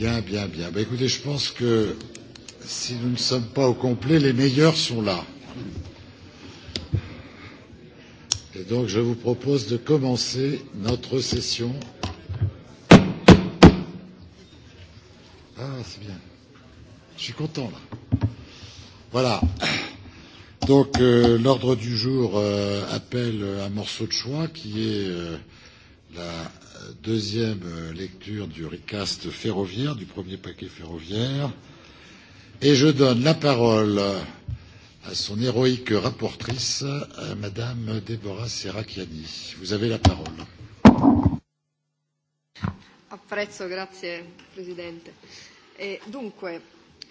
Bien, bien, bien. Bah, écoutez, je pense que si nous ne sommes pas au complet, les meilleurs sont là. Et donc, je vous propose de commencer notre session. Ah, c'est bien. Je suis content, là. Voilà. Donc, euh, l'ordre du jour euh, appelle un morceau de choix qui est. Euh, deuxième euh, lecture du recast ferroviaire, du premier paquet ferroviaire. Et je donne la parole à son héroïque rapportrice, à Madame Deborah Serracchiani. Vous avez la parole. Apprezzo, grazie Presidente. E, dunque,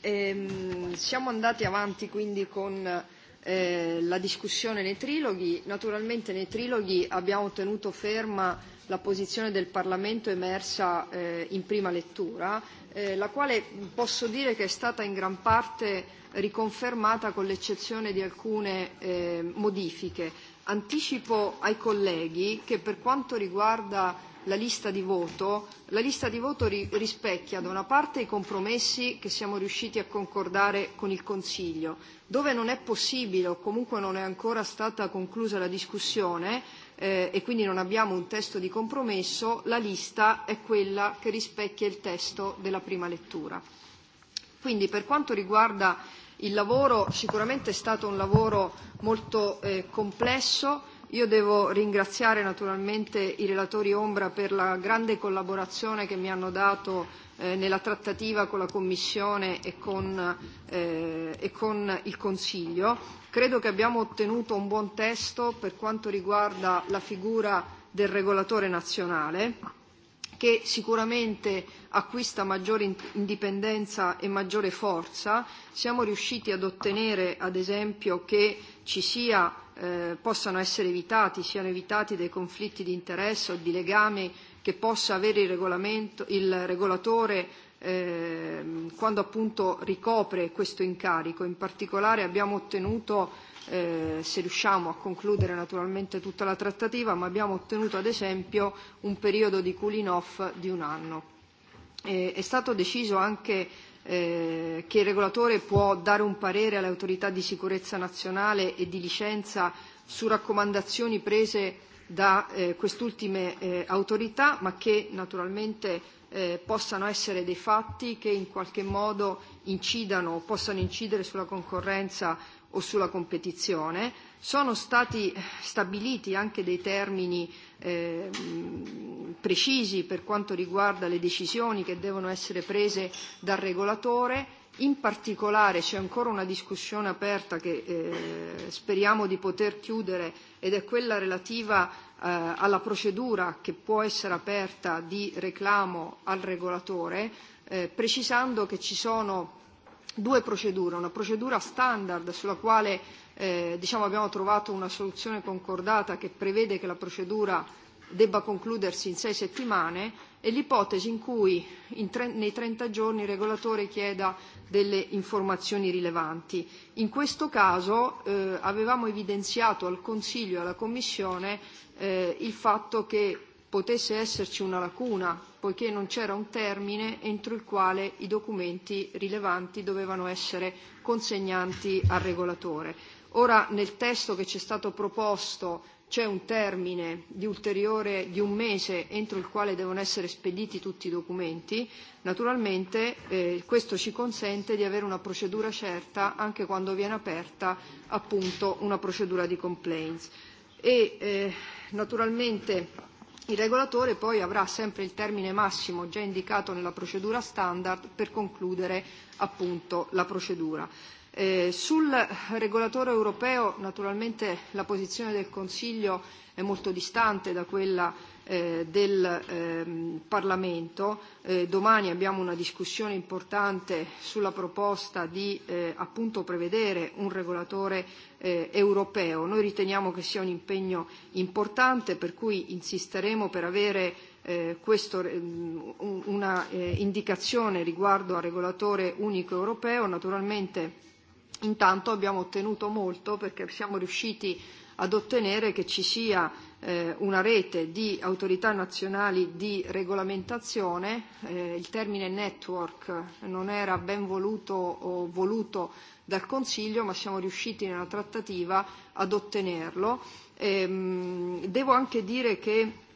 ehm, siamo andati avanti quindi con eh, la discussione nei triloghi. Naturalmente nei triloghi abbiamo tenuto ferma la posizione del Parlamento emersa eh, in prima lettura, eh, la quale posso dire che è stata in gran parte riconfermata con l'eccezione di alcune eh, modifiche. Anticipo ai colleghi che per quanto riguarda la lista di voto, la lista di voto ri- rispecchia da una parte i compromessi che siamo riusciti a concordare con il Consiglio, dove non è possibile o comunque non è ancora stata conclusa la discussione eh, e quindi non abbiamo un testo di compromesso, la lista è quella che rispecchia il testo della prima lettura. Quindi per quanto riguarda il lavoro, sicuramente è stato un lavoro molto eh, complesso, Io devo ringraziare naturalmente i relatori Ombra per la grande collaborazione che mi hanno dato eh, nella trattativa con la Commissione e con, eh, e con il Consiglio. Credo che abbiamo ottenuto un buon testo per quanto riguarda la figura del regolatore nazionale, che sicuramente acquista maggiore indipendenza e maggiore forza. Siamo riusciti ad ottenere, ad esempio, che ci sia eh, possano essere evitati, siano evitati dei conflitti di interesse o di legami che possa avere il, regolamento, il regolatore eh, quando appunto ricopre questo incarico. In particolare abbiamo ottenuto, eh, se riusciamo a concludere naturalmente tutta la trattativa, ma abbiamo ottenuto ad esempio un periodo di cooling off di un anno. Eh, è stato deciso anche Eh, che il regolatore può dare un parere alle autorità di sicurezza nazionale e di licenza su raccomandazioni prese da eh, quest'ultime eh, autorità, ma che naturalmente eh, possano essere dei fatti che in qualche modo incidano o possano incidere sulla concorrenza o sulla competizione, sono stati stabiliti anche dei termini eh, precisi per quanto riguarda le decisioni che devono essere prese dal regolatore. In particolare c'è ancora una discussione aperta che eh, speriamo di poter chiudere ed è quella relativa eh, alla procedura che può essere aperta di reclamo al regolatore, eh, precisando che ci sono due procedure, una procedura standard sulla quale eh, diciamo, abbiamo trovato una soluzione concordata che prevede che la procedura debba concludersi in sei settimane e l'ipotesi in cui in tre, nei 30 giorni il regolatore chieda delle informazioni rilevanti. In questo caso eh, avevamo evidenziato al Consiglio e alla Commissione eh, il fatto che potesse esserci una lacuna poiché non c'era un termine entro il quale i documenti rilevanti dovevano essere consegnati al regolatore. Ora nel testo che ci è stato proposto c'è un termine di ulteriore di un mese entro il quale devono essere spediti tutti i documenti, naturalmente eh, questo ci consente di avere una procedura certa anche quando viene aperta appunto una procedura di complaints. E eh, naturalmente Il regolatore poi avrà sempre il termine massimo già indicato nella procedura standard per concludere appunto la procedura. Eh, sul regolatore europeo naturalmente la posizione del Consiglio è molto distante da quella eh, del eh, Parlamento. Eh, domani abbiamo una discussione importante sulla proposta di eh, appunto prevedere un regolatore eh, europeo. Noi riteniamo che sia un impegno importante per cui insisteremo per avere eh, questo, um, una eh, indicazione riguardo al regolatore unico europeo. Naturalmente intanto abbiamo ottenuto molto perché siamo riusciti ad ottenere che ci sia eh, una rete di autorità nazionali di regolamentazione. Eh, il termine network non era ben voluto o voluto dal Consiglio, ma siamo riusciti nella trattativa ad ottenerlo. Ehm, devo anche dire che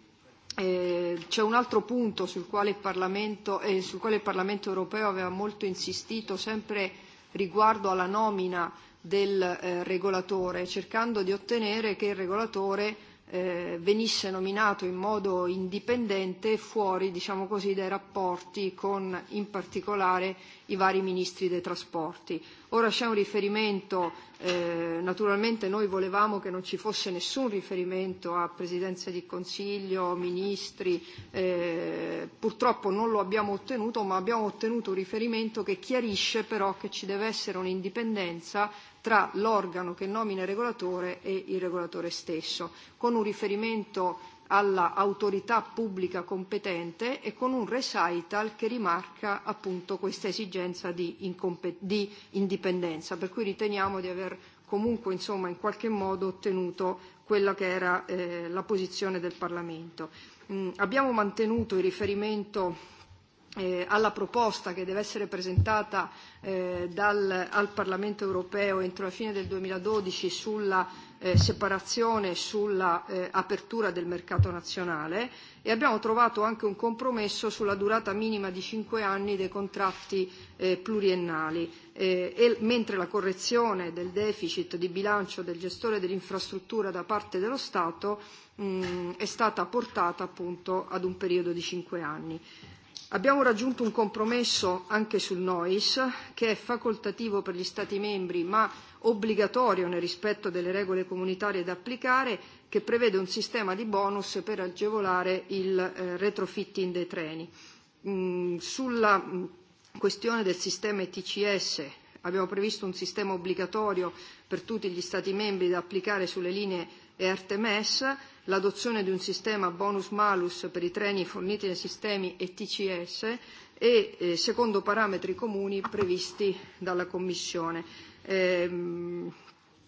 Eh, c'è un altro punto sul quale, il Parlamento, eh, sul quale il Parlamento europeo aveva molto insistito, sempre riguardo alla nomina del eh, regolatore, cercando di ottenere che il regolatore eh, venisse nominato in modo indipendente fuori, diciamo così, dai rapporti con in particolare i vari ministri dei trasporti. Ora c'è un riferimento, eh, naturalmente noi volevamo che non ci fosse nessun riferimento a presidenze di consiglio, ministri, eh, purtroppo non lo abbiamo ottenuto, ma abbiamo ottenuto un riferimento che chiarisce però che ci deve essere un'indipendenza tra l'organo che nomina il regolatore e il regolatore stesso, con un riferimento all'autorità pubblica competente e con un recital che rimarca appunto questa esigenza di, di indipendenza, per cui riteniamo di aver comunque insomma in qualche modo ottenuto quella che era eh, la posizione del Parlamento. Mm, abbiamo mantenuto il riferimento eh, alla proposta che deve essere presentata eh, dal, al Parlamento europeo entro la fine del 2012 sulla Eh, separazione sull'apertura eh, del mercato nazionale e abbiamo trovato anche un compromesso sulla durata minima di cinque anni dei contratti eh, pluriennali. Eh, e, mentre la correzione del deficit di bilancio del gestore dell'infrastruttura da parte dello Stato mh, mm, è stata portata appunto ad un periodo di cinque anni. Abbiamo raggiunto un compromesso anche sul NOIS, che è facoltativo per gli Stati membri ma obbligatorio nel rispetto delle regole comunitarie da applicare che prevede un sistema di bonus per agevolare il eh, retrofitting dei treni. Mm, sulla mm, questione del sistema ETCS abbiamo previsto un sistema obbligatorio per tutti gli Stati membri da applicare sulle linee ERTMS, l'adozione di un sistema bonus-malus per i treni forniti nei sistemi ETCS e eh, secondo parametri comuni previsti dalla Commissione ehm,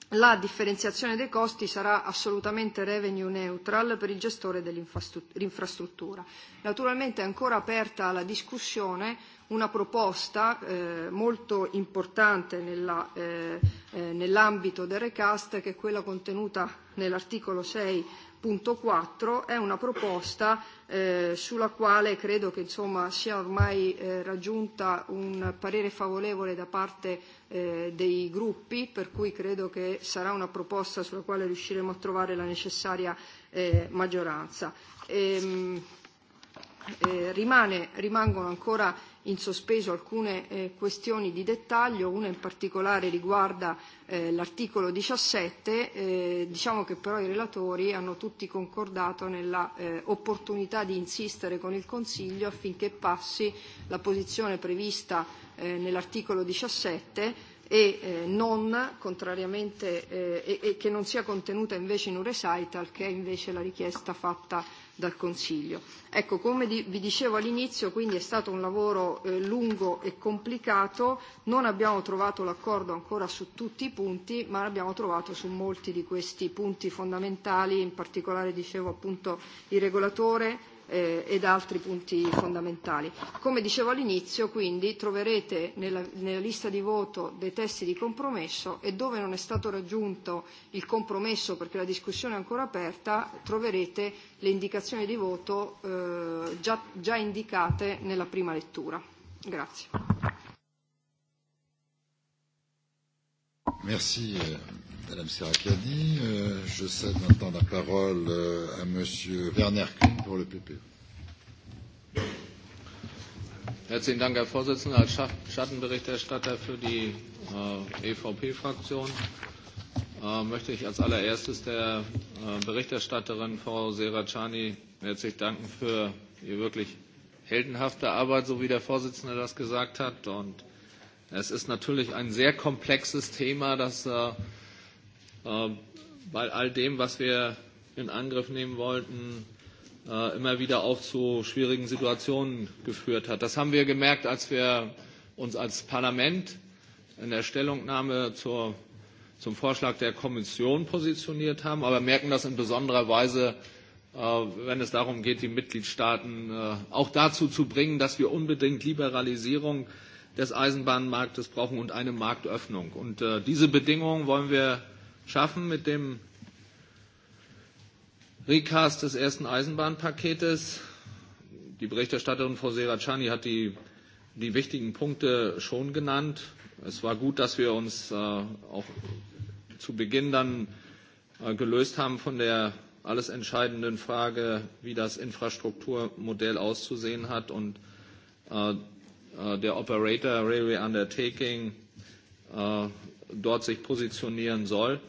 la differenziazione dei costi sarà assolutamente revenue neutral per il gestore dell'infrastruttura. Naturalmente è ancora aperta alla discussione una proposta eh, molto importante nella, eh, eh, nell'ambito del recast che è quella contenuta nell'articolo 6 punto 4 è una proposta eh, sulla quale credo che insomma, sia ormai eh, raggiunta un parere favorevole da parte eh, dei gruppi, per cui credo che sarà una proposta sulla quale riusciremo a trovare la necessaria eh, maggioranza. Ehm, eh, rimane, rimangono ancora in sospeso alcune eh, questioni di dettaglio, una in particolare riguarda eh, l'articolo 17, eh, diciamo che però i relatori hanno tutti concordato nella eh, opportunità di insistere con il Consiglio affinché passi la posizione prevista eh, nell'articolo 17 e eh, non contrariamente eh, e, e che non sia contenuta invece in un recital che è invece la richiesta fatta dal Consiglio. Ecco, come di, vi dicevo all'inizio, quindi è stato un lavoro eh, lungo e complicato, non abbiamo trovato l'accordo ancora su tutti i punti, ma l'abbiamo trovato su molti di questi punti fondamentali, in particolare dicevo appunto il regolatore, eh, ed altri punti fondamentali. Come dicevo all'inizio, quindi troverete nella, nella lista di voto dei testi di compromesso e dove non è stato raggiunto il compromesso perché la discussione è ancora aperta, troverete le indicazioni dichiarazioni di voto eh, già, già indicate nella prima lettura. Grazie. Merci, euh, Madame Serracani. Euh, je cède maintenant la parole euh, à Monsieur Werner Kuhn pour le PP. E. Herzlichen Dank, Herr Vorsitzender. Als Schattenberichterstatter für die äh, EVP-Fraktion Äh, möchte ich als allererstes der äh, Berichterstatterin Frau Serracani herzlich danken für ihre wirklich heldenhafte Arbeit, so wie der Vorsitzende das gesagt hat. Und es ist natürlich ein sehr komplexes Thema, das äh, bei all dem, was wir in Angriff nehmen wollten, immer wieder auch zu schwierigen Situationen geführt hat. Das haben wir gemerkt, als wir uns als Parlament in der Stellungnahme zur zum Vorschlag der Kommission positioniert haben, aber merken das in besonderer Weise, äh, wenn es darum geht, die Mitgliedstaaten äh, auch dazu zu bringen, dass wir unbedingt Liberalisierung des Eisenbahnmarktes brauchen und eine Marktöffnung. Und äh, diese Bedingungen wollen wir schaffen mit dem Recast des ersten Eisenbahnpaketes. Die Berichterstatterin Frau Serracani hat die die wichtigen Punkte schon genannt. Es war gut, dass wir uns äh, auch zu Beginn dann äh, gelöst haben von der alles entscheidenden Frage, wie das Infrastrukturmodell auszusehen hat und äh, äh der Operator Railway Undertaking äh, dort sich positionieren soll.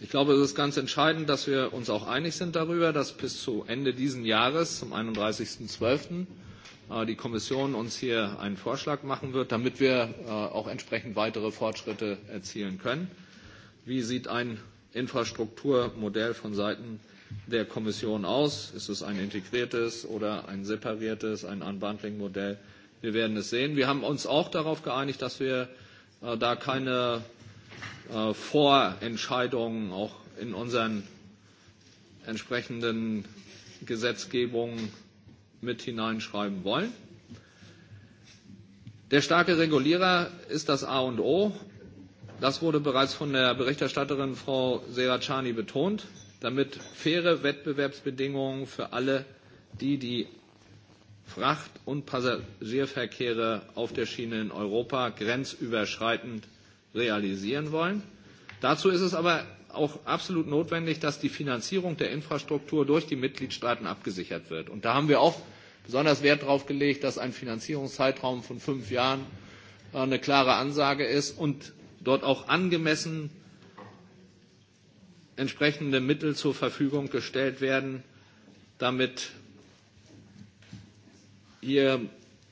Ich glaube, es ist ganz entscheidend, dass wir uns auch einig sind darüber, dass bis zu Ende dieses Jahres, zum 31.12., Äh, die Kommission uns hier einen Vorschlag machen wird, damit wir äh, auch entsprechend weitere Fortschritte erzielen können. Wie sieht ein Infrastrukturmodell von Seiten der Kommission aus? Ist es ein integriertes oder ein separiertes, ein Unbundling-Modell? Wir werden es sehen. Wir haben uns auch darauf geeinigt, dass wir äh, da keine Vorentscheidungen auch in unseren entsprechenden Gesetzgebungen mit hineinschreiben wollen. Der starke Regulierer ist das A und O. Das wurde bereits von der Berichterstatterin Frau Serracani betont, damit faire Wettbewerbsbedingungen für alle, die die Fracht- und Passagierverkehre auf der Schiene in Europa grenzüberschreitend realisieren wollen. Dazu ist es aber auch absolut notwendig, dass die Finanzierung der Infrastruktur durch die Mitgliedstaaten abgesichert wird. Und da haben wir auch besonders Wert darauf gelegt, dass ein Finanzierungszeitraum von fünf Jahren äh, eine klare Ansage ist und dort auch angemessen entsprechende Mittel zur Verfügung gestellt werden, damit hier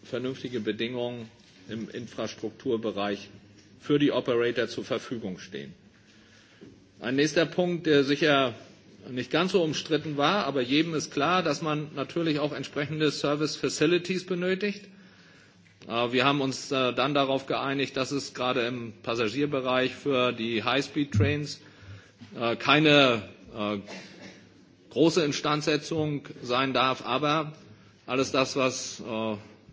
vernünftige Bedingungen im Infrastrukturbereich für die Operator zur Verfügung stehen. Ein nächster Punkt, der sicher nicht ganz so umstritten war, aber jedem ist klar, dass man natürlich auch entsprechende Service Facilities benötigt. Äh, wir haben uns äh, dann darauf geeinigt, dass es gerade im Passagierbereich für die High-Speed-Trains äh, keine große Instandsetzung sein darf, aber alles das, was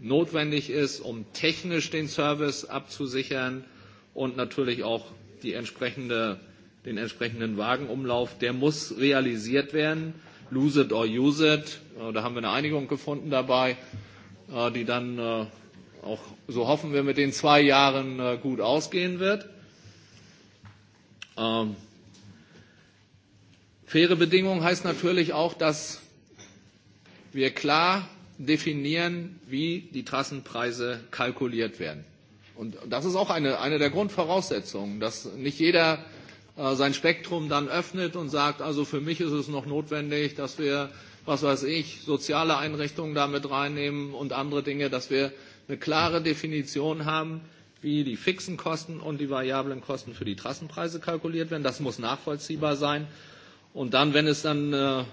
notwendig ist, um technisch den Service abzusichern und natürlich auch die entsprechende den entsprechenden Wagenumlauf, der muss realisiert werden. Lose it or use it. Äh, da haben wir eine Einigung gefunden dabei, äh, die dann äh, auch, so hoffen wir, mit den zwei Jahren gut ausgehen wird. Ähm, faire Bedingungen heißt natürlich auch, dass wir klar definieren, wie die Trassenpreise kalkuliert werden. Und das ist auch eine, eine der Grundvoraussetzungen, dass nicht jeder Äh, sein Spektrum dann öffnet und sagt, also für mich ist es noch notwendig, dass wir, was weiß ich, soziale Einrichtungen damit reinnehmen und andere Dinge, dass wir eine klare Definition haben, wie die fixen Kosten und die variablen Kosten für die Trassenpreise kalkuliert werden. Das muss nachvollziehbar sein. Und dann, wenn es dann äh,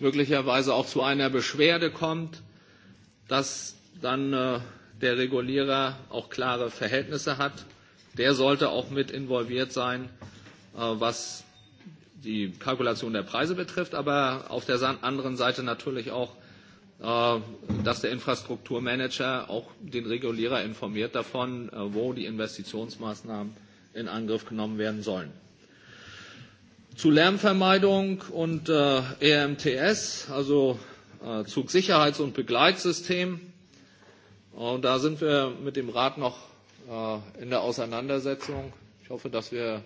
möglicherweise auch zu einer Beschwerde kommt, dass dann äh, der Regulierer auch klare Verhältnisse hat. Der sollte auch mit involviert sein, Äh, was die Kalkulation der Preise betrifft, aber auf der anderen Seite natürlich auch, äh, dass der Infrastrukturmanager auch den Regulierer informiert davon, äh, wo die Investitionsmaßnahmen in Angriff genommen werden sollen. Zu Lärmvermeidung und EMTS, also Zugsicherheits- und Begleitsystem. Und da sind wir mit dem Rat noch in der Auseinandersetzung. Ich hoffe, dass wir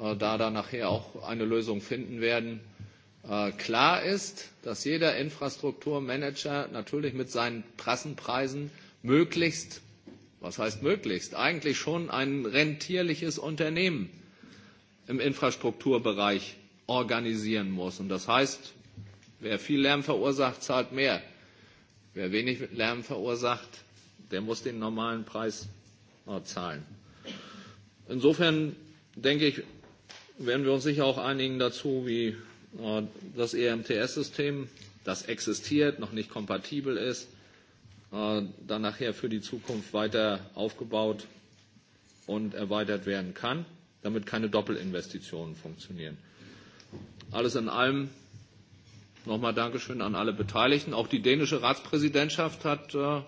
Äh, da dann nachher auch eine Lösung finden werden. Äh, klar ist, dass jeder Infrastrukturmanager natürlich mit seinen Trassenpreisen möglichst, was heißt möglichst, eigentlich schon ein rentierliches Unternehmen im Infrastrukturbereich organisieren muss. Und das heißt, wer viel Lärm verursacht, zahlt mehr. Wer wenig Lärm verursacht, der muss den normalen Preis äh, zahlen. Insofern denke ich, werden wir uns sicher auch einigen dazu, wie äh, das EMTS-System, das existiert, noch nicht kompatibel ist, äh, dann nachher für die Zukunft weiter aufgebaut und erweitert werden kann, damit keine Doppelinvestitionen funktionieren. Alles in allem nochmal Dankeschön an alle Beteiligten. Auch die dänische Ratspräsidentschaft hat, äh,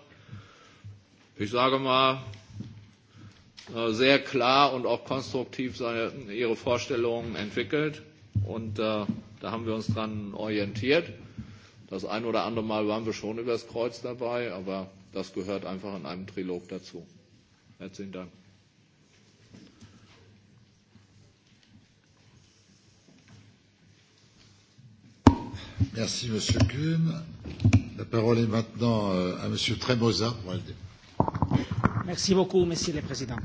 ich sage mal, Äh, sehr klar und auch konstruktiv seine, ihre Vorstellungen entwickelt. Und äh, da haben wir uns dran orientiert. Das ein oder andere Mal waren wir schon übers Kreuz dabei, aber das gehört einfach in einem Trilog dazu. Herzlichen Dank. Merci, Monsieur Kuhn. La parole est maintenant euh, à Monsieur Tremosa pour le Merci beaucoup, Monsieur le President.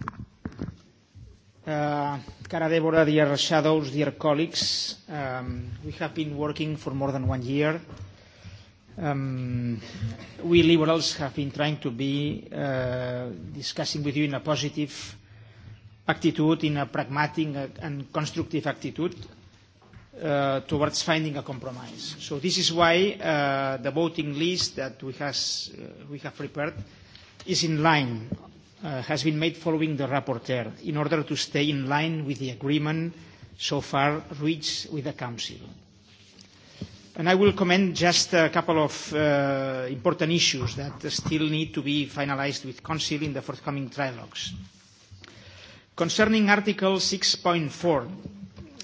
Uh, Cara Deborah, dear shadows, dear colleagues, um, we have been working for more than one year. Um, we liberals have been trying to be uh, discussing with you in a positive attitude, in a pragmatic and constructive attitude uh, towards finding a compromise. So this is why uh, the voting list that we, has, uh, we have prepared is in line, uh, has been made following the rapporteur in order to stay in line with the agreement so far reached with the Council. And I will comment just a couple of uh, important issues that still need to be finalized with Council in the forthcoming trilogues. Concerning Article 6.4,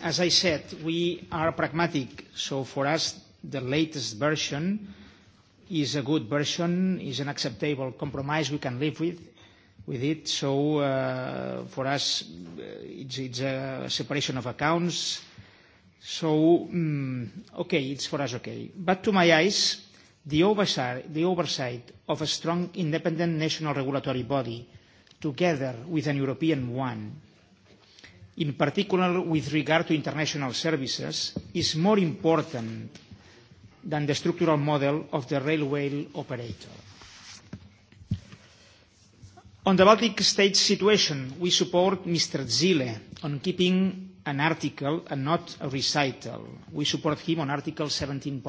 as I said, we are pragmatic, so for us the latest version is a good version, is an acceptable compromise we can live with, with it. So uh, for us, uh, it's, it's a separation of accounts. So, um, okay, it's for us okay. But to my eyes, the oversight, the oversight of a strong independent national regulatory body together with an European one, in particular with regard to international services, is more important than the structural model of the railway operator. On the Baltic state situation, we support Mr. Zille on keeping an article and not a recital. We support him on Article 17.1.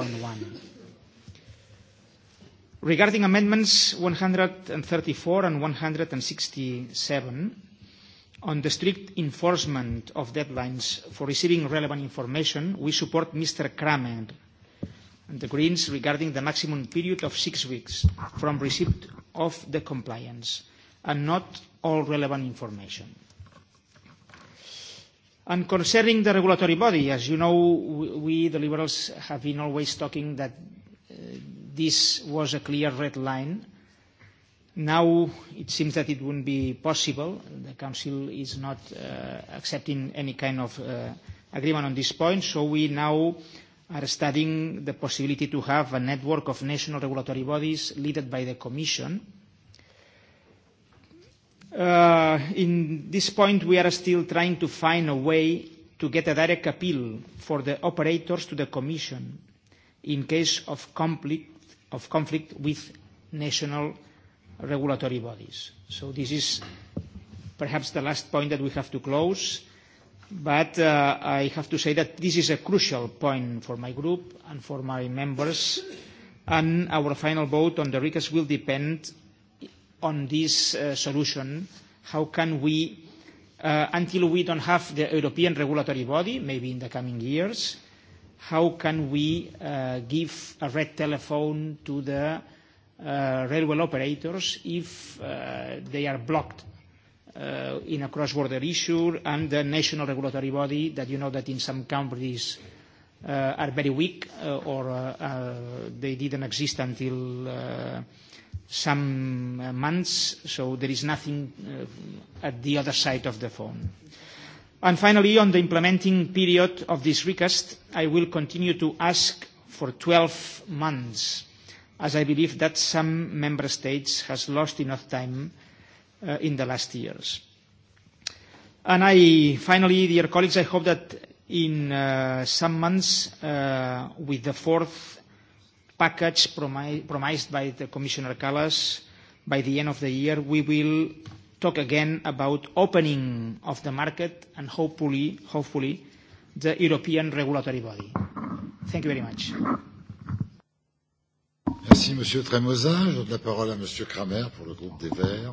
Regarding amendments 134 and 167, on the strict enforcement of deadlines for receiving relevant information, we support Mr. Kramer the Greens regarding the maximum period of six weeks from receipt of the compliance and not all relevant information. And concerning the regulatory body, as you know, we, the Liberals, have been always talking that uh, this was a clear red line. Now it seems that it wouldn't be possible. The Council is not uh, accepting any kind of uh, agreement on this point, so we now uh, are studying the possibility to have a network of national regulatory bodies led by the Commission. Uh, in this point, we are still trying to find a way to get a direct appeal for the operators to the Commission in case of conflict, of conflict with national regulatory bodies. So this is perhaps the last point that we have to close. But uh, I have to say that this is a crucial point for my group and for my members, and our final vote on the request will depend on this uh, solution. How can we, uh, until we don't have the European regulatory body, maybe in the coming years, how can we uh, give a red telephone to the uh, railway operators if uh, they are blocked uh, in a cross-border issue and the national regulatory body that you know that in some countries uh, are very weak uh, or uh, uh, they didn't exist until uh, some uh, months, so there is nothing uh, at the other side of the phone. And finally, on the implementing period of this request, I will continue to ask for 12 months, as I believe that some member states has lost enough time uh, Uh, in the last years. And I, finally, dear colleagues, I hope that in uh, some months, uh, with the fourth package promi promised by the Commissioner Callas, by the end of the year, we will talk again about opening of the market and hopefully, hopefully, the European regulatory body. Thank you very much. Merci Monsieur Tremosa. Je donne la parole à Monsieur Kramer pour le groupe des Verts.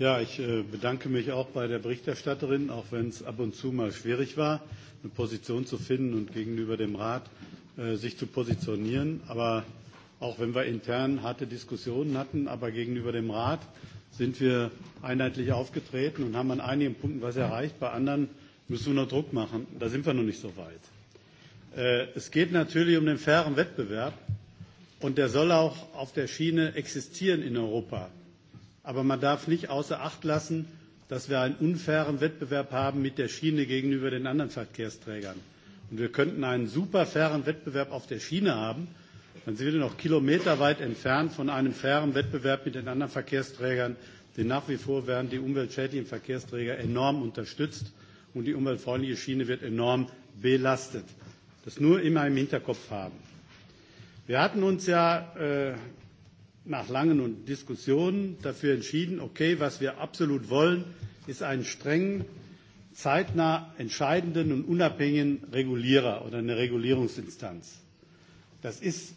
Ja, ich äh, bedanke mich auch bei der Berichterstatterin, auch wenn es ab und zu mal schwierig war, eine Position zu finden und gegenüber dem Rat äh, sich zu positionieren. Aber auch wenn wir intern harte Diskussionen hatten, aber gegenüber dem Rat sind wir einheitlich aufgetreten und haben an einigen Punkten was erreicht. Bei anderen müssen wir noch Druck machen. Da sind wir noch nicht so weit. Äh, es geht natürlich um den fairen Wettbewerb und der soll auch auf der Schiene existieren in Europa Aber man darf nicht außer Acht lassen, dass wir einen unfairen Wettbewerb haben mit der Schiene gegenüber den anderen Verkehrsträgern. Und wir könnten einen super fairen Wettbewerb auf der Schiene haben, dann sind wir noch kilometerweit entfernt von einem fairen Wettbewerb mit den anderen Verkehrsträgern, denn nach wie vor werden die umweltschädlichen Verkehrsträger enorm unterstützt und die umweltfreundliche Schiene wird enorm belastet. Das nur immer im Hinterkopf haben. Wir hatten uns ja äh, nach langen Diskussionen dafür entschieden, okay, was wir absolut wollen, ist einen strengen, zeitnah entscheidenden und unabhängigen Regulierer oder eine Regulierungsinstanz. Das ist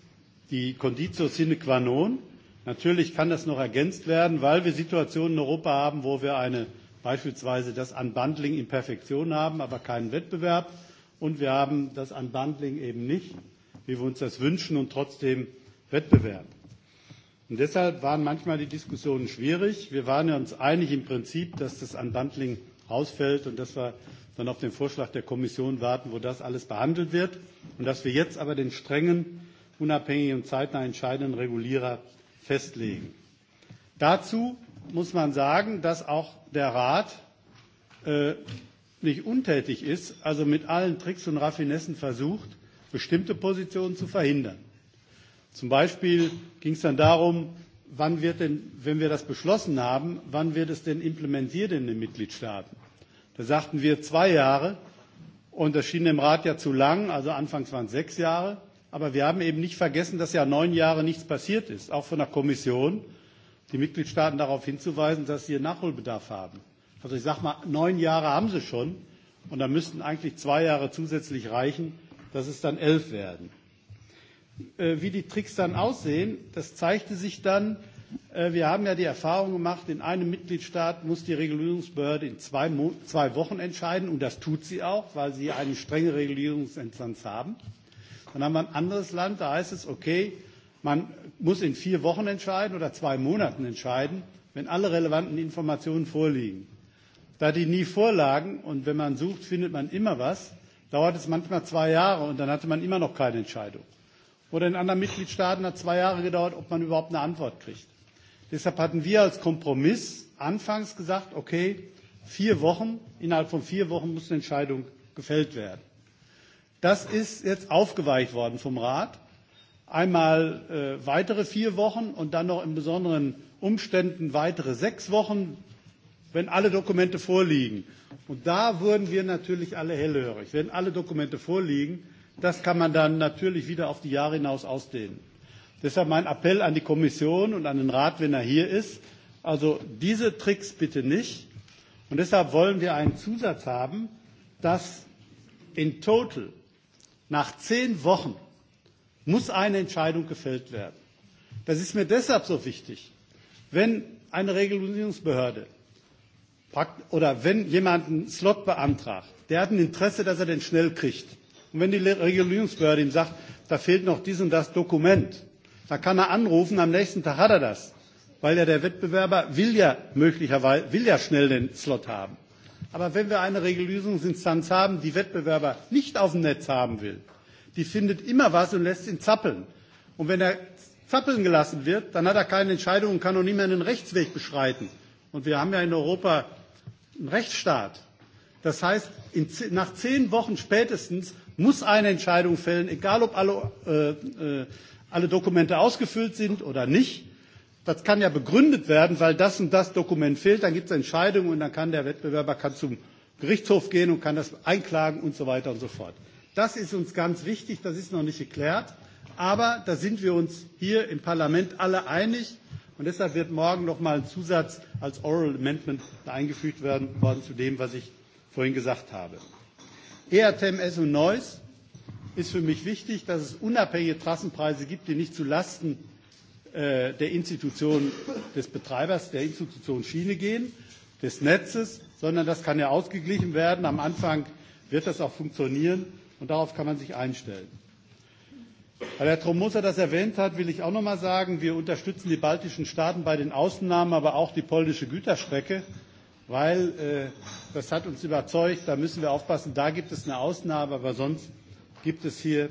die Conditio sine qua non. Natürlich kann das noch ergänzt werden, weil wir Situationen in Europa haben, wo wir eine, beispielsweise das Unbundling in Perfektion haben, aber keinen Wettbewerb. Und wir haben das Unbundling eben nicht, wie wir uns das wünschen, und trotzdem Wettbewerb. Und deshalb waren manchmal die Diskussionen schwierig. Wir waren ja uns einig im Prinzip, dass das Unbundling Bundling und dass wir dann auf den Vorschlag der Kommission warten, wo das alles behandelt wird und dass wir jetzt aber den strengen, unabhängigen und zeitnah entscheidenden Regulierer festlegen. Dazu muss man sagen, dass auch der Rat äh, nicht untätig ist, also mit allen Tricks und Raffinessen versucht, bestimmte Positionen zu verhindern. Zum Beispiel ging es dann darum, wann wird denn, wenn wir das beschlossen haben, wann wird es denn implementiert in den Mitgliedstaaten? Da sagten wir zwei Jahre und das schien dem Rat ja zu lang, also anfangs waren es sechs Jahre. Aber wir haben eben nicht vergessen, dass ja neun Jahre nichts passiert ist, auch von der Kommission, die Mitgliedstaaten darauf hinzuweisen, dass sie Nachholbedarf haben. Also ich sage mal, neun Jahre haben sie schon und da müssten eigentlich zwei Jahre zusätzlich reichen, dass es dann elf werden. Äh, wie die Tricks dann aussehen. Das zeigte sich dann, äh, wir haben ja die Erfahrung gemacht, in einem Mitgliedstaat muss die Regulierungsbehörde in zwei, Mo zwei Wochen entscheiden und das tut sie auch, weil sie eine strenge Regulierungsinstanz haben. Dann haben wir ein anderes Land, da heißt es, okay, man muss in vier Wochen entscheiden oder zwei Monaten entscheiden, wenn alle relevanten Informationen vorliegen. Da die nie vorlagen und wenn man sucht, findet man immer was, dauert es manchmal zwei Jahre und dann hatte man immer noch keine Entscheidung. Oder in anderen Mitgliedstaaten hat zwei Jahre gedauert, ob man überhaupt eine Antwort kriegt. Deshalb hatten wir als Kompromiss anfangs gesagt, okay, vier Wochen, innerhalb von vier Wochen muss eine Entscheidung gefällt werden. Das ist jetzt aufgeweicht worden vom Rat. Einmal äh, weitere vier Wochen und dann noch in besonderen Umständen weitere sechs Wochen, wenn alle Dokumente vorliegen. Und da wurden wir natürlich alle hellhörig. Wenn alle Dokumente vorliegen, Das kann man dann natürlich wieder auf die Jahre hinaus ausdehnen. Deshalb mein Appell an die Kommission und an den Rat, wenn er hier ist, also diese Tricks bitte nicht. Und deshalb wollen wir einen Zusatz haben, dass in total nach zehn Wochen muss eine Entscheidung gefällt werden. Das ist mir deshalb so wichtig. Wenn eine Regulierungsbehörde oder wenn jemand einen Slot beantragt, der hat ein Interesse, dass er den schnell kriegt Und wenn die Regulierungsbehörde ihm sagt, da fehlt noch dies und das Dokument, dann kann er anrufen, am nächsten Tag hat er das. Weil ja der Wettbewerber will ja möglicherweise, will ja schnell den Slot haben. Aber wenn wir eine Regulierungsinstanz haben, die Wettbewerber nicht auf dem Netz haben will, die findet immer was und lässt ihn zappeln. Und wenn er zappeln gelassen wird, dann hat er keine Entscheidung und kann auch nicht mehr einen Rechtsweg beschreiten. Und wir haben ja in Europa einen Rechtsstaat. Das heißt, in, nach zehn Wochen spätestens muss eine Entscheidung fällen, egal ob alle, äh, äh, alle Dokumente ausgefüllt sind oder nicht. Das kann ja begründet werden, weil das und das Dokument fehlt, dann gibt es Entscheidungen und dann kann der Wettbewerber kann zum Gerichtshof gehen und kann das einklagen und so weiter und so fort. Das ist uns ganz wichtig, das ist noch nicht geklärt, aber da sind wir uns hier im Parlament alle einig und deshalb wird morgen noch mal ein Zusatz als Oral Amendment eingefügt werden worden zu dem, was ich vorhin gesagt habe. ERTMS und Neuss ist für mich wichtig, dass es unabhängige Trassenpreise gibt, die nicht zulasten äh, der Institution des Betreibers, der Institution Schiene gehen, des Netzes, sondern das kann ja ausgeglichen werden. Am Anfang wird das auch funktionieren und darauf kann man sich einstellen. Weil Herr Tromosa das erwähnt hat, will ich auch noch mal sagen, wir unterstützen die baltischen Staaten bei den Ausnahmen, aber auch die polnische Güterstrecke weil äh, das hat uns überzeugt, da müssen wir aufpassen, da gibt es eine Ausnahme, aber sonst gibt es hier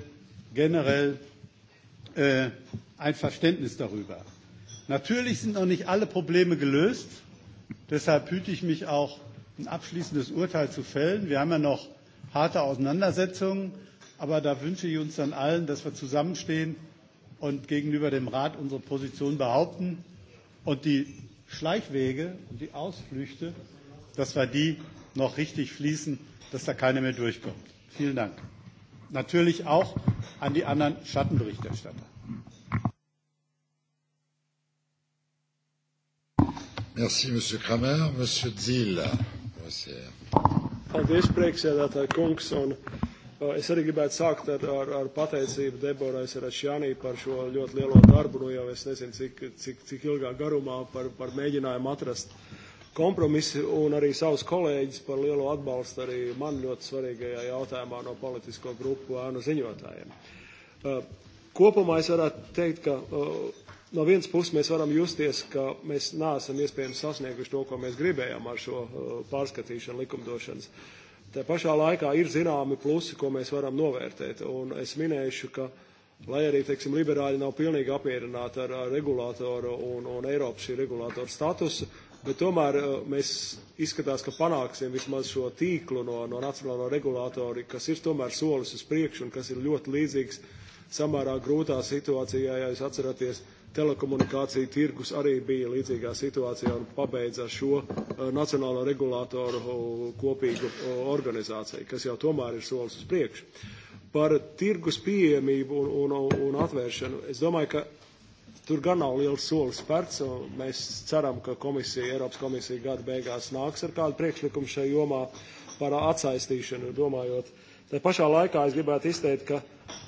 generell äh, ein Verständnis darüber. Natürlich sind noch nicht alle Probleme gelöst, deshalb hüte ich mich auch, ein abschließendes Urteil zu fällen. Wir haben ja noch harte Auseinandersetzungen, aber da wünsche ich uns dann allen, dass wir zusammenstehen und gegenüber dem Rat unsere Position behaupten und die Schleichwege und die Ausflüchte, dass wir die noch richtig fließen, dass da keiner mehr durchkommt. Vielen Dank. Natürlich auch an die anderen Schattenberichterstatter. Merci, Monsieur Kramer. Monsieur Zil, Frau Weespreekster, dat er Kongs on Es arī gribētu sākt ar, ar, ar pateicību Deborai Sarašjānī par šo ļoti lielo darbu, nu jau es nezinu, cik, cik, cik ilgā garumā par, par mēģinājumu atrast kompromisu un arī savus kolēģis par lielo atbalstu arī man ļoti svarīgajā jautājumā no politisko grupu ēnu ziņotājiem. Kopumā es varētu teikt, ka no vienas puses mēs varam justies, ka mēs neesam iespējams sasnieguši to, ko mēs gribējām ar šo pārskatīšanu likumdošanas. Tā pašā laikā ir zināmi plusi, ko mēs varam novērtēt. Un es minēšu, ka, lai arī teiksim, liberāļi nav pilnīgi apmierināti ar, ar regulātoru un, un Eiropas šī regulātora statusu, bet tomēr eh, mēs izskatās, ka panāksim vismaz šo tīklu no, no nacionālo regulātoru, kas ir tomēr solis uz priekšu un kas ir ļoti līdzīgs samērā grūtā situācijā, ja jūs atceraties telekomunikāciju tirgus arī bija līdzīgā situācijā un pabeidza šo eh, nacionālo regulātoru kopīgu eh, organizāciju, kas jau tomēr ir solis uz priekšu. Par tirgus pieejamību un, un, un atvēršanu. Es domāju, ka Tur gan nav liels solis spērts, un mēs ceram, ka komisija, Eiropas komisija gada beigās nāks ar kādu priekšlikumu šajā jomā par atsaistīšanu, domājot uh, Tā pašā laikā es gribētu izteikt, ka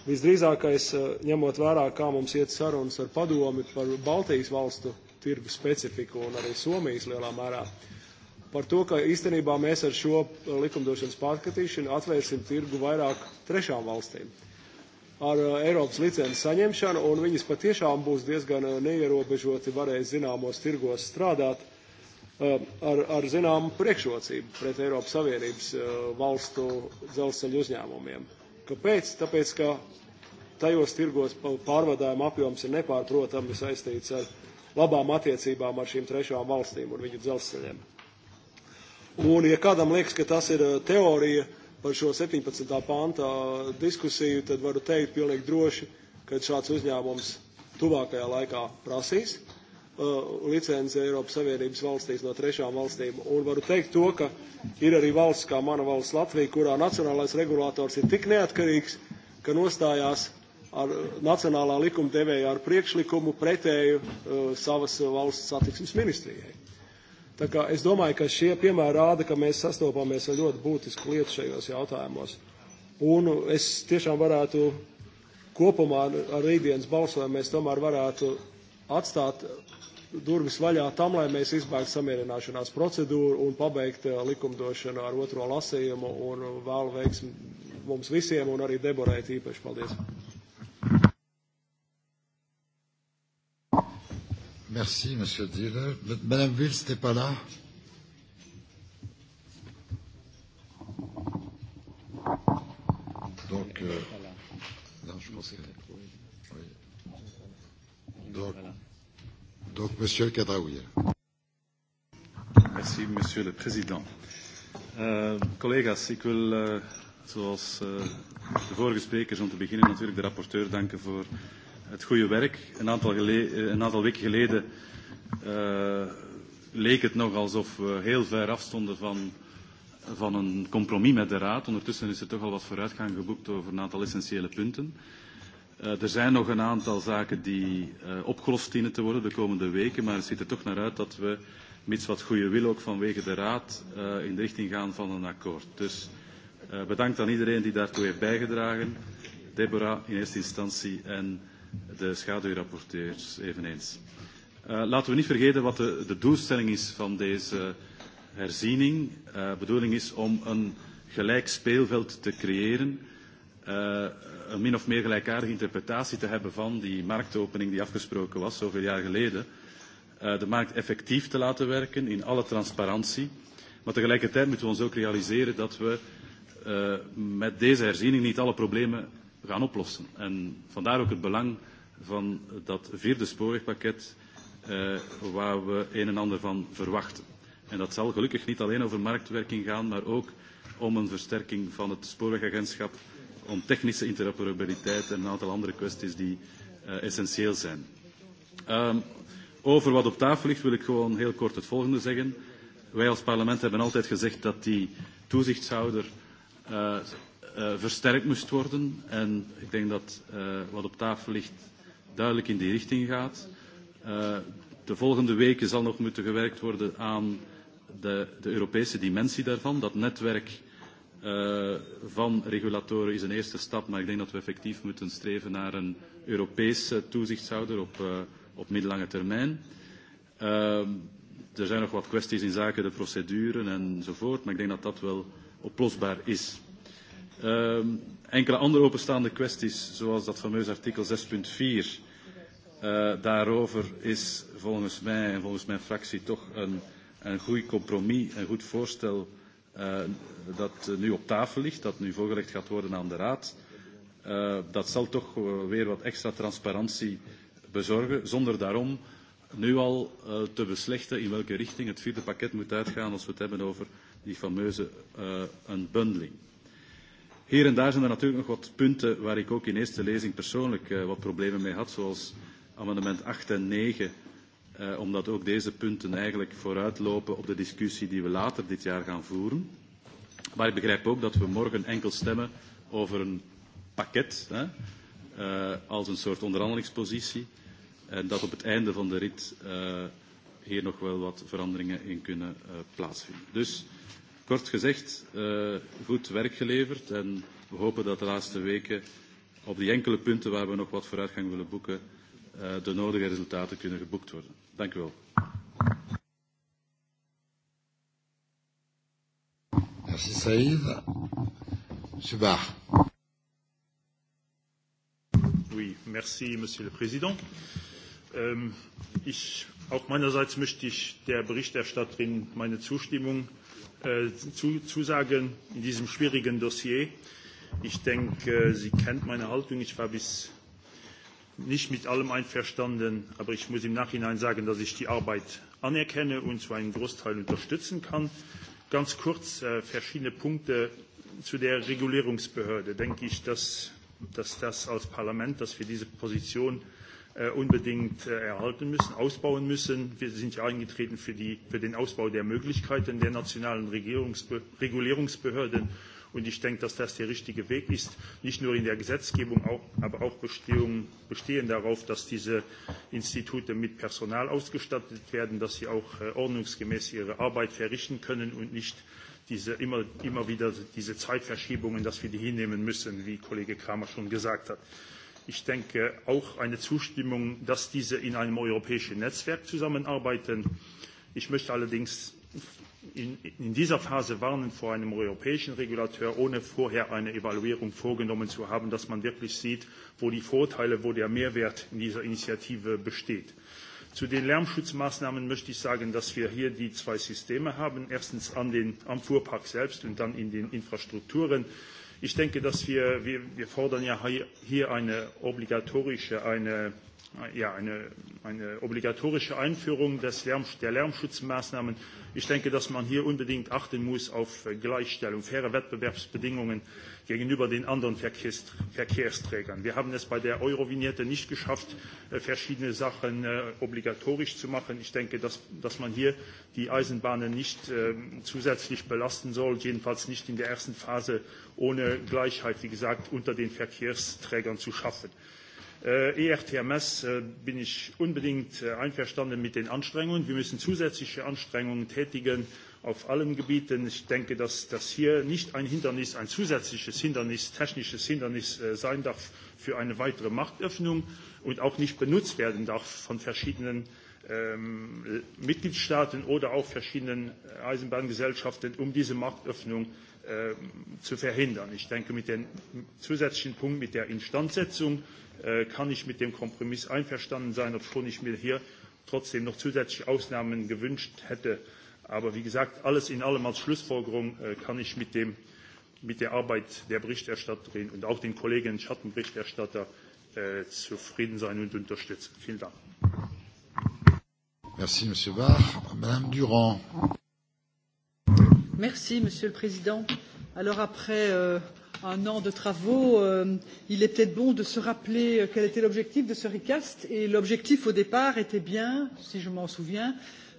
visdrīzākais, eh, ņemot vērā, kā mums iet sarunas ar padomi par Baltijas valstu tirgu specifiku un arī Somijas lielā mērā, par to, ka īstenībā mēs ar šo eh, likumdošanas pārskatīšanu atvērsim tirgu vairāk trešām valstīm ar eh, Eiropas licences saņemšanu, un viņas patiešām būs diezgan neierobežoti varēs zināmos tirgos strādāt ar, ar zināmu priekšrocību pret Eiropas Savienības valstu dzelzceļu uzņēmumiem. Kāpēc? Tāpēc, ka tajos tirgos pārvadājuma apjoms ir nepārprotami saistīts ar labām attiecībām ar šīm trešām valstīm un viņu dzelzceļiem. Un, ja kādam liekas, ka tas ir teorija par šo 17. pānta diskusiju, tad varu teikt pilnīgi droši, ka šāds uzņēmums tuvākajā laikā prasīs. Uh, licenci Eiropas Savienības valstīs no trešām valstīm. Un varu teikt to, ka ir arī valsts, kā mana valsts Latvija, kurā nacionālais regulators ir tik neatkarīgs, ka nostājās ar uh, nacionālā likuma devēja ar priekšlikumu pretēju uh, savas valsts satiksmes ministrijai. Tā kā es domāju, ka šie piemēri rāda, ka mēs sastopamies ar ļoti būtisku lietu šajos jautājumos. Un es tiešām varētu kopumā ar rītdienas balsojumu mēs tomēr varētu atstāt durvis vaļā tam, lai mēs izbēgtu samierināšanās procedūru un pabeigtu eh, likumdošanu ar otro lasījumu un vēlu veiksmi mums visiem un arī Deborai tīpaši. paldies. Merci, Monsieur Diller. Madame Ville, c'était pas là. Donc, euh, non, je pense que... Oui. Donc, Donc, Monsieur Kadraoui. Merci, Monsieur le Président. Uh, collega's, ik wil uh, zoals uh, de vorige sprekers om te beginnen natuurlijk de rapporteur danken voor het goede werk. Een aantal, gele eh, een aantal weken geleden uh, leek het nog alsof we heel ver afstonden van, van een compromis met de Raad. Ondertussen is er toch al wat vooruitgang geboekt over een aantal essentiële punten. Uh, Uh, er zijn nog een aantal zaken die uh, opgelost dienen te worden de komende weken, maar het ziet er toch naar uit dat we, mits wat goede wil ook vanwege de Raad, uh, in de richting gaan van een akkoord. Dus uh, bedankt aan iedereen die daartoe heeft bijgedragen. Deborah in eerste instantie en de schaduwrapporteurs eveneens. Uh, laten we niet vergeten wat de, de doelstelling is van deze herziening. De uh, bedoeling is om een gelijk speelveld te creëren. Uh, een min of meer gelijkaardige interpretatie te hebben van die marktopening die afgesproken was zoveel jaar geleden. Uh, de markt effectief te laten werken in alle transparantie. Maar tegelijkertijd moeten we ons ook realiseren dat we uh, met deze herziening niet alle problemen gaan oplossen. En vandaar ook het belang van dat vierde spoorwegpakket uh, waar we een en ander van verwachten. En dat zal gelukkig niet alleen over marktwerking gaan, maar ook om een versterking van het spoorwegagentschap om technische interoperabiliteit en een aantal andere kwesties die uh, essentieel zijn. Um, over wat op tafel ligt wil ik gewoon heel kort het volgende zeggen. Wij als parlement hebben altijd gezegd dat die toezichtshouder uh, uh, versterkt moest worden. En ik denk dat uh, wat op tafel ligt duidelijk in die richting gaat. Uh, de volgende weken zal nog moeten gewerkt worden aan de, de Europese dimensie daarvan. Dat netwerk Eh, van regulatoren is een eerste stap, maar ik denk dat we effectief moeten streven naar een Europese toezichtshouder op, uh, op middellange termijn. Uh, er zijn nog wat kwesties in zaken de procedure enzovoort, maar ik denk dat dat wel oplosbaar is. Uh, enkele andere openstaande kwesties, zoals dat fameuze artikel 6.4, Uh, daarover is volgens mij en volgens mijn fractie toch een, een goed compromis, een goed voorstel uh, dat nu op tafel ligt, dat nu voorgelegd gaat worden aan de Raad, uh, dat zal toch eh, weer wat extra transparantie bezorgen, zonder daarom nu al uh, te beslechten in welke richting het vierde pakket moet uitgaan als we het hebben over die fameuze uh, unbundling. Hier en daar zijn er natuurlijk nog wat punten waar ik ook in eerste lezing persoonlijk uh, wat problemen mee had, zoals amendement 8 en 9 eh, omdat ook deze punten eigenlijk vooruitlopen op de discussie die we later dit jaar gaan voeren. Maar ik begrijp ook dat we morgen enkel stemmen over een pakket, hè, eh, als een soort onderhandelingspositie, en dat op het einde van de rit eh, hier nog wel wat veranderingen in kunnen eh, plaatsvinden. Dus kort gezegd, eh, goed werk geleverd en we hopen dat de laatste weken op die enkele punten waar we nog wat vooruitgang willen boeken, eh, de nodige resultaten kunnen geboekt worden. Dank u wel. Merci Saïd. Monsieur Oui, merci Monsieur le Président. Euh, ich, auch meinerseits möchte ich der Berichterstatterin meine Zustimmung äh, zu, zusagen in diesem schwierigen Dossier. Ich denke, äh, sie kennt meine Haltung. Ich war bis nicht mit allem einverstanden, aber ich muss im Nachhinein sagen, dass ich die Arbeit anerkenne und zu einem Großteil unterstützen kann. Ganz kurz äh, verschiedene Punkte zu der Regulierungsbehörde. Denke ich, dass, dass das als Parlament, dass wir diese Position äh, unbedingt äh, erhalten müssen, ausbauen müssen. Wir sind ja eingetreten für, die, für den Ausbau der Möglichkeiten der nationalen Regulierungsbehörden. Und ich denke, dass das der richtige Weg ist, nicht nur in der Gesetzgebung, auch, aber auch Bestehung, bestehen darauf, dass diese Institute mit Personal ausgestattet werden, dass sie auch äh, ordnungsgemäß ihre Arbeit verrichten können und nicht diese, immer, immer wieder diese Zeitverschiebungen, dass wir die hinnehmen müssen, wie Kollege Kramer schon gesagt hat. Ich denke auch eine Zustimmung, dass diese in einem europäischen Netzwerk zusammenarbeiten. Ich möchte allerdings in, in dieser Phase warnen vor einem europäischen Regulateur, ohne vorher eine Evaluierung vorgenommen zu haben, dass man wirklich sieht, wo die Vorteile, wo der Mehrwert in dieser Initiative besteht. Zu den Lärmschutzmaßnahmen möchte ich sagen, dass wir hier die zwei Systeme haben. Erstens an den, am Fuhrpark selbst und dann in den Infrastrukturen. Ich denke, dass wir, wir, wir fordern ja hier eine obligatorische, eine ja, eine, eine obligatorische Einführung des Lärm, der Lärmschutzmaßnahmen. Ich denke, dass man hier unbedingt achten muss auf Gleichstellung, faire Wettbewerbsbedingungen gegenüber den anderen Verkehrs, Verkehrsträgern. Wir haben es bei der Eurovignette nicht geschafft, äh, verschiedene Sachen äh, obligatorisch zu machen. Ich denke, dass, dass man hier die Eisenbahnen nicht ähm, zusätzlich belasten soll, jedenfalls nicht in der ersten Phase, ohne Gleichheit, wie gesagt, unter den Verkehrsträgern zu schaffen. Äh, ERTMS äh, bin ich unbedingt äh, einverstanden mit den Anstrengungen. Wir müssen zusätzliche Anstrengungen tätigen auf allen Gebieten. Ich denke, dass das hier nicht ein Hindernis, ein zusätzliches Hindernis, technisches Hindernis sein darf für eine weitere Marktöffnung und auch nicht benutzt werden darf von verschiedenen ähm, Mitgliedstaaten oder auch verschiedenen Eisenbahngesellschaften, um diese Marktöffnung Äh, zu verhindern. Ich denke, mit dem zusätzlichen Punkt mit der Instandsetzung äh, kann ich mit dem Kompromiss einverstanden sein, obwohl ich mir hier trotzdem noch zusätzliche Ausnahmen gewünscht hätte. Aber wie gesagt, alles in allem als Schlussfolgerung äh, kann ich mit, dem, mit der Arbeit der Berichterstatterin und auch den Kolleginnen Schattenberichterstatter äh, zufrieden sein und unterstützen. Vielen Dank. Merci, Monsieur Bach. Madame Durand. Monsieur le Président. Alors après euh, un an de travaux, euh, il est peut-être bon de se rappeler euh, quel était l'objectif de ce recast. Et l'objectif au départ était bien, si je m'en souviens,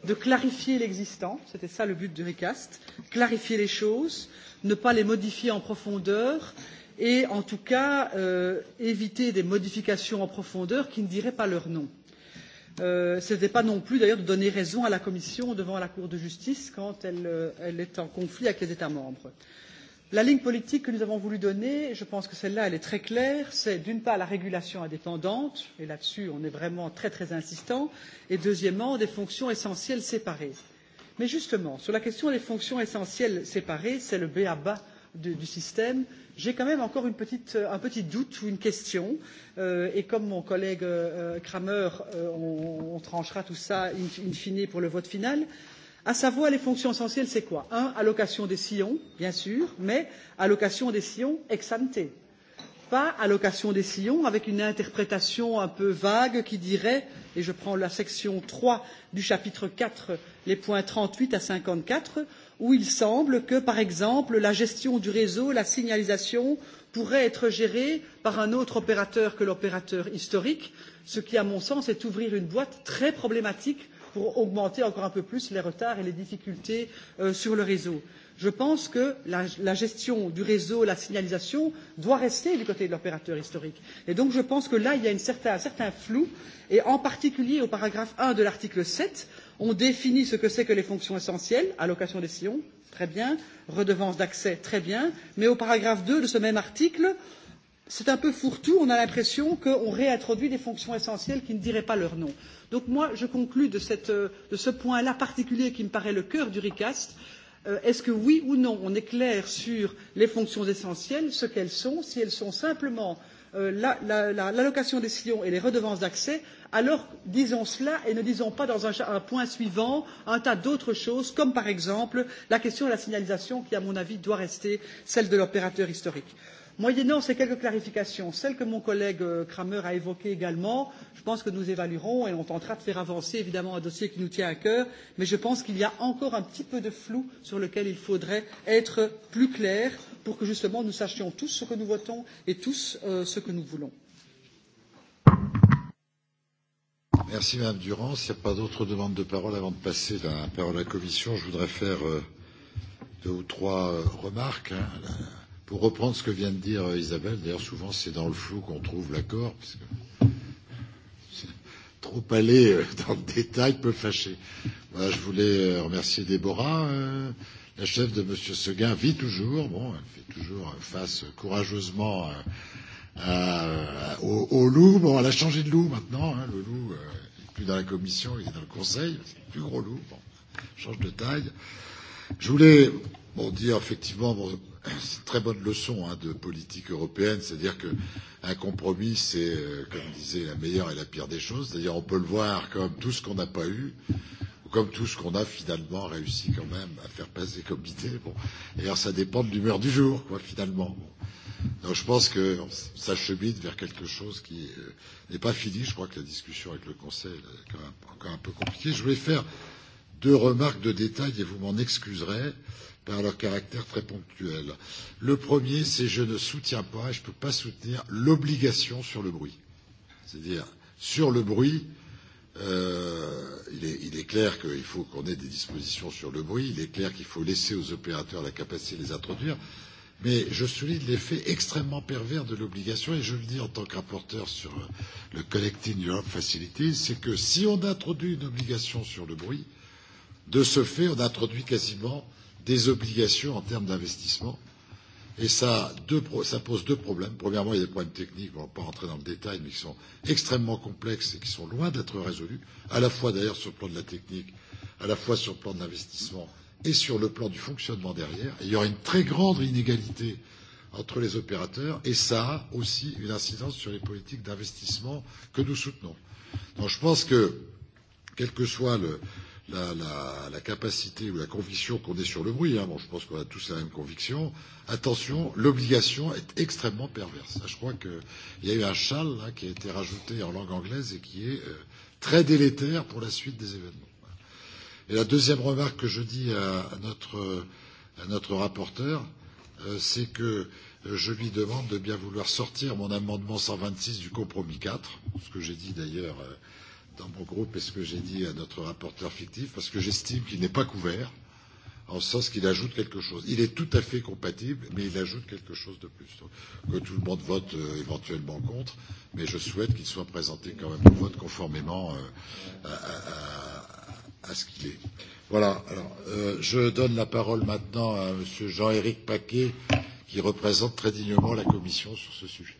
de clarifier l'existant. C'était ça le but du recast. Clarifier les choses, ne pas les modifier en profondeur et en tout cas euh, éviter des modifications en profondeur qui ne diraient pas leur nom. Euh, ce n'était pas non plus d'ailleurs de donner raison à la Commission devant la Cour de justice quand elle, euh, elle est en conflit avec les États membres. La ligne politique que nous avons voulu donner, je pense que celle-là, elle est très claire. C'est d'une part la régulation indépendante, et là-dessus on est vraiment très très insistant, et deuxièmement des fonctions essentielles séparées. Mais justement, sur la question des fonctions essentielles séparées, c'est le b. a. ba du système j'ai quand même encore une petite, euh, un petit doute ou une question euh, et comme mon collègue euh, Kramer, euh, on, on tranchera tout ça in, in fine pour le vote final. À savoir, les fonctions essentielles, c'est quoi Un, allocation des sillons, bien sûr, mais allocation des sillons ex ante. Pas allocation des sillons avec une interprétation un peu vague qui dirait, et je prends la section 3 du chapitre 4, les points 38 à 54, où il semble que par exemple la gestion du réseau la signalisation pourraient être gérées par un autre opérateur que l'opérateur historique ce qui à mon sens est ouvrir une boîte très problématique pour augmenter encore un peu plus les retards et les difficultés euh, sur le réseau. Je pense que la, la gestion du réseau, la signalisation doit rester du côté de l'opérateur historique. Et donc je pense que là, il y a une certain, un certain flou, et en particulier au paragraphe 1 de l'article 7, on définit ce que sont les fonctions essentielles allocation des sillons très bien redevance d'accès très bien mais au paragraphe deux de ce même article c'est un peu fourre tout on a l'impression qu'on réintroduit des fonctions essentielles qui ne diraient pas leur nom. donc moi je conclus de, cette, euh, de ce point là particulier qui me paraît le cœur du recast euh, est ce que oui ou non on est clair sur les fonctions essentielles ce qu'elles sont si elles sont simplement l'allocation euh, la, la, des sillons et les redevances d'accès, alors disons cela et ne disons pas dans un, un point suivant un tas d'autres choses, comme par exemple la question de la signalisation qui, à mon avis, doit rester celle de l'opérateur historique. Moyennant ces quelques clarifications, celles que mon collègue euh, Kramer a évoquées également, je pense que nous évaluerons et on tentera de faire avancer évidemment un dossier qui nous tient à cœur, mais je pense qu'il y a encore un petit peu de flou sur lequel il faudrait être plus clair pour que justement nous sachions tous ce que nous votons et tous euh, ce que nous voulons. Merci Madame Durand. S'il n'y a pas d'autres demandes de parole avant de passer la parole à la Commission, je voudrais faire euh, deux ou trois euh, remarques. Hein. Pour reprendre ce que vient de dire euh, Isabelle, d'ailleurs souvent c'est dans le flou qu'on trouve l'accord, parce que trop aller euh, dans le détail peut fâcher. Voilà, je voulais euh, remercier Déborah, la chef de M. Seguin vit toujours, bon, elle fait toujours face courageusement à, à, au, au loup. Bon, elle a changé de loup maintenant, hein, le loup n'est plus dans la commission, il est dans le conseil, c'est le plus gros loup, bon, change de taille. Je voulais bon, dire effectivement, bon, c'est une très bonne leçon hein, de politique européenne, c'est-à-dire qu'un compromis, c'est, euh, comme disait, la meilleure et la pire des choses. D'ailleurs, on peut le voir comme tout ce qu'on n'a pas eu, ou comme tout ce qu'on a finalement réussi quand même à faire passer comme idée. Bon. D'ailleurs, ça dépend de l'humeur du jour, quoi, finalement. Bon. Donc, je pense que ça chemine vers quelque chose qui euh, n'est pas fini. Je crois que la discussion avec le Conseil est quand même encore un peu compliquée. Je voulais faire deux remarques de détail et vous m'en excuserez par leur caractère très ponctuel. Le premier, c'est je ne soutiens pas et je ne peux pas soutenir l'obligation sur le bruit. C'est-à-dire, sur le bruit, euh, il, est, il est clair qu'il faut qu'on ait des dispositions sur le bruit, il est clair qu'il faut laisser aux opérateurs la capacité de les introduire, mais je souligne l'effet extrêmement pervers de l'obligation, et je le dis en tant que rapporteur sur euh, le Collecting Europe Facility, c'est que si on introduit une obligation sur le bruit, de ce fait, on introduit quasiment euh, des obligations en termes d'investissement. Et ça, deux, ça pose deux problèmes. Premièrement, il y a des problèmes techniques, on ne va pas rentrer dans le détail, mais qui sont extrêmement complexes et qui sont loin d'être résolus, à la fois d'ailleurs sur le plan de la technique, à la fois sur le plan de l'investissement et sur le plan du fonctionnement derrière. Et il y aura une très grande inégalité entre les opérateurs et ça a aussi une incidence sur les politiques d'investissement que nous soutenons. Donc je pense que, quel que soit le, la, la, la capacité ou la conviction qu'on est sur le bruit. Hein. Bon, je pense qu'on a tous la même conviction. Attention, l'obligation est extrêmement perverse. Ah, je crois qu'il y a eu un châle là, qui a été rajouté en langue anglaise et qui est euh, très délétère pour la suite des événements. Et la deuxième remarque que je dis à, à, notre, à notre rapporteur, euh, c'est que euh, je lui demande de bien vouloir sortir mon amendement 126 du compromis 4, ce que j'ai dit d'ailleurs. Euh, dans mon groupe et ce que j'ai dit à notre rapporteur fictif, parce que j'estime qu'il n'est pas couvert, en ce sens qu'il ajoute quelque chose. Il est tout à fait compatible, mais il ajoute quelque chose de plus. Donc, que tout le monde vote euh, éventuellement contre, mais je souhaite qu'il soit présenté quand même au vote conformément euh, à, à, à ce qu'il est. Voilà. Alors, euh, je donne la parole maintenant à M. Jean-Éric Paquet, qui représente très dignement la Commission sur ce sujet.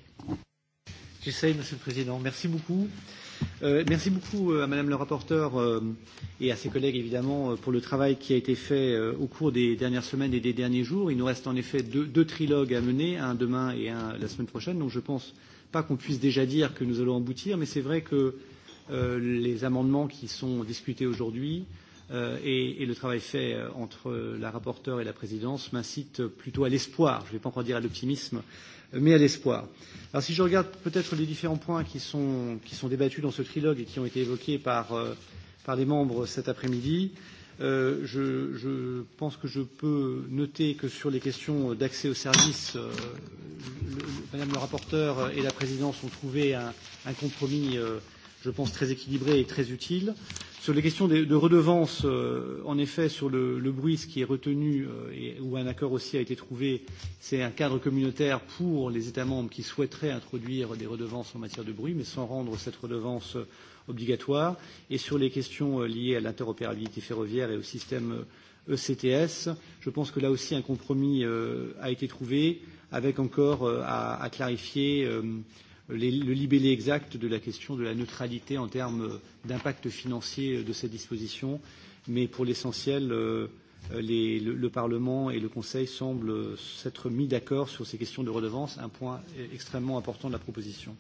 J'essaie, Monsieur le Président. Merci beaucoup. Euh, Euh, merci beaucoup euh, à Madame le rapporteur euh, et à ses collègues, évidemment, pour le travail qui a été fait au cours des dernières semaines et des derniers jours. Il nous reste en effet deux, deux trilogues à mener, un demain et un la semaine prochaine. Donc je ne pense pas qu'on puisse déjà dire que nous allons aboutir, mais c'est vrai que les amendements qui sont discutés aujourd'hui et, et le travail fait entre la rapporteure et la présidence m'incitent plutôt à l'espoir, je ne vais pas encore dire à l'optimisme, euh, Euh, mais à l'espoir. Alors si je regarde peut-être les différents points qui sont, qui sont débattus dans ce trilogue et qui ont été évoqués par, euh, par les membres cet après-midi, euh, je, je pense que je peux noter que sur les questions d'accès aux services, euh, le, le, Madame le rapporteur et la présidence ont trouvé un, un compromis euh, je pense, très équilibré et très utile. Sur les questions de, de redevances, euh, en effet, sur le, le bruit, ce qui est retenu euh, et où un accord aussi a été trouvé, c'est un cadre communautaire pour les États membres qui souhaiteraient introduire des redevances en matière de bruit, mais sans rendre cette redevance euh, obligatoire. Et sur les questions euh, liées à l'interopérabilité ferroviaire et au système ECTS, euh, e je pense que là aussi un compromis euh, a été trouvé, avec encore euh, à, à clarifier. Euh, les, le libellé exact de la question de la neutralité en termes d'impact financier de cette disposition, mais pour l'essentiel, euh, les, le, le Parlement et le Conseil semblent s'être mis d'accord sur ces questions de redevance, un point extrêmement important de la proposition.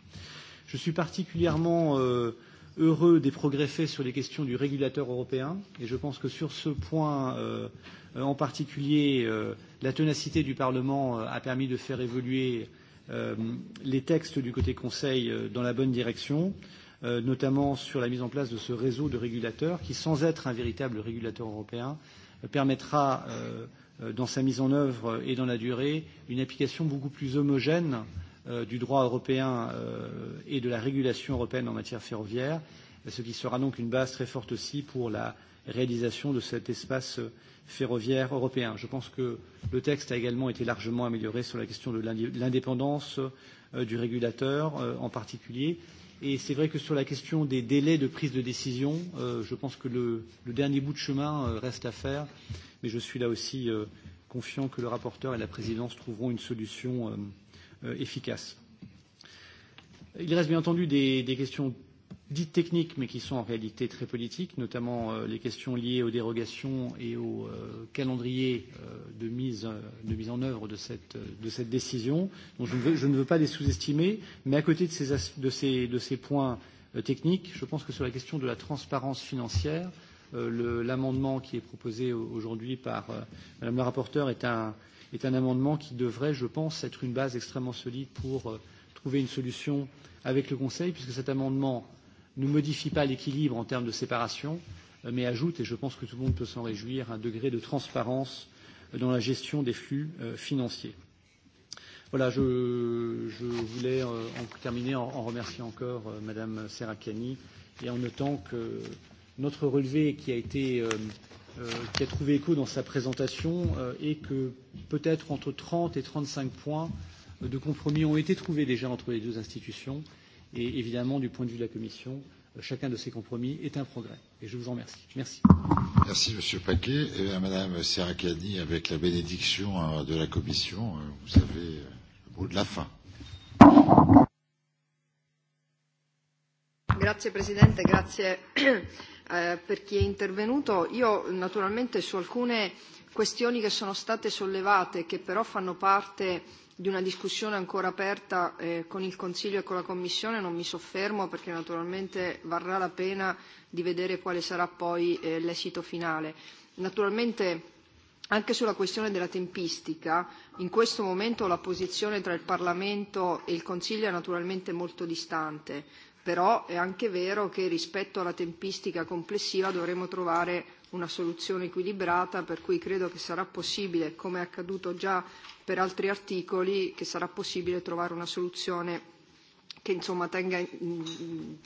Je suis particulièrement euh, heureux des progrès faits sur les questions du régulateur européen et je pense que sur ce point euh, en particulier, euh, la tenacité du Parlement euh, a permis de faire évoluer euh, Euh, les textes du côté Conseil euh, dans la bonne direction, euh, notamment sur la mise en place de ce réseau de régulateurs qui, sans être un véritable régulateur européen, permettra, dans sa mise en œuvre et dans la durée, une application beaucoup plus homogène du droit européen et de la régulation européenne en matière ferroviaire, ce qui sera donc une base très forte aussi pour la, réalisation de cet espace euh, ferroviaire européen. Je pense que le texte a également été largement amélioré sur la question de l'indépendance euh, du régulateur euh, en particulier. Et c'est vrai que sur la question des délais de prise de décision, je pense que le, le dernier bout de chemin reste à faire, mais je suis là aussi confiant que le rapporteur et la présidence trouveront une solution efficace. Il reste bien entendu des, des questions dites techniques, mais qui sont en réalité très politiques, notamment euh, les questions liées aux dérogations et au euh, calendrier euh, de, mise, euh, de mise en œuvre de cette, euh, de cette décision. Donc je ne veux, je ne veux pas les sous-estimer, mais à côté de ces, de ces, de ces points euh, techniques, je pense que sur la question de la transparence financière, euh, l'amendement qui est proposé aujourd'hui par euh, Madame la rapporteure est un, est un amendement qui devrait, je pense, être une base extrêmement solide pour euh, trouver une solution avec le Conseil, puisque cet amendement ne modifie pas l'équilibre en termes de séparation, euh, mais ajoute, et je pense que tout le monde peut s'en réjouir, un degré de transparence euh, dans la gestion des flux euh, financiers. Voilà, je, je voulais en terminer en, en remerciant encore Madame Serracani et en notant que notre relevé qui a été euh, qui a trouvé écho dans sa présentation euh, et que peut-être entre 30 et 35 points de compromis ont été trouvés déjà entre les deux institutions Et évidemment, du point de vue de la Commission, euh, chacun de ces compromis est un progrès. Et je vous en remercie. Merci. Merci, Monsieur Paquet. Et à Madame Serracani, avec la bénédiction de la Commission, euh, vous avez euh, le mot de la fin. Grazie Presidente, grazie eh, per chi è intervenuto. Io naturalmente su alcune questioni che sono state sollevate, che però fanno parte di una discussione ancora aperta eh, con il Consiglio e con la Commissione non mi soffermo perché naturalmente varrà la pena di vedere quale sarà poi eh, l'esito finale. Naturalmente anche sulla questione della tempistica, in questo momento la posizione tra il Parlamento e il Consiglio è naturalmente molto distante però è anche vero che rispetto alla tempistica complessiva dovremo trovare una soluzione equilibrata per cui credo che sarà possibile, come è accaduto già per altri articoli, che sarà possibile trovare una soluzione che insomma tenga,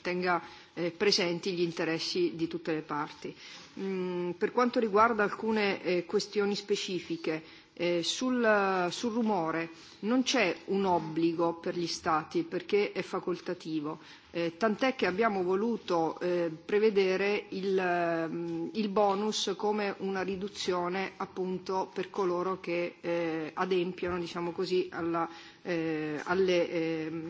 tenga eh, presenti gli interessi di tutte le parti. Mm, per quanto riguarda alcune eh, questioni specifiche, Eh, sul, eh, sul rumore non c'è un obbligo per gli Stati perché è facoltativo, eh, tant'è che abbiamo voluto eh, prevedere il, ehm, il bonus come una riduzione appunto per coloro che eh, adempiono diciamo così, alla, eh, alle eh,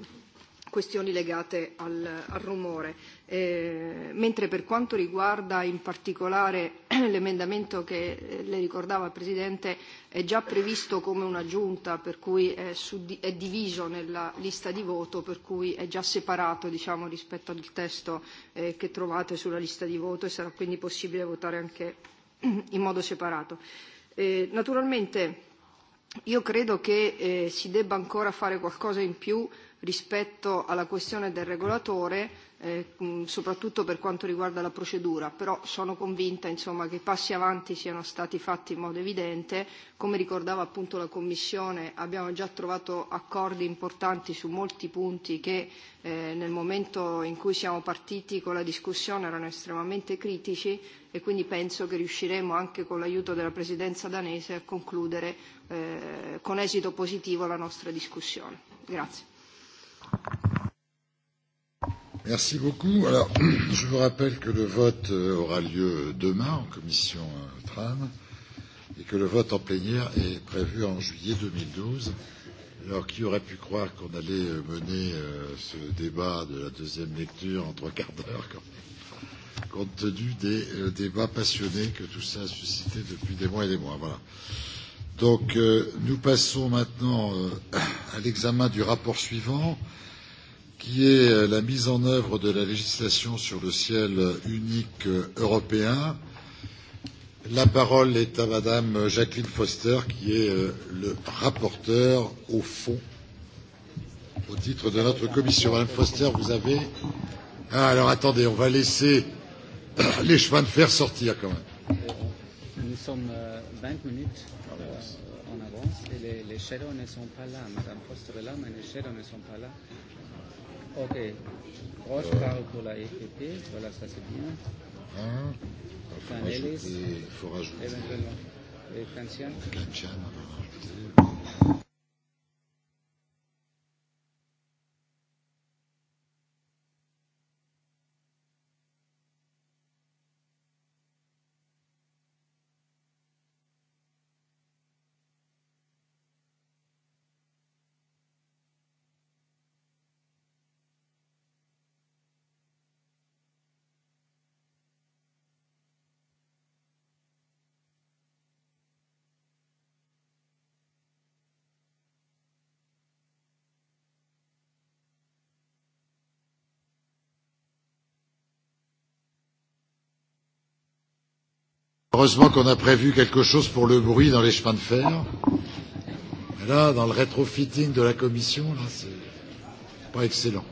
questioni legate al, al rumore Eh, mentre per quanto riguarda in particolare l'emendamento che eh, le ricordava il Presidente è già previsto come un'aggiunta per cui è, è diviso nella lista di voto per cui è già separato diciamo, rispetto al testo eh, che trovate sulla lista di voto e sarà quindi possibile votare anche in modo separato. Eh, naturalmente io credo che eh, si debba ancora fare qualcosa in più rispetto alla questione del regolatore, eh, soprattutto per quanto riguarda la procedura, però sono convinta insomma, che i passi avanti siano stati fatti in modo evidente. Come ricordava appunto la Commissione, abbiamo già trovato accordi importanti su molti punti che eh, nel momento in cui siamo partiti con la discussione erano estremamente critici e quindi penso che riusciremo anche con l'aiuto della Presidenza danese a concludere eh, con esito positivo la nostra discussione. Grazie. Merci beaucoup. Alors, je vous rappelle que le vote euh, aura lieu demain en commission euh, TRAN et que le vote en plénière est prévu en juillet 2012. Alors, qui aurait pu croire qu'on allait euh, mener ce débat de la deuxième lecture en trois quarts d'heure, compte tenu des débats passionnés que tout ça a suscité depuis des mois et des mois. Voilà. Donc, euh, nous passons maintenant euh, à l'examen du rapport suivant, qui est euh, la mise en œuvre de la législation sur le ciel unique euh, européen. La parole est à Madame Jacqueline Foster, qui est le rapporteur au fond au titre de notre commission. Madame Foster, vous avez. Ah, alors attendez, on va laisser les chemins de fer sortir quand même nous sommes 20 euh, minutes ah, euh, en avance et les, les shadows ne sont pas là. Madame Foster est là, mais les shadows ne sont pas là. Ok. Roche parle pour la EPP. Voilà, ça c'est bien. Hein il faut rajouter. Éventuellement. Et Kantian Kantian, on Heureusement qu'on a prévu quelque chose pour le bruit dans les chemins de fer. là, dans le rétrofitting de la commission, là, c'est pas excellent.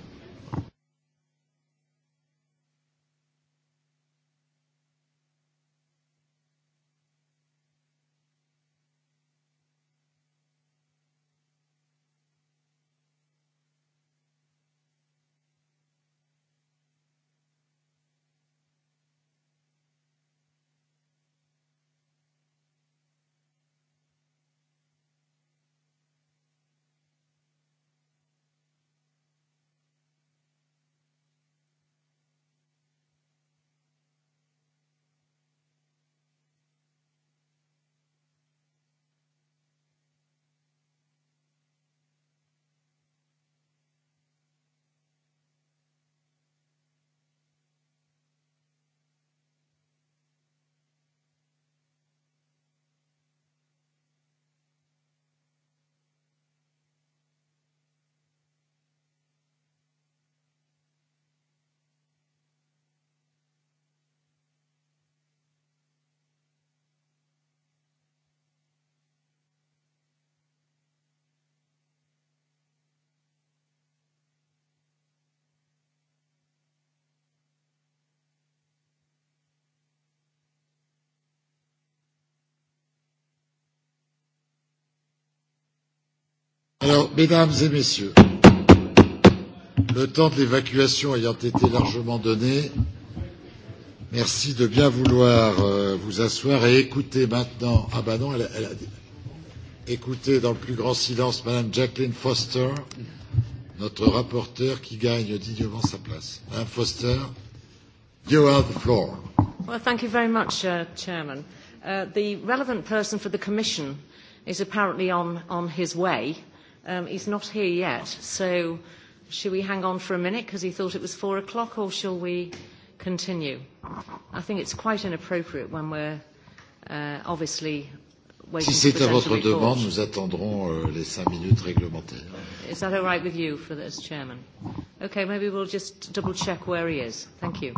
Alors, mesdames et messieurs, le temps de l'évacuation ayant été largement donné, merci de bien vouloir euh, vous asseoir et écouter maintenant. Ah ben non, elle a, elle a, écouter dans le plus grand silence Madame Jacqueline Foster, notre rapporteur qui gagne dignement sa place. Madame Foster, you have the floor. Well, thank you very much, uh, Chairman. Uh, the relevant person for the Commission is apparently on, on his way. Um, he's not here yet, so should we hang on for a minute because he thought it was four o'clock, or shall we continue? I think it's quite inappropriate when we're uh, obviously waiting. Si c'est à votre demande, nous attendrons euh, les cinq minutes réglementaires. Is that all right with you for this, Chairman? Okay, maybe we'll just double check where he is. Thank you.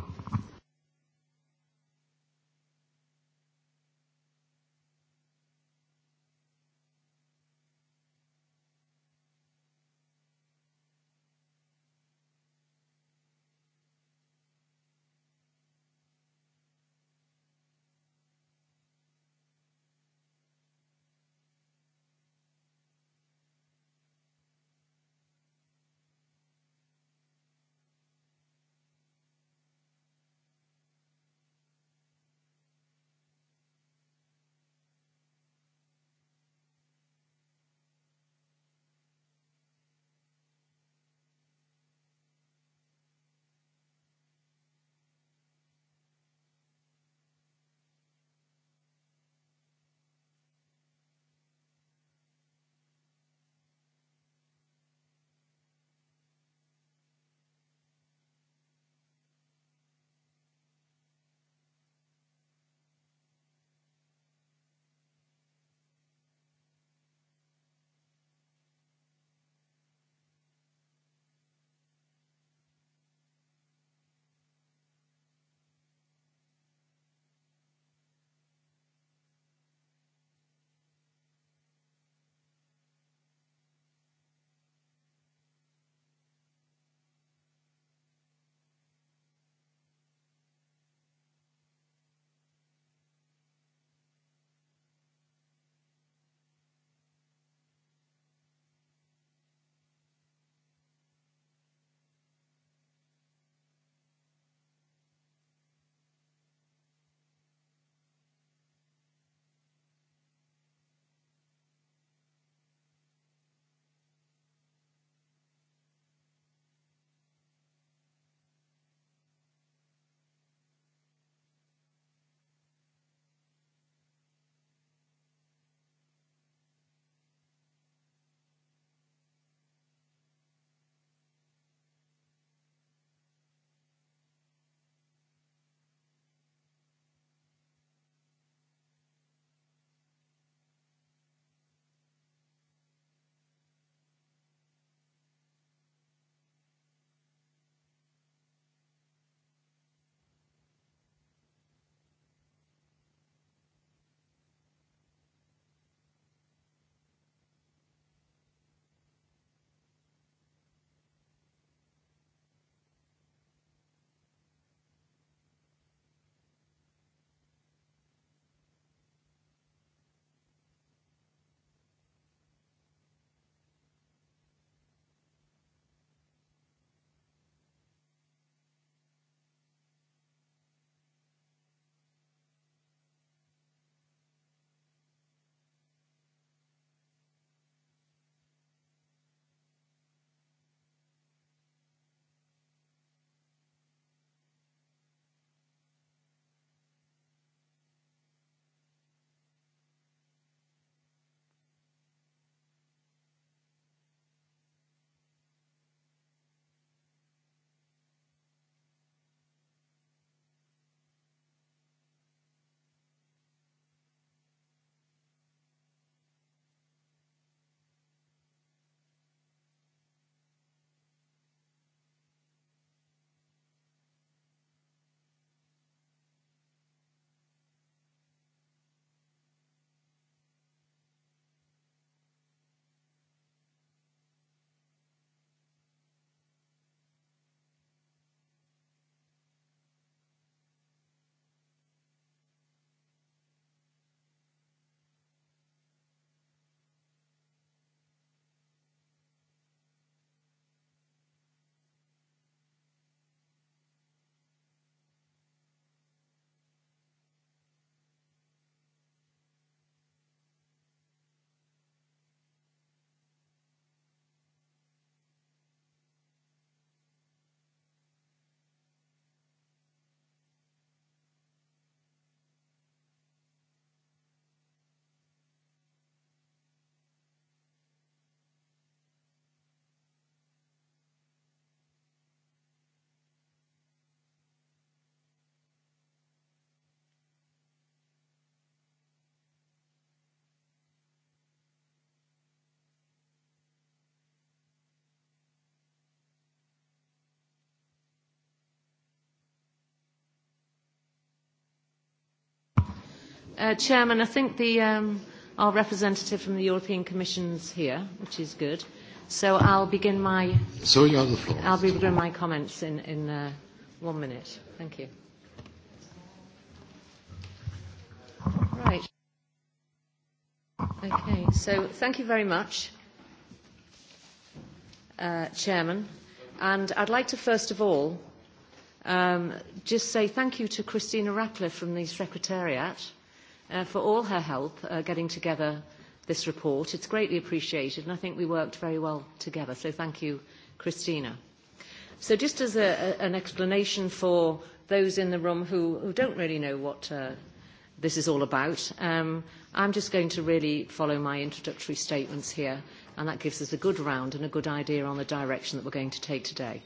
Uh, Chairman, I think the, um, our representative from the European Commission is here, which is good. So I'll begin my. So you have the floor. I'll begin my comments in, in uh, one minute. Thank you. Right. Okay. So thank you very much, uh, Chairman. And I'd like to first of all um, just say thank you to Christina Rackler from the Secretariat Uh, for all her help uh, getting together this report. It's greatly appreciated, and I think we worked very well together. So thank you, Christina. So just as a, a, an explanation for those in the room who, who don't really know what uh, this is all about, um, I'm just going to really follow my introductory statements here, and that gives us a good round and a good idea on the direction that we're going to take today.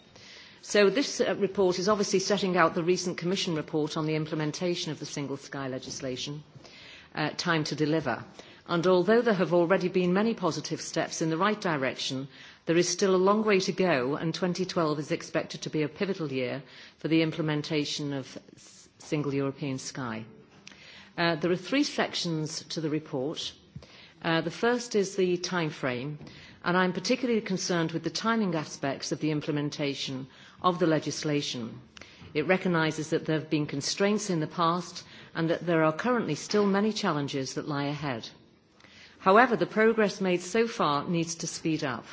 So this uh, report is obviously setting out the recent Commission report on the implementation of the Single Sky legislation. Uh, uh, time to deliver. And although there have already been many positive steps in the right direction, there is still a long way to go, and 2012 is expected to be a pivotal year for the implementation of Single European Sky. Uh, there are three sections to the report. Uh, the first is the timeframe, and I'm particularly concerned with the timing aspects of the implementation of the legislation. It recognises that there have been constraints in the past and that there are currently still many challenges that lie ahead. However, the progress made so far needs to speed up.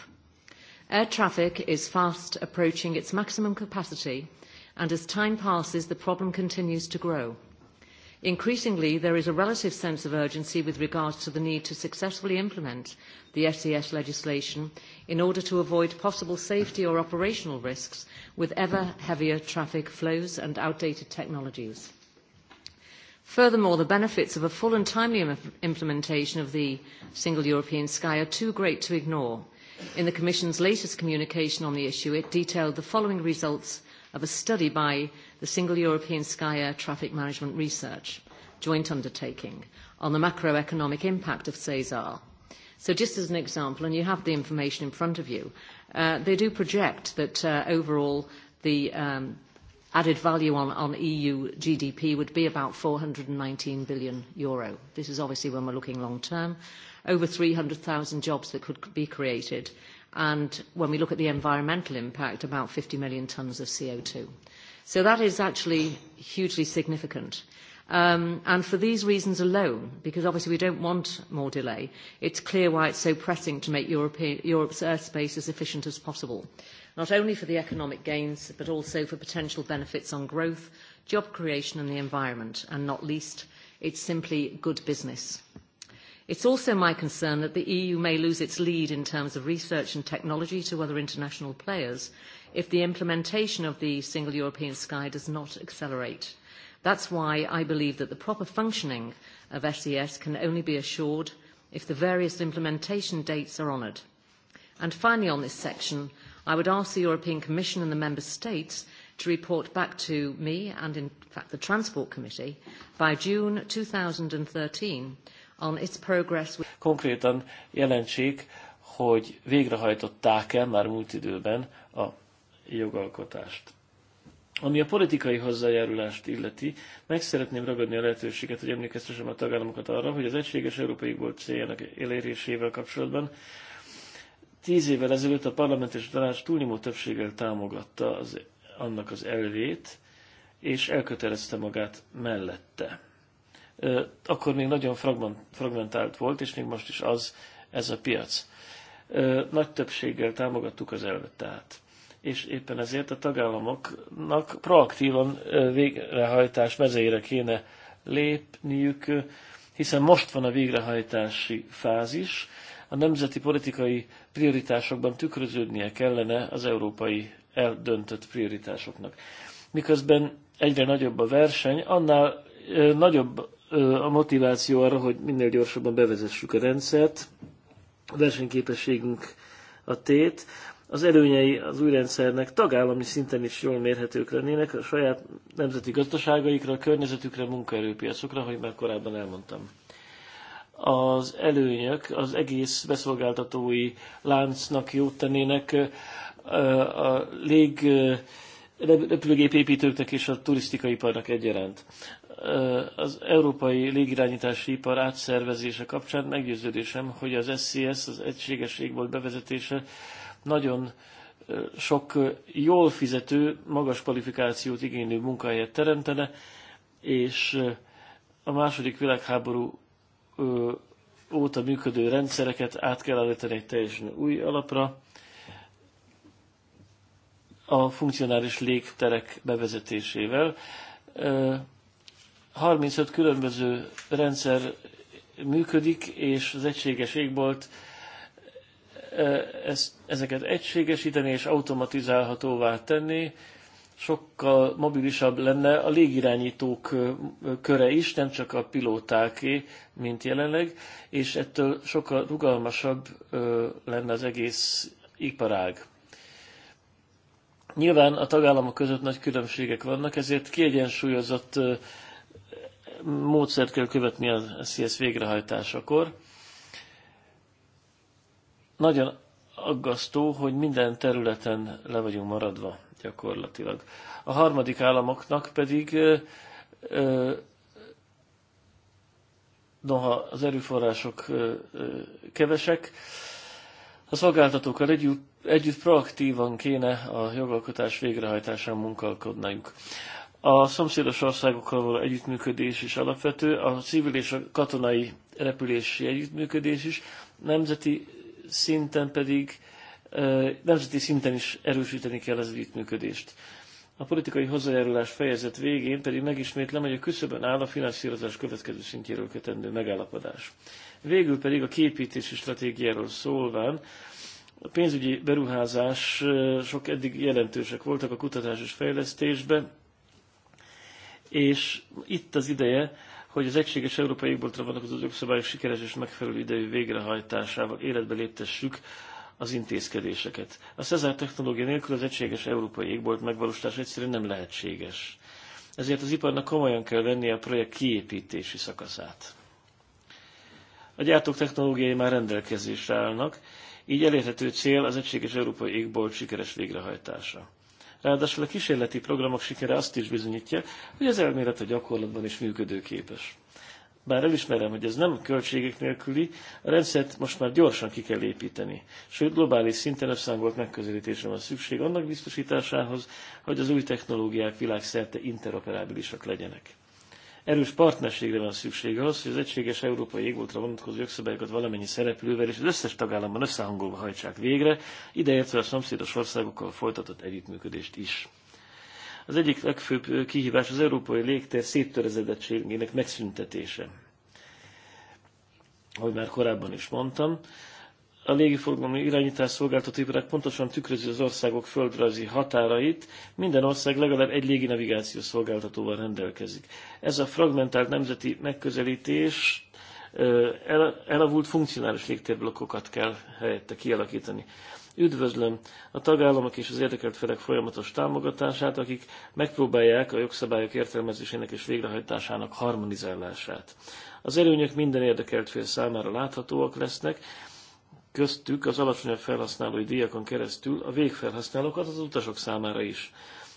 Air traffic is fast approaching its maximum capacity, and as time passes, the problem continues to grow. Increasingly, there is a relative sense of urgency with regard to the need to successfully implement the SES e legislation in order to avoid possible safety or operational risks with ever heavier traffic flows and outdated technologies. Furthermore, the benefits of a full and timely implementation of the Single European Sky are too great to ignore. In the Commission's latest communication on the issue, it detailed the following results of a study by the Single European Sky Air Traffic Management Research joint undertaking on the macroeconomic impact of CESAR. So just as an example, and you have the information in front of you, uh, they do project that uh, overall the um, added value on, on EU GDP would be about 419 billion euro. This is obviously when we're looking long term. Over 300,000 jobs that could be created. And when we look at the environmental impact, about 50 million tonnes of CO2. So that is actually hugely significant. Um, and for these reasons alone, because obviously we don't want more delay, it's clear why it's so pressing to make Europe, Europe's airspace as efficient as possible not only for the economic gains, but also for potential benefits on growth, job creation and the environment, and not least, it's simply good business. It's also my concern that the EU may lose its lead in terms of research and technology to other international players if the implementation of the Single European Sky does not accelerate. That's why I believe that the proper functioning of SES e can only be assured if the various implementation dates are honoured. And finally on this section, I would ask the European Commission and the Member States to report back to me and in fact the Transport Committee by June 2013 on its progress. With Konkrétan jelentsék, hogy végrehajtották-e már múlt időben a jogalkotást. Ami a politikai hozzájárulást illeti, meg szeretném ragadni a lehetőséget, hogy emlékeztessem a tagállamokat arra, hogy az egységes európai bolt céljának elérésével kapcsolatban Tíz évvel ezelőtt a parlament és a tanács túlnyomó többséggel támogatta az, annak az elvét, és elkötelezte magát mellette. Akkor még nagyon fragmentált volt, és még most is az ez a piac. Nagy többséggel támogattuk az elvet tehát és éppen ezért a tagállamoknak proaktívan végrehajtás mezeire kéne lépniük, hiszen most van a végrehajtási fázis, a nemzeti politikai prioritásokban tükröződnie kellene az európai eldöntött prioritásoknak. Miközben egyre nagyobb a verseny, annál nagyobb a motiváció arra, hogy minél gyorsabban bevezessük a rendszert, a versenyképességünk a tét, az előnyei az új rendszernek tagállami szinten is jól mérhetők lennének a saját nemzeti gazdaságaikra, a környezetükre, munkaerőpiacokra, hogy már korábban elmondtam az előnyök az egész beszolgáltatói láncnak jót tennének a lég repülőgépépítőknek és a turisztikai iparnak egyaránt. Az európai légirányítási ipar átszervezése kapcsán meggyőződésem, hogy az SCS, az egységes égbolt bevezetése nagyon sok jól fizető, magas kvalifikációt igénylő munkahelyet teremtene, és a második világháború óta működő rendszereket át kell állítani egy teljesen új alapra. A funkcionális légterek bevezetésével 35 különböző rendszer működik, és az egységes égbolt ezeket egységesíteni és automatizálhatóvá tenni, sokkal mobilisabb lenne a légirányítók köre is, nem csak a pilótáké, mint jelenleg, és ettől sokkal rugalmasabb lenne az egész iparág. Nyilván a tagállamok között nagy különbségek vannak, ezért kiegyensúlyozott módszert kell követni a CS végrehajtásakor. Nagyon aggasztó, hogy minden területen le vagyunk maradva gyakorlatilag. A harmadik államoknak pedig noha az erőforrások kevesek, a szolgáltatókkal együtt, együtt proaktívan kéne a jogalkotás végrehajtásán munkálkodniuk. A szomszédos országokkal való együttműködés is alapvető, a civil és a katonai repülési együttműködés is, nemzeti szinten pedig nemzeti szinten is erősíteni kell az együttműködést. A politikai hozzájárulás fejezet végén pedig megismétlem, hogy a küszöbön áll a finanszírozás következő szintjéről kötendő megállapodás. Végül pedig a képítési stratégiáról szólván, a pénzügyi beruházás sok eddig jelentősek voltak a kutatás és fejlesztésbe, és itt az ideje, hogy az egységes európai égboltra vonatkozó jogszabályok sikeres és megfelelő idejű végrehajtásával életbe léptessük az intézkedéseket. A Cezár technológia nélkül az egységes európai égbolt megvalósítás egyszerűen nem lehetséges. Ezért az iparnak komolyan kell vennie a projekt kiépítési szakaszát. A gyártók technológiai már rendelkezésre állnak, így elérhető cél az egységes európai égbolt sikeres végrehajtása. Ráadásul a kísérleti programok sikere azt is bizonyítja, hogy az elmélet a gyakorlatban is működőképes bár elismerem, hogy ez nem költségek nélküli, a rendszert most már gyorsan ki kell építeni. Sőt, globális szinten összhangolt megközelítésre van szükség annak biztosításához, hogy az új technológiák világszerte interoperábilisak legyenek. Erős partnerségre van szükség ahhoz, hogy az egységes európai égboltra vonatkozó jogszabályokat valamennyi szereplővel és az összes tagállamban összehangolva hajtsák végre, ideértve a szomszédos országokkal folytatott együttműködést is. Az egyik legfőbb kihívás az európai légtér széttörezedettségének megszüntetése. Ahogy már korábban is mondtam, a légiforgalmi irányítás szolgáltatóiparák pontosan tükrözi az országok földrajzi határait, minden ország legalább egy léginavigációs szolgáltatóval rendelkezik. Ez a fragmentált nemzeti megközelítés elavult funkcionális légtérblokkokat kell helyette kialakítani. Üdvözlöm a tagállamok és az érdekelt felek folyamatos támogatását, akik megpróbálják a jogszabályok értelmezésének és végrehajtásának harmonizálását. Az előnyök minden érdekelt fél számára láthatóak lesznek, köztük az alacsonyabb felhasználói díjakon keresztül a végfelhasználókat az utasok számára is.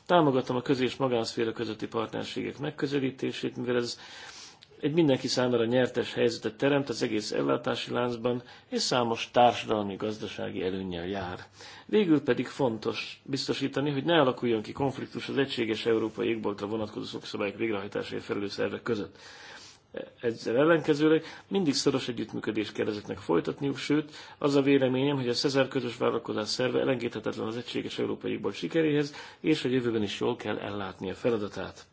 Támogatom a közé és magánszféra közötti partnerségek megközelítését, mivel ez egy mindenki számára nyertes helyzetet teremt az egész ellátási láncban, és számos társadalmi-gazdasági előnnyel jár. Végül pedig fontos biztosítani, hogy ne alakuljon ki konfliktus az egységes európai égboltra vonatkozó szokszabályok végrehajtásáért felelős szervek között. Ezzel ellenkezőleg mindig szoros együttműködést kell ezeknek folytatniuk, sőt, az a véleményem, hogy a Cezár közös vállalkozás szerve elengedhetetlen az egységes európai égbolt sikeréhez, és a jövőben is jól kell ellátni a feladatát.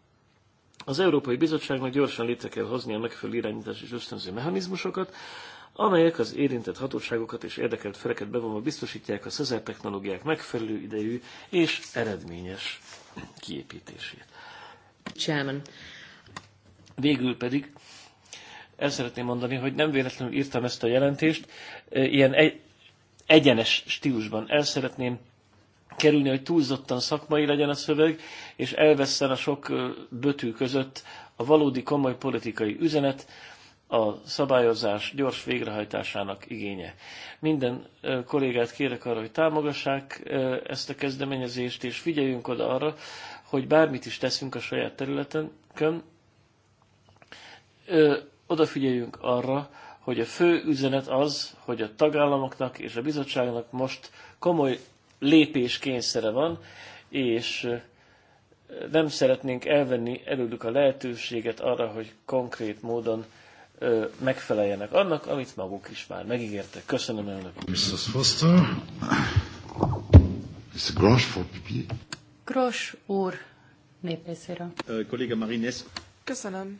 Az Európai Bizottságnak gyorsan létre kell hozni a megfelelő irányítás és ösztönző mechanizmusokat, amelyek az érintett hatóságokat és érdekelt feleket bevonva biztosítják a szezer technológiák megfelelő idejű és eredményes kiépítését. Chairman. Végül pedig el szeretném mondani, hogy nem véletlenül írtam ezt a jelentést, ilyen egy, egyenes stílusban el szeretném kerülni, hogy túlzottan szakmai legyen a szöveg, és elveszten a sok bötű között a valódi komoly politikai üzenet, a szabályozás gyors végrehajtásának igénye. Minden kollégát kérek arra, hogy támogassák ezt a kezdeményezést, és figyeljünk oda arra, hogy bármit is teszünk a saját területünkön, odafigyeljünk arra, hogy a fő üzenet az, hogy a tagállamoknak és a bizottságnak most komoly kényszere van, és nem szeretnénk elvenni előlük a lehetőséget arra, hogy konkrét módon megfeleljenek annak, amit maguk is már megígértek. Köszönöm elnök. Mrs. Foster, Mr. Grosch for PP. Grosh úr, népészéről. Kolléga Marines. Köszönöm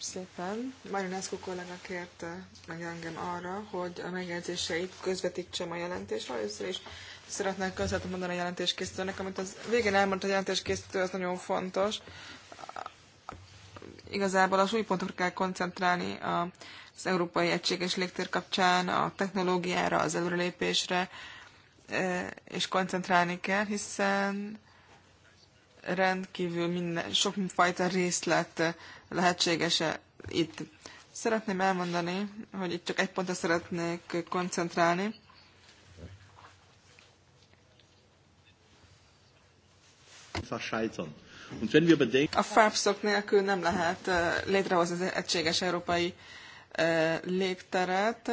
szépen. Marionescu kollega kérte meg engem arra, hogy a megjegyzéseit közvetítsem a jelentésre. Először is szeretnék közvetlenül mondani a jelentéskészítőnek, amit az végén elmondta a jelentéskészítő, az nagyon fontos. Igazából új pontokra kell koncentrálni az Európai Egységes Légtér kapcsán, a technológiára, az előrelépésre, eh, és koncentrálni kell, hiszen rendkívül minden, fajta részlet lehetséges itt. Szeretném elmondani, hogy itt csak egy pontra szeretnék koncentrálni. A fábszok nélkül nem lehet eh, létrehozni az egységes európai eh, légteret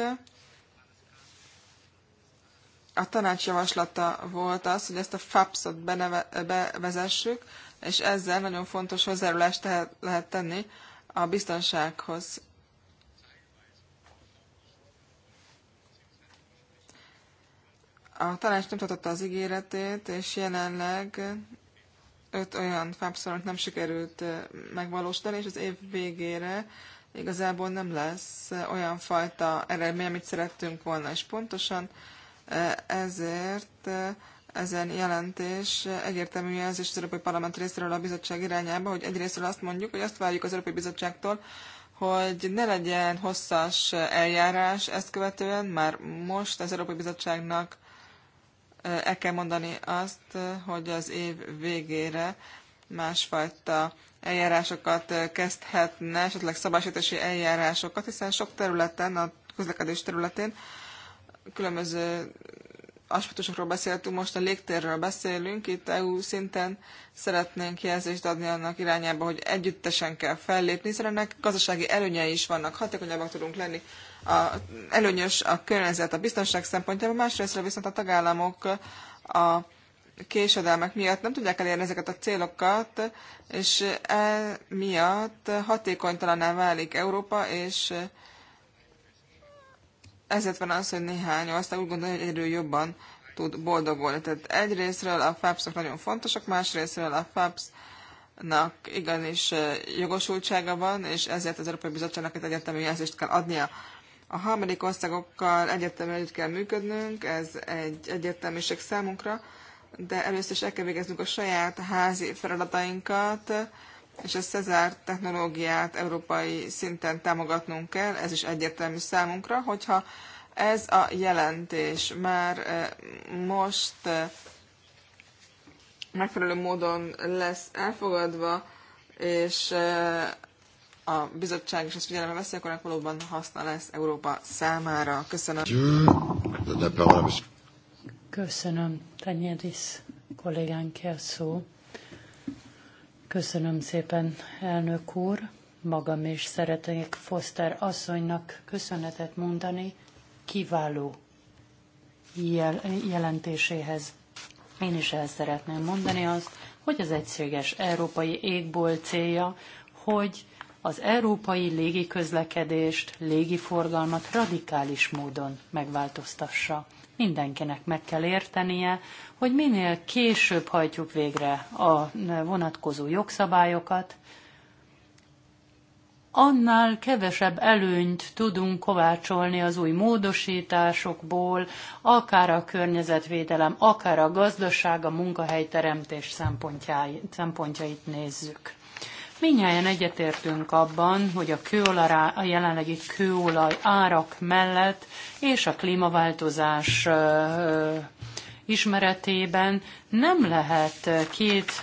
a tanács javaslata volt az, hogy ezt a FAPS-ot bevezessük, és ezzel nagyon fontos hozzárulást lehet tenni a biztonsághoz. A tanács nem tartotta az ígéretét, és jelenleg öt olyan fábszorot nem sikerült megvalósítani, és az év végére igazából nem lesz olyan fajta eredmény, amit szerettünk volna, és pontosan ezért eh, ezen jelentés egyértelmű jelzés az Európai Parlament részéről a bizottság irányába, hogy egyrésztről azt mondjuk, hogy azt várjuk az Európai Bizottságtól, hogy ne legyen hosszas eljárás ezt követően, már most az Európai Bizottságnak eh, el kell mondani azt, hogy az év végére másfajta eljárásokat eh, kezdhetne, esetleg szabásítási eljárásokat, hiszen sok területen, a közlekedés területén különböző aspektusokról beszéltünk, most a légtérről beszélünk, itt EU szinten szeretnénk jelzést adni annak irányába, hogy együttesen kell fellépni, hiszen ennek gazdasági előnyei is vannak, hatékonyabbak tudunk lenni. A, előnyös a környezet a biztonság szempontjából, másrészt viszont a tagállamok a késedelmek miatt nem tudják elérni ezeket a célokat, és emiatt hatékonytalaná válik Európa, és ezért van az, hogy néhány ország úgy gondolja, hogy egyről jobban tud boldogulni. Tehát egyrésztről a FAPS-ok nagyon fontosak, másrésztről a FAPS-nak igenis jogosultsága van, és ezért az Európai Bizottságnak egy egyetemi jelzést kell adnia. A harmadik országokkal egyértelműen együtt kell működnünk, ez egy egyértelműség számunkra, de először is el kell végeznünk a saját házi feladatainkat, és a Cezár technológiát európai szinten támogatnunk kell, ez is egyértelmű számunkra, hogyha ez a jelentés már eh, most eh, megfelelő módon lesz elfogadva, és eh, a bizottság is ezt figyelembe veszi, akkor valóban haszna lesz Európa számára. Köszönöm. Köszönöm, Tanyedis kollégánk a szó. Köszönöm szépen, elnök úr. Magam is szeretnék Foster asszonynak köszönetet mondani kiváló jel jelentéséhez. Én is el szeretném mondani azt, hogy az egységes európai égból célja, hogy az európai légiközlekedést, légiforgalmat radikális módon megváltoztassa. Mindenkinek meg kell értenie, hogy minél később hajtjuk végre a vonatkozó jogszabályokat, annál kevesebb előnyt tudunk kovácsolni az új módosításokból, akár a környezetvédelem, akár a gazdaság, a munkahelyteremtés szempontjait nézzük. Minnyáján egyetértünk abban, hogy a kőolará, a jelenlegi kőolaj árak mellett és a klímaváltozás ismeretében nem lehet két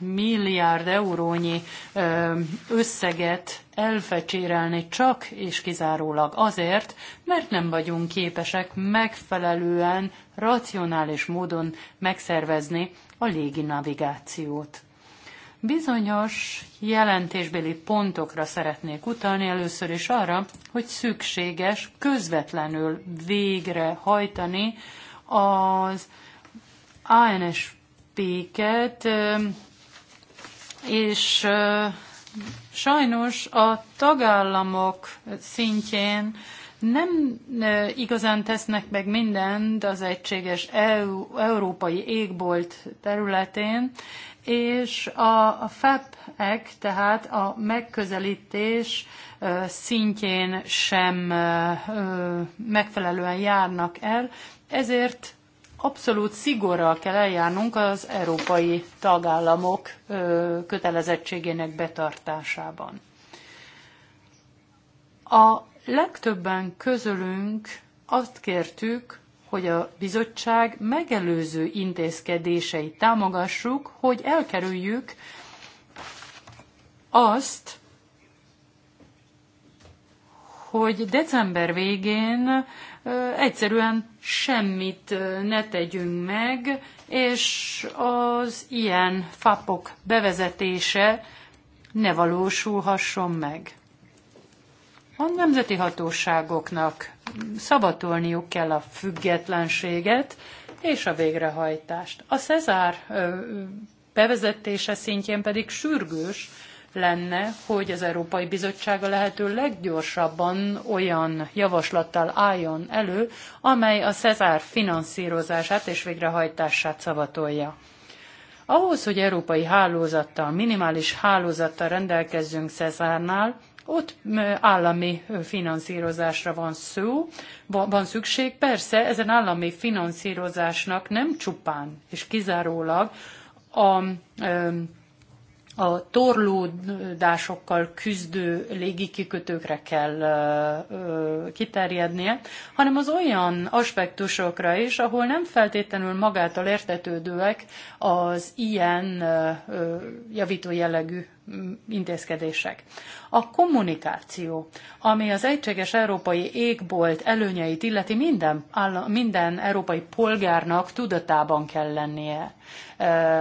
milliárd eurónyi összeget elfecsérelni csak és kizárólag azért, mert nem vagyunk képesek megfelelően, racionális módon megszervezni a légi navigációt. Bizonyos jelentésbeli pontokra szeretnék utalni először is arra, hogy szükséges közvetlenül végrehajtani az ANSP-ket, és sajnos a tagállamok szintjén nem igazán tesznek meg mindent az egységes EU, európai égbolt területén, és a, a FEP-ek, tehát a megközelítés szintjén sem megfelelően járnak el, ezért abszolút szigorral kell eljárnunk az európai tagállamok kötelezettségének betartásában. A legtöbben közülünk azt kértük, hogy a bizottság megelőző intézkedéseit támogassuk, hogy elkerüljük azt, hogy december végén egyszerűen semmit ne tegyünk meg, és az ilyen fapok bevezetése ne valósulhasson meg. A nemzeti hatóságoknak szabatolniuk kell a függetlenséget és a végrehajtást. A Cezár bevezetése szintjén pedig sürgős, lenne, hogy az Európai Bizottság a lehető leggyorsabban olyan javaslattal álljon elő, amely a Cezár finanszírozását és végrehajtását szavatolja. Ahhoz, hogy európai hálózattal, minimális hálózattal rendelkezzünk Cezárnál, ott állami finanszírozásra van szó, van szükség. Persze ezen állami finanszírozásnak nem csupán és kizárólag a a torlódásokkal küzdő légikikötőkre kell kiterjednie, hanem az olyan aspektusokra is, ahol nem feltétlenül magától értetődőek az ilyen javító jellegű Mm, intézkedések. A kommunikáció, ami az egységes európai égbolt előnyeit illeti minden, minden európai polgárnak tudatában kell lennie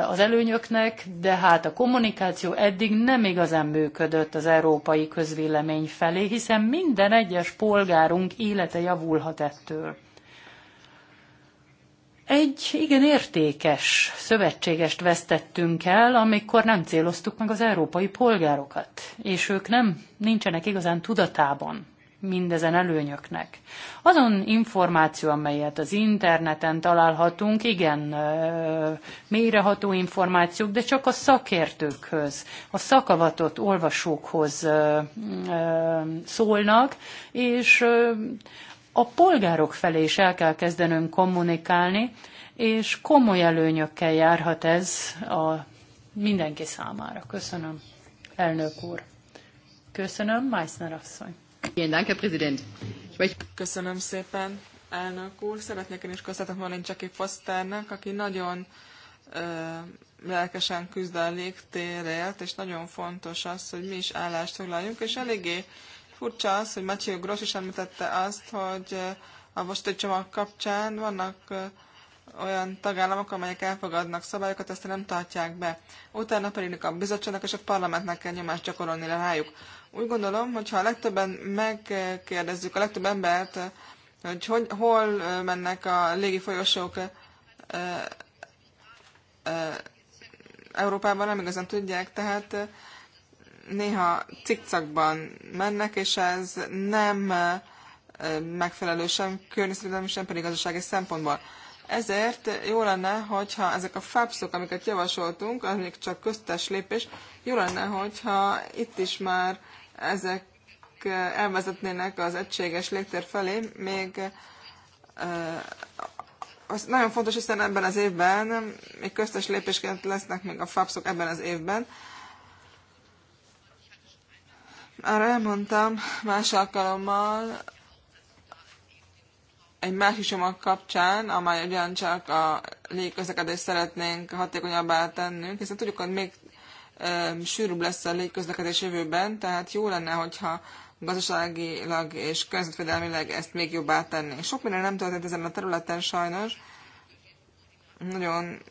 az előnyöknek, de hát a kommunikáció eddig nem igazán működött az európai közvélemény felé, hiszen minden egyes polgárunk élete javulhat ettől egy igen értékes szövetségest vesztettünk el, amikor nem céloztuk meg az európai polgárokat, és ők nem nincsenek igazán tudatában mindezen előnyöknek. Azon információ, amelyet az interneten találhatunk, igen, mélyreható információk, de csak a szakértőkhöz, a szakavatott olvasókhoz szólnak, és a polgárok felé is el kell kezdenünk kommunikálni, és komoly előnyökkel járhat ez a mindenki számára. Köszönöm, elnök úr. Köszönöm, Meissner asszony. Köszönöm szépen, elnök úr. Szeretnék én is köszönetet mondani Jackie Fosternek, aki nagyon ö, lelkesen küzd a légtérért, és nagyon fontos az, hogy mi is állást foglaljunk, és eléggé Furcsa az, hogy Matthew Gross is említette azt, hogy eh, a egy csomag kapcsán vannak eh, olyan tagállamok, amelyek elfogadnak szabályokat, ezt nem tartják be. Utána pedig a bizottságnak és a parlamentnek kell nyomást gyakorolni le rájuk. Úgy gondolom, hogy ha a legtöbben megkérdezzük a legtöbb embert, eh, hogy, hogy hol mennek a légi folyosók e, e, Európában, nem igazán tudják, tehát néha cikcakban mennek, és ez nem megfelelő sem környezetvédelmi, sem pedig gazdasági szempontból. Ezért jó lenne, hogyha ezek a fápszok, amiket javasoltunk, amik csak köztes lépés, jó lenne, hogyha itt is már ezek elvezetnének az egységes légtér felé, még az nagyon fontos, hiszen ebben az évben, még köztes lépésként lesznek még a fápszok ebben az évben, már elmondtam más alkalommal, egy másik csomag kapcsán, amely ugyancsak a légközlekedést szeretnénk hatékonyabbá tennünk, hiszen tudjuk, hogy még e, sűrűbb lesz a légközlekedés jövőben, tehát jó lenne, hogyha gazdaságilag és környezetvédelmileg ezt még jobbá tennénk. Sok minden nem történt ezen a területen sajnos. Nagyon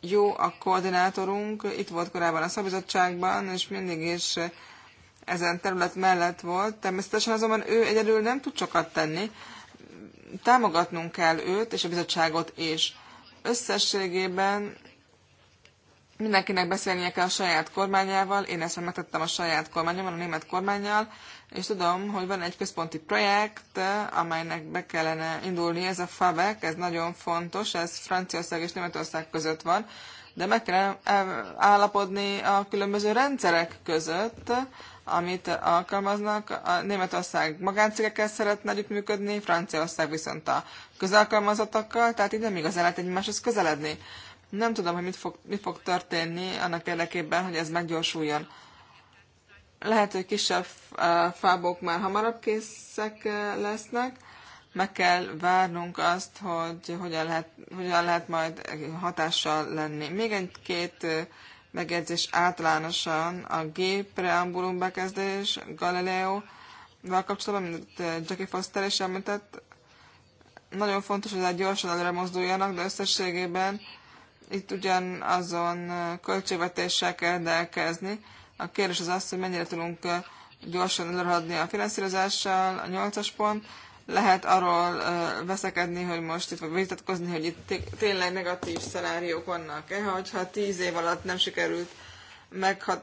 jó a koordinátorunk, itt volt korábban a szabizottságban, és mindig is ezen terület mellett volt, természetesen azonban ő egyedül nem tud sokat tenni. Támogatnunk kell őt és a bizottságot is. Összességében mindenkinek beszélnie kell a saját kormányával, én ezt megtettem a saját kormányommal, a német kormányjal, és tudom, hogy van egy központi projekt, amelynek be kellene indulni, ez a FABEC, ez nagyon fontos, ez Franciaország és Németország között van, de meg kell állapodni a különböző rendszerek között, amit alkalmaznak. A Németország magáncégekkel szeretne együttműködni, Franciaország viszont a közalkalmazottakkal, tehát itt nem igazán lehet egymáshoz közeledni. Nem tudom, hogy mit fog, mi fog történni annak érdekében, hogy ez meggyorsuljon. Lehet, hogy kisebb fábok már hamarabb készek lesznek, meg kell várnunk azt, hogy hogyan lehet, hogyan lehet majd hatással lenni. Még egy-két megjegyzés általánosan a G preambulum bekezdés Galileo vel kapcsolatban, mint eh, Jackie Foster is említett, nagyon fontos, hogy gyorsan előre mozduljanak, de összességében itt ugyan azon eh, költségvetéssel kell rendelkezni. A kérdés az az, hogy mennyire tudunk eh, gyorsan előrehadni a finanszírozással, a nyolcas pont, lehet arról veszekedni, hogy most itt vitatkozni, hogy itt tényleg negatív szenáriók vannak-e, hogyha tíz év alatt nem sikerült meghat,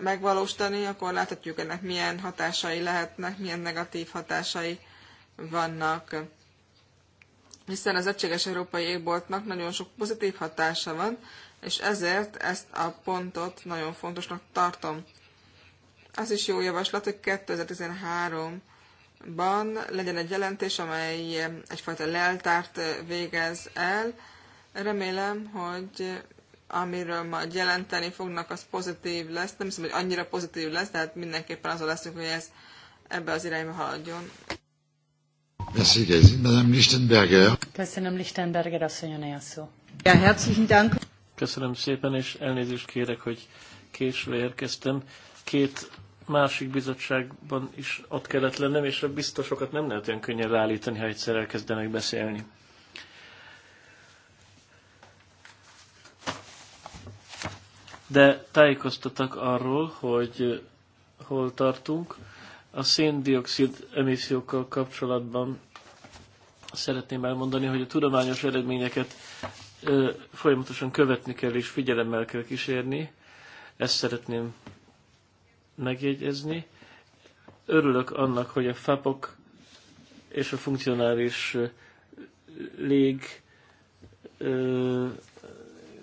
megvalósítani, akkor láthatjuk ennek milyen hatásai lehetnek, milyen negatív hatásai vannak. Hiszen az egységes európai égboltnak nagyon sok pozitív hatása van, és ezért ezt a pontot nagyon fontosnak tartom. Az is jó javaslat, hogy 2013 ban legyen egy jelentés, amely egyfajta leltárt végez el. Remélem, hogy amiről majd jelenteni fognak, az pozitív lesz. Nem hiszem, hogy annyira pozitív lesz, de hát mindenképpen azon leszünk, hogy ez ebbe az irányba haladjon. Köszönöm, Lichtenberger. Köszönöm, Lichtenberger asszonyon a szó. Ja, herzlichen Dank. Köszönöm szépen, és elnézést kérek, hogy késve érkeztem. Két másik bizottságban is ott kellett lennem, és a biztosokat nem lehet olyan könnyen ráállítani ha egyszer elkezdenek beszélni. De tájékoztatak arról, hogy hol tartunk. A széndiokszid emissziókkal kapcsolatban szeretném elmondani, hogy a tudományos eredményeket folyamatosan követni kell és figyelemmel kell kísérni. Ezt szeretném megjegyezni. Örülök annak, hogy a FAPok és a funkcionális lég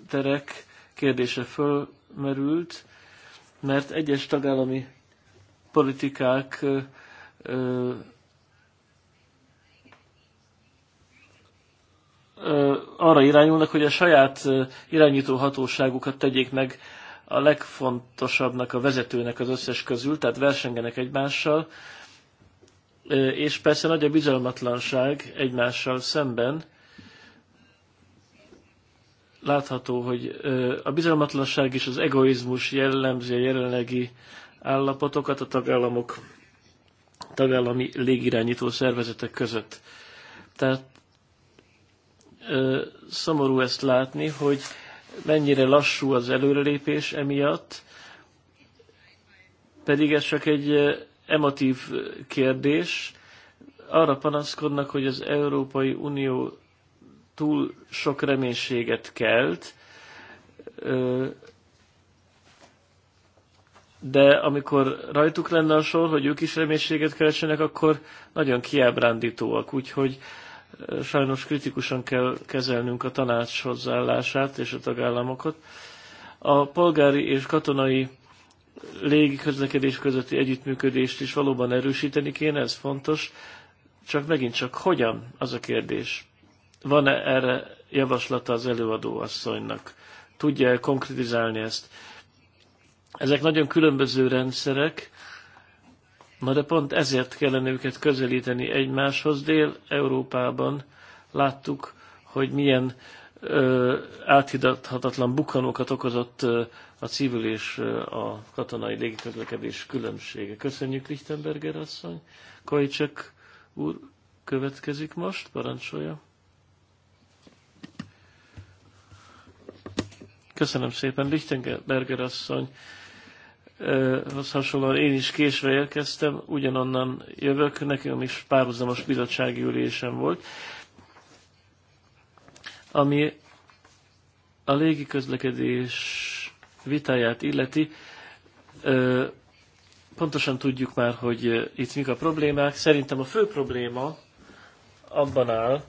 terek kérdése fölmerült, mert egyes tagállami politikák arra irányulnak, hogy a saját irányító hatóságukat tegyék meg a legfontosabbnak, a vezetőnek az összes közül, tehát versengenek egymással, és persze nagy a bizalmatlanság egymással szemben. Látható, hogy a bizalmatlanság és az egoizmus jellemzi a jelenlegi állapotokat a tagállamok, tagállami légirányító szervezetek között. Tehát szomorú ezt látni, hogy mennyire lassú az előrelépés emiatt, pedig ez csak egy emotív kérdés. Arra panaszkodnak, hogy az Európai Unió túl sok reménységet kelt, de amikor rajtuk lenne a sor, hogy ők is reménységet keresenek, akkor nagyon kiábrándítóak. Úgyhogy sajnos kritikusan kell kezelnünk a tanács hozzáállását és a tagállamokat. A polgári és katonai légi közlekedés közötti együttműködést is valóban erősíteni kéne, ez fontos, csak megint csak hogyan, az a kérdés. Van-e erre javaslata az előadó asszonynak? Tudja -e konkrétizálni ezt? Ezek nagyon különböző rendszerek, Na de pont ezért kellene őket közelíteni egymáshoz. Dél-Európában láttuk, hogy milyen ö, áthidathatatlan bukanókat okozott ö, a civil és ö, a katonai légiközlekedés különbsége. Köszönjük, Lichtenberger asszony. Kajcsek úr következik most, parancsolja. Köszönöm szépen, Lichtenberger asszony hasonlóan én is késve érkeztem, ugyanonnan jövök, nekem is párhuzamos bizottsági ülésem volt, ami a légi közlekedés vitáját illeti, pontosan tudjuk már, hogy itt mik a problémák. Szerintem a fő probléma abban áll,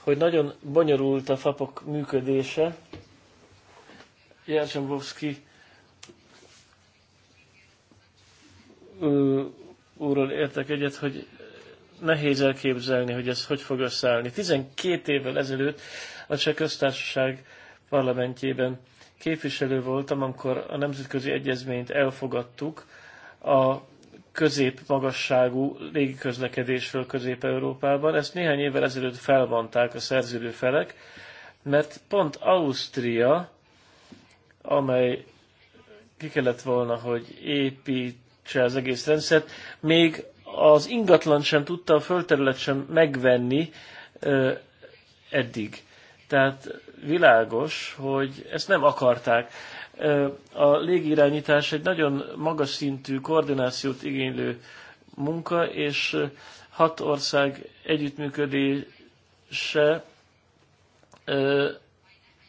hogy nagyon bonyolult a fapok működése. Jerzsambowski úrral értek egyet, hogy nehéz elképzelni, hogy ez hogy fog összeállni. 12 évvel ezelőtt a Cseh Köztársaság parlamentjében képviselő voltam, amikor a nemzetközi egyezményt elfogadtuk a közép-magasságú légiközlekedésről Közép-Európában. Ezt néhány évvel ezelőtt felvonták a szerződő felek, mert pont Ausztria, amely ki kellett volna, hogy épít se az egész rendszert. Még az ingatlan sem tudta, a földterület sem megvenni ö, eddig. Tehát világos, hogy ezt nem akarták. A légirányítás egy nagyon magas szintű koordinációt igénylő munka, és hat ország együttműködése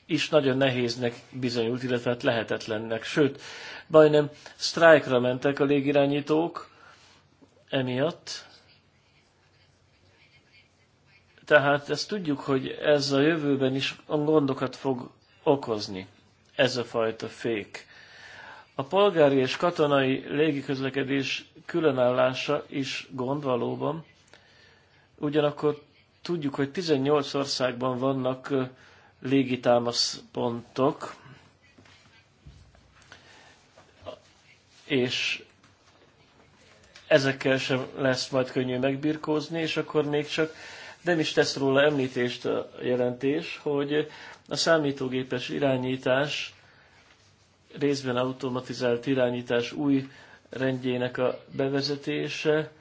is nagyon nehéznek bizonyult, illetve hát lehetetlennek. Sőt, majdnem sztrájkra mentek a légirányítók emiatt. Tehát ezt tudjuk, hogy ez a jövőben is gondokat fog okozni, ez a fajta fék. A polgári és katonai légiközlekedés különállása is gond valóban, ugyanakkor tudjuk, hogy 18 országban vannak légitámaszpontok, és ezekkel sem lesz majd könnyű megbirkózni, és akkor még csak nem is tesz róla említést a jelentés, hogy a számítógépes irányítás, részben automatizált irányítás új rendjének a bevezetése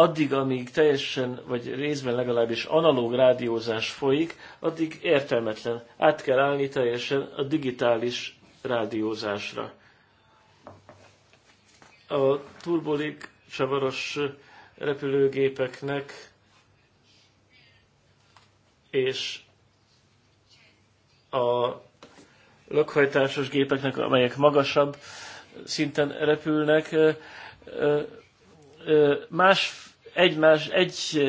addig, amíg teljesen, vagy részben legalábbis analóg rádiózás folyik, addig értelmetlen. Át kell állni teljesen a digitális rádiózásra. A turbolik csavaros repülőgépeknek és a lökhajtásos gépeknek, amelyek magasabb szinten repülnek, más egymás, egy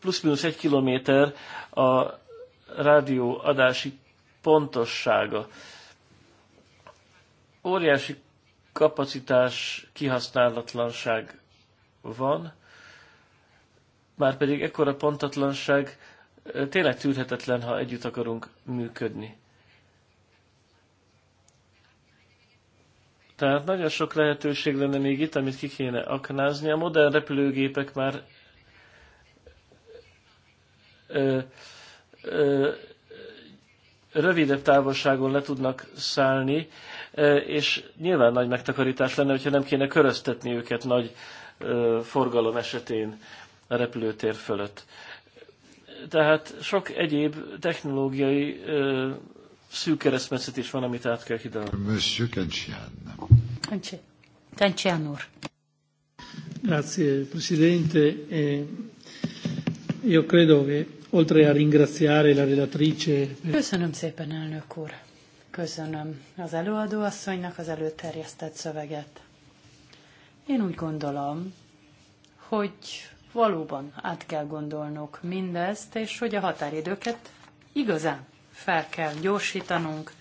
plusz-minusz egy kilométer a rádió adási pontossága. Óriási kapacitás kihasználatlanság van, már pedig ekkora pontatlanság tényleg tűrhetetlen, ha együtt akarunk működni. Tehát nagyon sok lehetőség lenne még itt, amit ki kéne aknázni. A modern repülőgépek már ö, ö, rövidebb távolságon le tudnak szállni, és nyilván nagy megtakarítás lenne, hogyha nem kéne köröztetni őket nagy forgalom esetén a repülőtér fölött. Tehát sok egyéb technológiai szűk keresztmetszet is van, amit át kell hidalni. Monsieur Cancian. Cancian úr. Grazie, Presidente. E io credo che, oltre a ringraziare la relatrice... Köszönöm szépen, elnök úr. Köszönöm az előadóasszonynak az előterjesztett szöveget. Én úgy gondolom, hogy valóban át kell gondolnok mindezt, és hogy a határidőket igazán fel kell gyorsítanunk.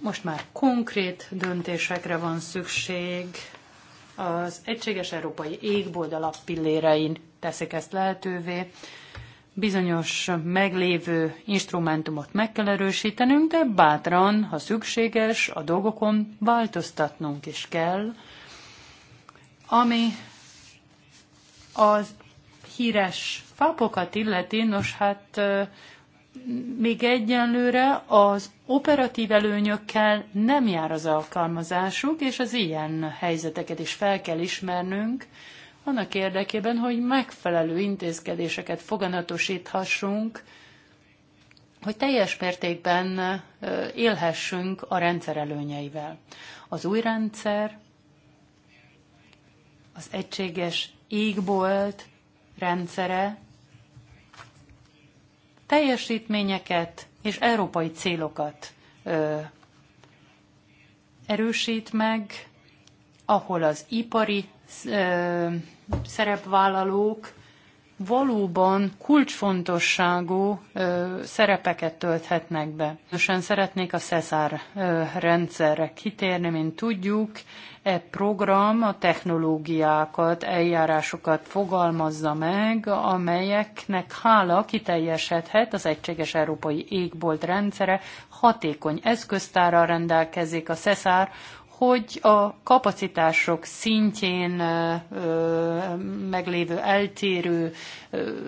Most már konkrét döntésekre van szükség. Az Egységes Európai Égbold alappillérein teszik ezt lehetővé. Bizonyos meglévő instrumentumot meg kell erősítenünk, de bátran, ha szükséges, a dolgokon változtatnunk is kell, ami az híres fapokat illeti, nos hát még egyenlőre az operatív előnyökkel nem jár az alkalmazásuk, és az ilyen helyzeteket is fel kell ismernünk, annak érdekében, hogy megfelelő intézkedéseket foganatosíthassunk, hogy teljes mértékben élhessünk a rendszer előnyeivel. Az új rendszer, az egységes égbolt rendszere teljesítményeket és európai célokat ö, erősít meg, ahol az ipari ö, szerepvállalók valóban kulcsfontosságú ö, szerepeket tölthetnek be. Nosan szeretnék a Cezár rendszerre kitérni, mint tudjuk, e program a technológiákat, eljárásokat fogalmazza meg, amelyeknek hála kiteljesedhet az egységes európai égbolt rendszere, hatékony eszköztárral rendelkezik a Cezár, hogy a kapacitások szintjén meglévő eltérő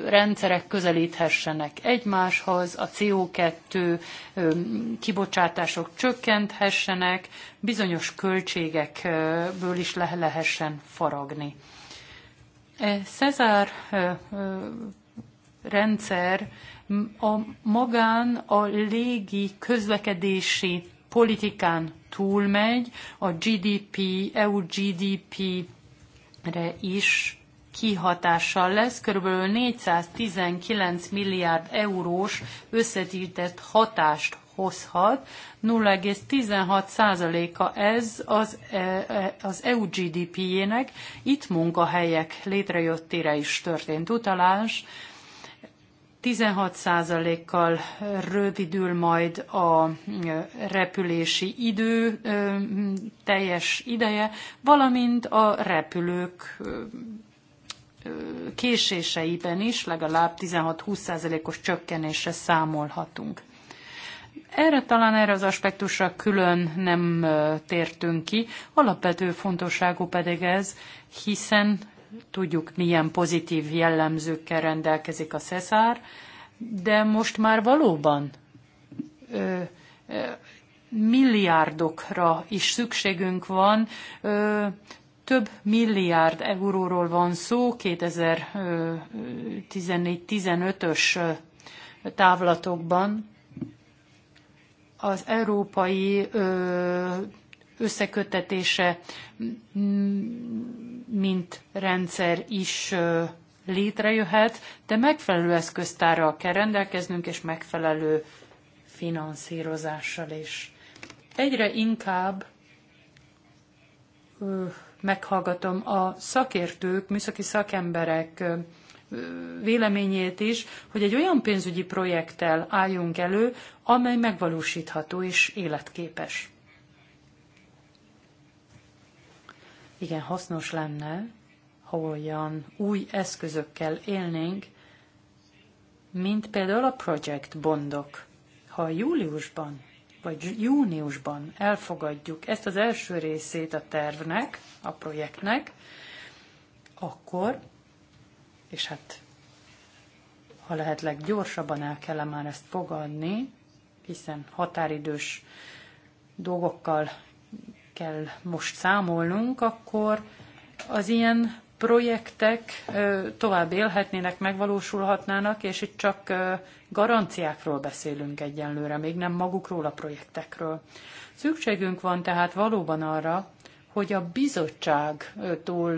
rendszerek közelíthessenek egymáshoz, a CO2 kibocsátások csökkenthessenek, bizonyos költségekből is le lehessen faragni. E Cezár rendszer a magán a légi közlekedési politikán túlmegy, a GDP, EU GDP-re is kihatással lesz, kb. 419 milliárd eurós összetített hatást hozhat. 0,16%-a ez az, e, e, az EU GDP-jének. Itt munkahelyek létrejöttére is történt utalás. 16%-kal rövidül majd a repülési idő teljes ideje, valamint a repülők késéseiben is legalább 16-20%-os csökkenésre számolhatunk. Erre talán erre az aspektusra külön nem tértünk ki, alapvető fontosságú pedig ez, hiszen tudjuk, milyen pozitív jellemzőkkel rendelkezik a Cezár, de most már valóban ö, ö, milliárdokra is szükségünk van. Ö, több milliárd euróról van szó 2014-15-ös távlatokban. Az európai összekötetése mint rendszer is létrejöhet, de megfelelő eszköztárral kell rendelkeznünk, és megfelelő finanszírozással is. Egyre inkább ö, meghallgatom a szakértők, műszaki szakemberek ö, véleményét is, hogy egy olyan pénzügyi projekttel álljunk elő, amely megvalósítható és életképes. igen hasznos lenne, ha olyan új eszközökkel élnénk, mint például a project bondok. Ha júliusban vagy júniusban elfogadjuk ezt az első részét a tervnek, a projektnek, akkor, és hát ha lehet leggyorsabban el kell már ezt fogadni, hiszen határidős dolgokkal kell most számolnunk, akkor az ilyen projektek tovább élhetnének, megvalósulhatnának, és itt csak garanciákról beszélünk egyenlőre, még nem magukról a projektekről. Szükségünk van tehát valóban arra, hogy a bizottságtól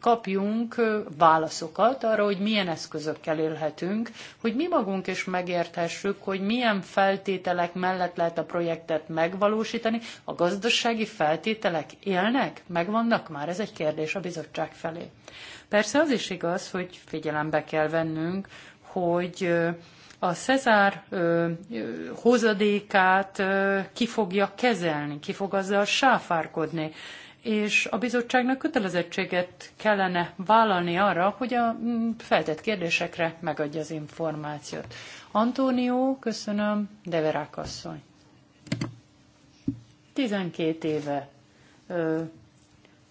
kapjunk válaszokat arra, hogy milyen eszközökkel élhetünk, hogy mi magunk is megérthessük, hogy milyen feltételek mellett lehet a projektet megvalósítani. A gazdasági feltételek élnek? Megvannak már? Ez egy kérdés a bizottság felé. Persze az is igaz, hogy figyelembe kell vennünk, hogy a Cezár ö, ö, hozadékát ö, ki fogja kezelni, ki fog azzal sáfárkodni és a bizottságnak kötelezettséget kellene vállalni arra, hogy a mm, feltett kérdésekre megadja az információt. Antónió, köszönöm, Deverák asszony. 12 éve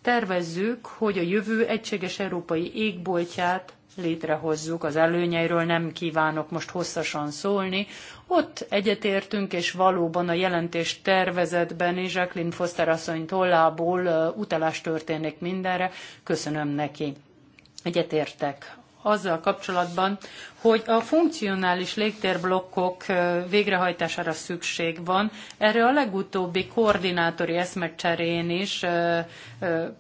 tervezzük, hogy a jövő egységes európai égboltját létrehozzuk, az előnyeiről nem kívánok most hosszasan szólni. Ott egyetértünk, és valóban a jelentés tervezetben is Jacqueline Foster asszony tollából utalás történik mindenre. Köszönöm neki. Egyetértek azzal kapcsolatban, hogy a funkcionális légtérblokkok végrehajtására szükség van. Erre a legutóbbi koordinátori eszmecserén is,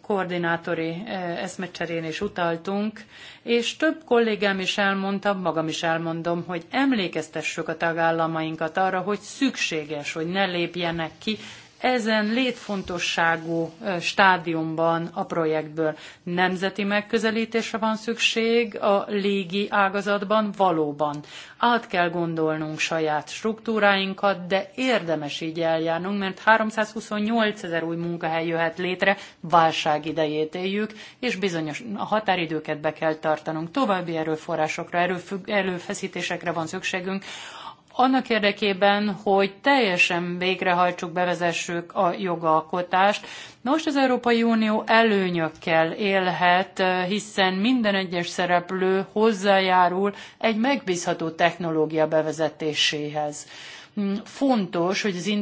koordinátori eszmecserén is utaltunk, és több kollégám is elmondta, magam is elmondom, hogy emlékeztessük a tagállamainkat arra, hogy szükséges, hogy ne lépjenek ki ezen létfontosságú stádiumban a projektből. Nemzeti megközelítésre van szükség a légi ágazatban valóban. Át kell gondolnunk saját struktúráinkat, de érdemes így eljárnunk, mert 328 ezer új munkahely jöhet létre, válság idejét éljük, és bizonyos a határidőket be kell tartanunk. További erőforrásokra, erőfügg, erőfeszítésekre van szükségünk, annak érdekében, hogy teljesen végrehajtsuk, bevezessük a jogalkotást. Most az Európai Unió előnyökkel élhet, hiszen minden egyes szereplő hozzájárul egy megbízható technológia bevezetéséhez. Mm, fontos, hogy az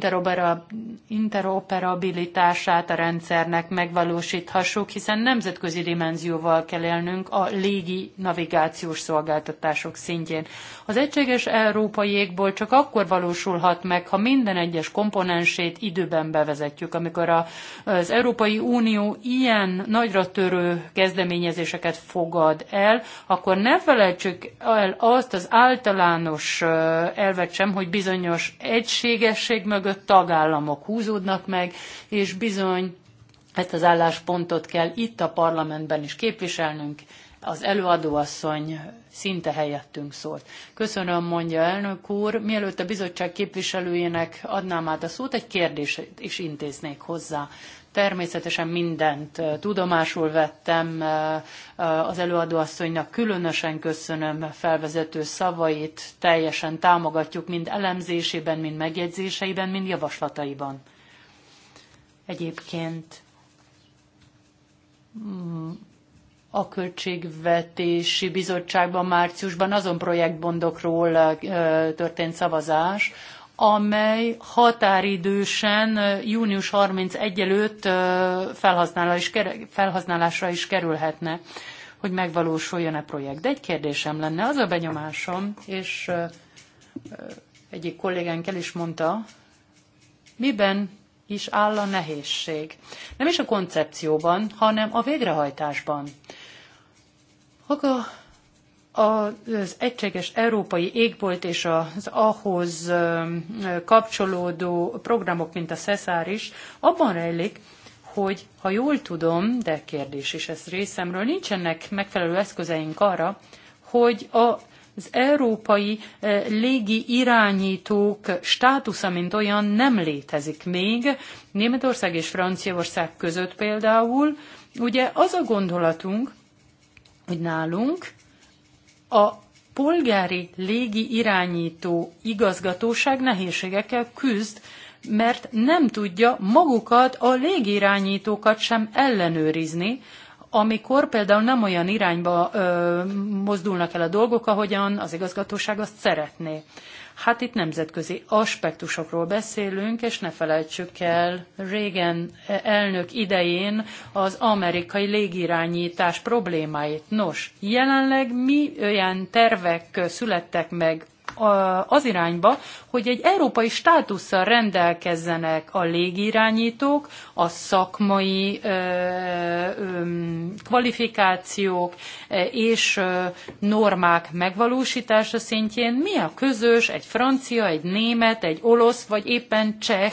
interoperabilitását a rendszernek megvalósíthassuk, hiszen nemzetközi dimenzióval kell élnünk a légi navigációs szolgáltatások szintjén. Az egységes európai égból csak akkor valósulhat meg, ha minden egyes komponensét időben bevezetjük, amikor a, az Európai Unió ilyen nagyra törő kezdeményezéseket fogad el, akkor ne felejtsük el azt az általános elvet sem, hogy bizonyos bizonyos egységesség mögött tagállamok húzódnak meg, és bizony ezt hát az álláspontot kell itt a parlamentben is képviselnünk. Az előadóasszony szinte helyettünk szólt. Köszönöm, mondja elnök úr. Mielőtt a bizottság képviselőjének adnám át a szót, egy kérdést is intéznék hozzá. Természetesen mindent tudomásul vettem, az előadóasszonynak különösen köszönöm felvezető szavait, teljesen támogatjuk mind elemzésében, mind megjegyzéseiben, mind javaslataiban. Egyébként mm, a Költségvetési Bizottságban márciusban azon projektbondokról történt szavazás, amely határidősen június 31 előtt felhasználásra is kerülhetne, hogy megvalósuljon a projekt. De egy kérdésem lenne, az a benyomásom, és egyik kollégánk el is mondta, miben is áll a nehézség. Nem is a koncepcióban, hanem a végrehajtásban. Maga az egységes európai égbolt és az ahhoz kapcsolódó programok, mint a SESAR is, abban rejlik, hogy ha jól tudom, de kérdés is ez részemről, nincsenek megfelelő eszközeink arra, hogy a az európai légi irányítók státusza, mint olyan nem létezik még. Németország és Franciaország között például. Ugye az a gondolatunk, hogy nálunk a polgári légi irányító igazgatóság nehézségekkel küzd, mert nem tudja magukat a légirányítókat sem ellenőrizni, amikor például nem olyan irányba ö, mozdulnak el a dolgok, ahogyan az igazgatóság azt szeretné. Hát itt nemzetközi aspektusokról beszélünk, és ne felejtsük el, régen e, elnök idején az amerikai légirányítás problémáit. Nos, jelenleg mi olyan tervek születtek meg az irányba, hogy egy európai státusszal rendelkezzenek a légirányítók, a szakmai kvalifikációk és normák megvalósítása szintjén mi a közös, egy francia, egy német, egy olasz vagy éppen cseh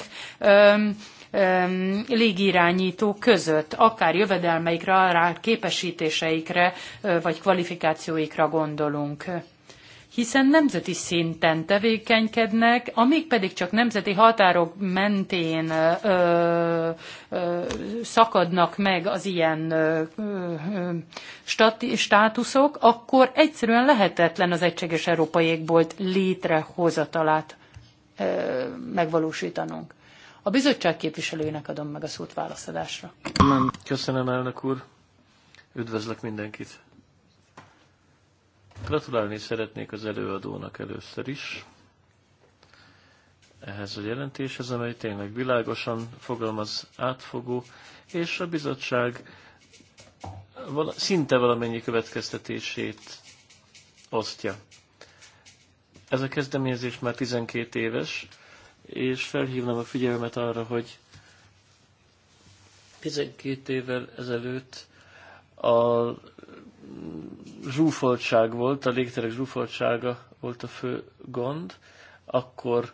légirányító között, akár jövedelmeikre, rá képesítéseikre vagy kvalifikációikra gondolunk hiszen nemzeti szinten tevékenykednek, amíg pedig csak nemzeti határok mentén ö, ö, szakadnak meg az ilyen ö, ö, státuszok, akkor egyszerűen lehetetlen az egységes európai égbolt létrehozatalát ö, megvalósítanunk. A bizottság képviselőjének adom meg a szót válaszadásra. Köszönöm, elnök úr. Üdvözlök mindenkit. Gratulálni szeretnék az előadónak először is ehhez a jelentéshez, amely tényleg világosan fogalmaz átfogó, és a bizottság vala, szinte valamennyi következtetését osztja. Ez a kezdeményezés már 12 éves, és felhívnám a figyelmet arra, hogy 12 évvel ezelőtt a zsúfoltság volt, a légterek zsúfoltsága volt a fő gond, akkor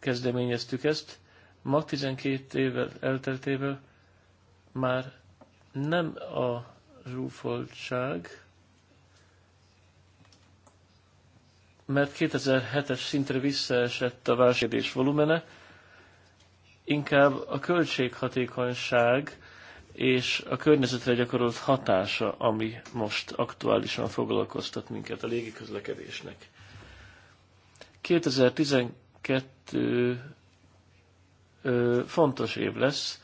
kezdeményeztük ezt. Ma 12 évvel elteltével már nem a zsúfoltság, mert 2007-es szintre visszaesett a vásárlés volumene, inkább a költséghatékonyság és a környezetre gyakorolt hatása, ami most aktuálisan foglalkoztat minket a légiközlekedésnek. 2012 ö, fontos év lesz,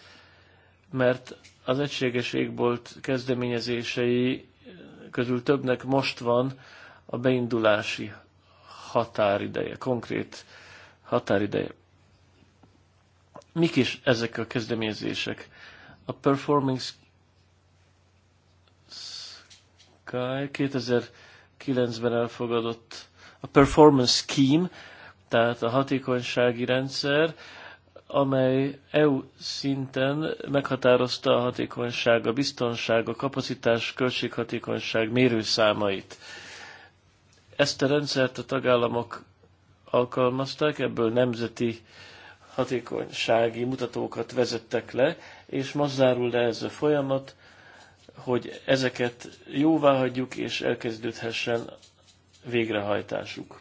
mert az egységes égbolt kezdeményezései közül többnek most van a beindulási határideje, konkrét határideje. Mik is ezek a kezdeményezések? A Performing Sky 2009-ben elfogadott a Performance Scheme, tehát a hatékonysági rendszer, amely EU szinten meghatározta a hatékonyság, a biztonság, a kapacitás, költséghatékonyság mérőszámait. Ezt a rendszert a tagállamok alkalmazták, ebből nemzeti hatékonysági mutatókat vezettek le, és most zárul le ez a folyamat, hogy ezeket jóvá hagyjuk, és elkezdődhessen végrehajtásuk.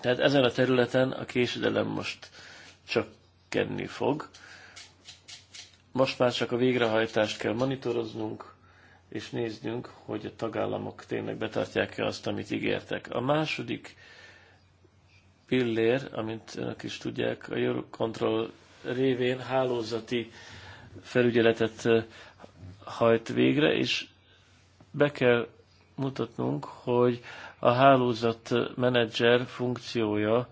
Tehát ezen a területen a késedelem most csökkenni fog. Most már csak a végrehajtást kell monitoroznunk, és néznünk, hogy a tagállamok tényleg betartják-e azt, amit ígértek. A második pillér, amint önök is tudják, a Eurocontrol révén hálózati felügyeletet hajt végre, és be kell mutatnunk, hogy a hálózat menedzser funkciója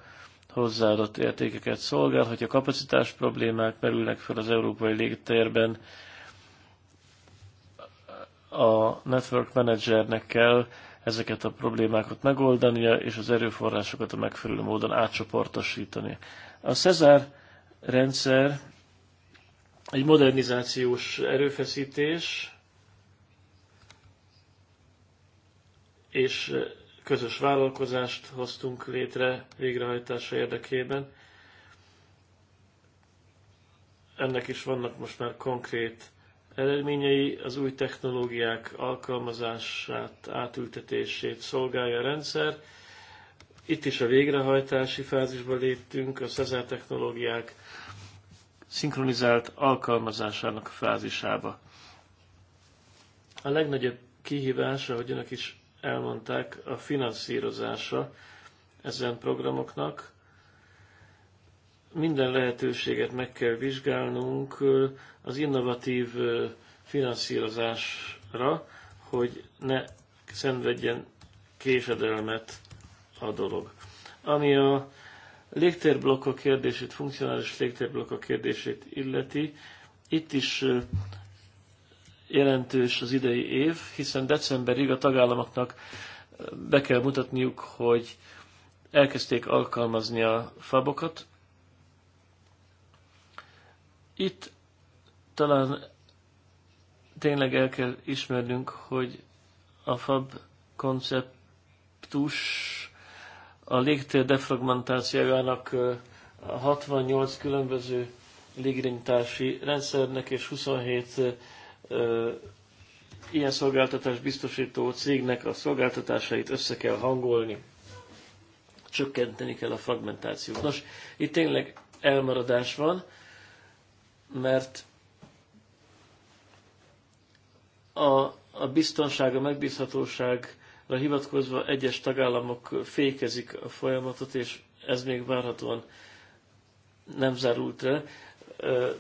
hozzáadott értékeket szolgál, hogy a kapacitás problémák merülnek fel az európai légtérben, a network managernek kell ezeket a problémákat megoldania, és az erőforrásokat a megfelelő módon átcsoportosítani. A Cezár rendszer egy modernizációs erőfeszítés és közös vállalkozást hoztunk létre végrehajtása érdekében. Ennek is vannak most már konkrét eredményei, az új technológiák alkalmazását, átültetését szolgálja a rendszer, itt is a végrehajtási fázisba léptünk, a Cezár technológiák szinkronizált alkalmazásának fázisába. A legnagyobb kihívása, ahogy önök is elmondták, a finanszírozása ezen programoknak. Minden lehetőséget meg kell vizsgálnunk az innovatív finanszírozásra, hogy ne szenvedjen késedelmet a dolog. Ami a légtérblokkok kérdését, funkcionális légtérblokkok kérdését illeti, itt is jelentős az idei év, hiszen decemberig a tagállamoknak be kell mutatniuk, hogy elkezdték alkalmazni a fabokat. Itt talán tényleg el kell ismernünk, hogy a fab konceptus a légtér defragmentációjának 68 különböző légrintási rendszernek és 27 ilyen szolgáltatás biztosító cégnek a szolgáltatásait össze kell hangolni, csökkenteni kell a fragmentációt. Nos, itt tényleg elmaradás van, mert a, a biztonság, a megbízhatóság hivatkozva egyes tagállamok fékezik a folyamatot, és ez még várhatóan nem zárult le.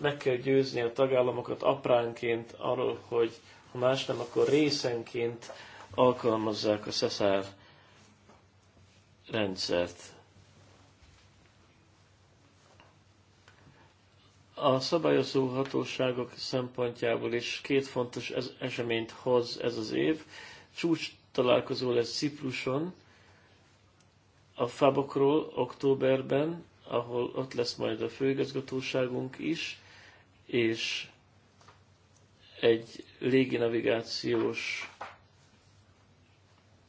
Meg kell győzni a tagállamokat apránként arról, hogy ha más nem, akkor részenként alkalmazzák a szeszár rendszert. A szabályozó hatóságok szempontjából is két fontos eseményt hoz ez az év. Csúcs találkozó lesz Cipruson, a fábokról októberben, ahol ott lesz majd a főigazgatóságunk is, és egy léginavigációs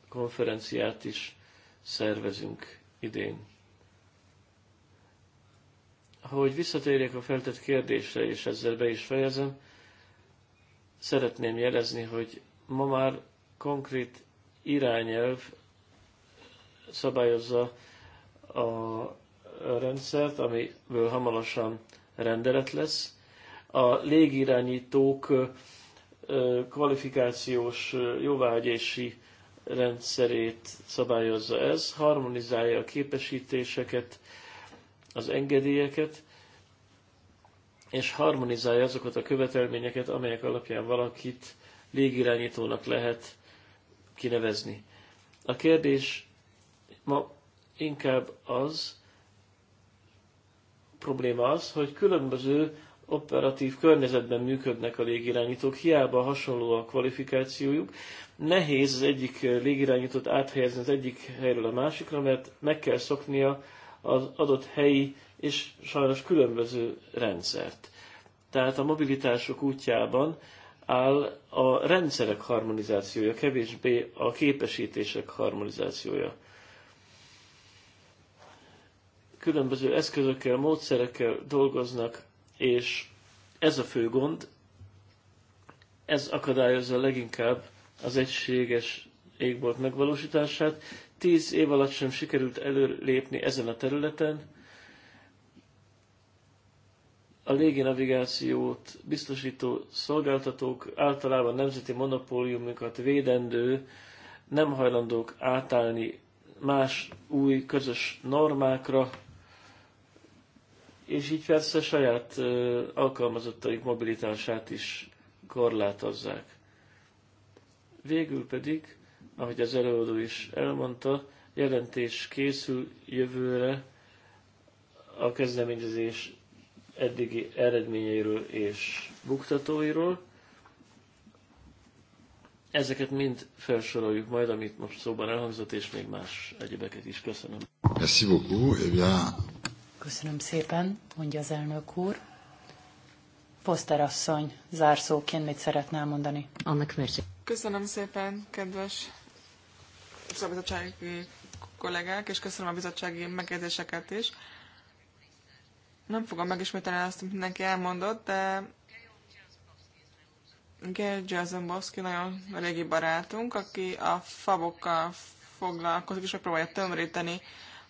konferenciát is szervezünk idén. Hogy visszatérjek a feltett kérdésre, és ezzel be is fejezem, szeretném jelezni, hogy ma már konkrét irányelv szabályozza a rendszert, amiből hamarosan rendelet lesz. A légirányítók kvalifikációs jóvágyési rendszerét szabályozza ez, harmonizálja a képesítéseket, az engedélyeket, és harmonizálja azokat a követelményeket, amelyek alapján valakit légirányítónak lehet kinevezni. A kérdés ma inkább az, probléma az, hogy különböző operatív környezetben működnek a légirányítók, hiába hasonló a kvalifikációjuk. Nehéz az egyik légirányítót áthelyezni az egyik helyről a másikra, mert meg kell szoknia az adott helyi és sajnos különböző rendszert. Tehát a mobilitások útjában áll a rendszerek harmonizációja, kevésbé a képesítések harmonizációja. Különböző eszközökkel, módszerekkel dolgoznak, és ez a fő gond, ez akadályozza leginkább az egységes égbolt megvalósítását. Tíz év alatt sem sikerült előlépni ezen a területen, a léginavigációt biztosító szolgáltatók általában nemzeti monopóliumokat védendő, nem hajlandók átállni más új közös normákra, és így persze saját alkalmazottaik mobilitását is korlátozzák. Végül pedig, ahogy az előadó is elmondta, jelentés készül jövőre a kezdeményezés eddigi eredményeiről és buktatóiról. Ezeket mind felsoroljuk majd, amit most szóban elhangzott, és még más egyebeket is. Köszönöm. Merci beaucoup. Eh bien... Köszönöm szépen, mondja az elnök úr. Foster asszony, zárszóként mit szeretne mondani? Annak mérsék. Köszönöm szépen, kedves szabadságügyi kollégák, és köszönöm a bizottsági megjegyzéseket is. Nem fogom megismételni azt, amit mindenki elmondott, de Gail Jazenbowski nagyon régi barátunk, aki a fabokkal foglalkozik, és megpróbálja tömöríteni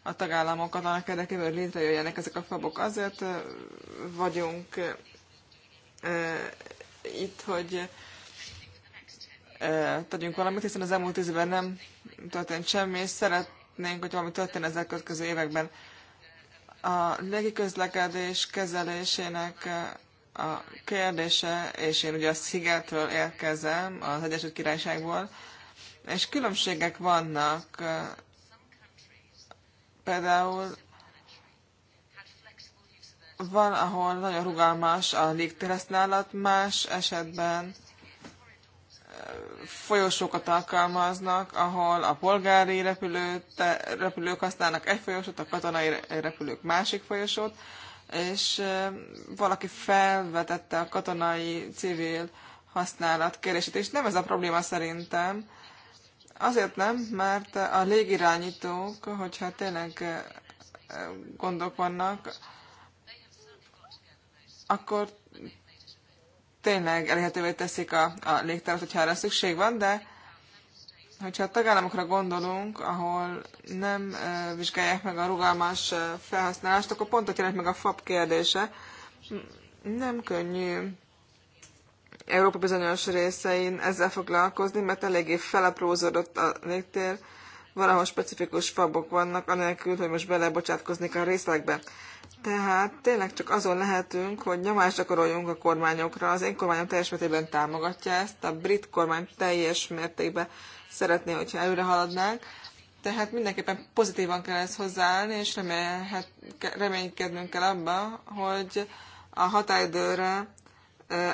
a tagállamokat annak érdekében, hogy létrejöjjenek ezek a fabok. Azért vagyunk e, itt, hogy e, tegyünk valamit, hiszen az elmúlt tíz évben nem történt semmi, és szeretnénk, hogy valami történne ezek következő években. A légiközlekedés kezelésének eh, a kérdése, és én ugye a szigetről érkezem, az Egyesült Királyságból, és különbségek vannak. Eh, például van, ahol nagyon rugalmas a légtérhasználat, más esetben folyosókat alkalmaznak, ahol a polgári repülő, te, repülők használnak egy folyosót, a katonai repülők másik folyosót, és valaki felvetette a katonai civil használat kérését, és nem ez a probléma szerintem. Azért nem, mert a légirányítók, hogyha tényleg gondok vannak, akkor tényleg elérhetővé teszik a, a légtárat, hogyha erre szükség van, de hogyha a tagállamokra gondolunk, ahol nem vizsgálják meg a rugalmas felhasználást, akkor pont ott jelent meg a FAB kérdése. Nem könnyű Európa bizonyos részein ezzel foglalkozni, mert eléggé felaprózódott a légtér, valahol specifikus fabok vannak, anélkül, hogy most belebocsátkoznék a részlegbe. Tehát tényleg csak azon lehetünk, hogy nyomást gyakoroljunk a kormányokra. Az én kormányom teljes mértékben támogatja ezt, a brit kormány teljes mértékben szeretné, hogyha előre haladnánk. Tehát mindenképpen pozitívan kell ezt hozzáállni, és reménykednünk kell abba, hogy a határidőre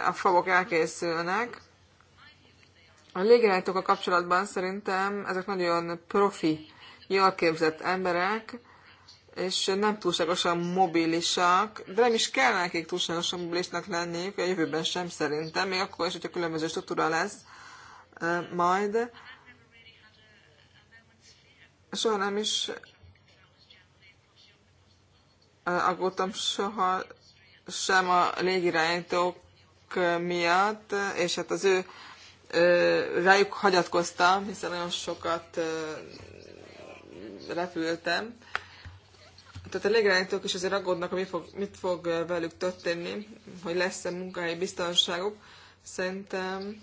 a fogok elkészülnek, a a kapcsolatban szerintem ezek nagyon profi, jól képzett emberek, és nem túlságosan mobilisak, de nem is kell nekik túlságosan mobilisnak lenniük, a jövőben sem szerintem, még akkor is, hogyha különböző struktúra lesz majd. Soha nem is aggódtam soha sem a légirányítók miatt, és hát az ő rájuk hagyatkoztam, hiszen nagyon sokat repültem. Tehát a légirányítók is azért aggódnak, hogy mi fog, mit fog velük történni, hogy lesz-e munkahelyi biztonságuk. Szerintem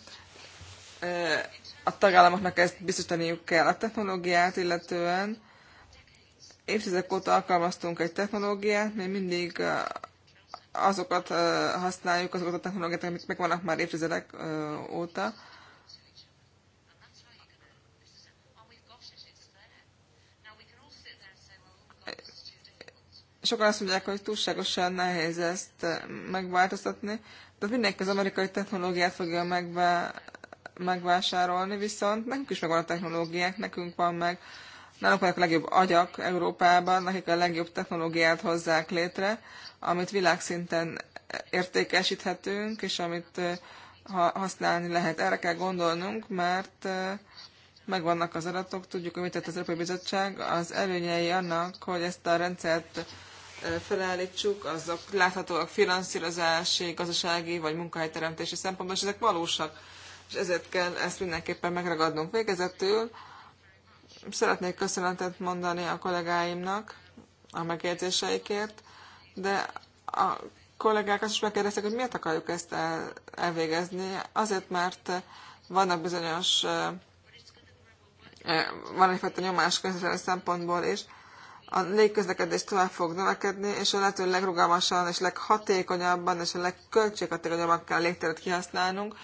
a tagállamoknak ezt biztosítaniuk kell a technológiát, illetően évtizedek óta alkalmaztunk egy technológiát, még mindig azokat használjuk, azokat a technológiát, amik megvannak már évtizedek óta. sokan azt mondják, hogy túlságosan nehéz ezt eh, megváltoztatni, de mindenki az amerikai technológiát fogja megvá- megvásárolni, viszont nekünk is megvan a technológiák, nekünk van meg, nálunk vannak a legjobb agyak Európában, nekik a legjobb technológiát hozzák létre, amit világszinten értékesíthetünk, és amit eh, használni lehet. Erre kell gondolnunk, mert eh, megvannak az adatok, tudjuk, hogy mit tett az Európai Bizottság, az előnyei annak, hogy ezt a rendszert felállítsuk, azok láthatóak finanszírozási, gazdasági vagy munkahelyteremtési szempontból, és ezek valósak, és ezért kell ezt mindenképpen megragadnunk végezetül. Szeretnék köszönetet mondani a kollégáimnak a megjegyzéseikért, de a kollégák azt is megkérdeztek, hogy miért akarjuk ezt el, elvégezni. Azért, mert vannak bizonyos, eh, van egyfajta nyomás közvetlen szempontból is, és a légközlekedés tovább fog növekedni, és a lehető legrugalmasan és leghatékonyabban és a legköltséghatékonyabban kell a légteret kihasználnunk.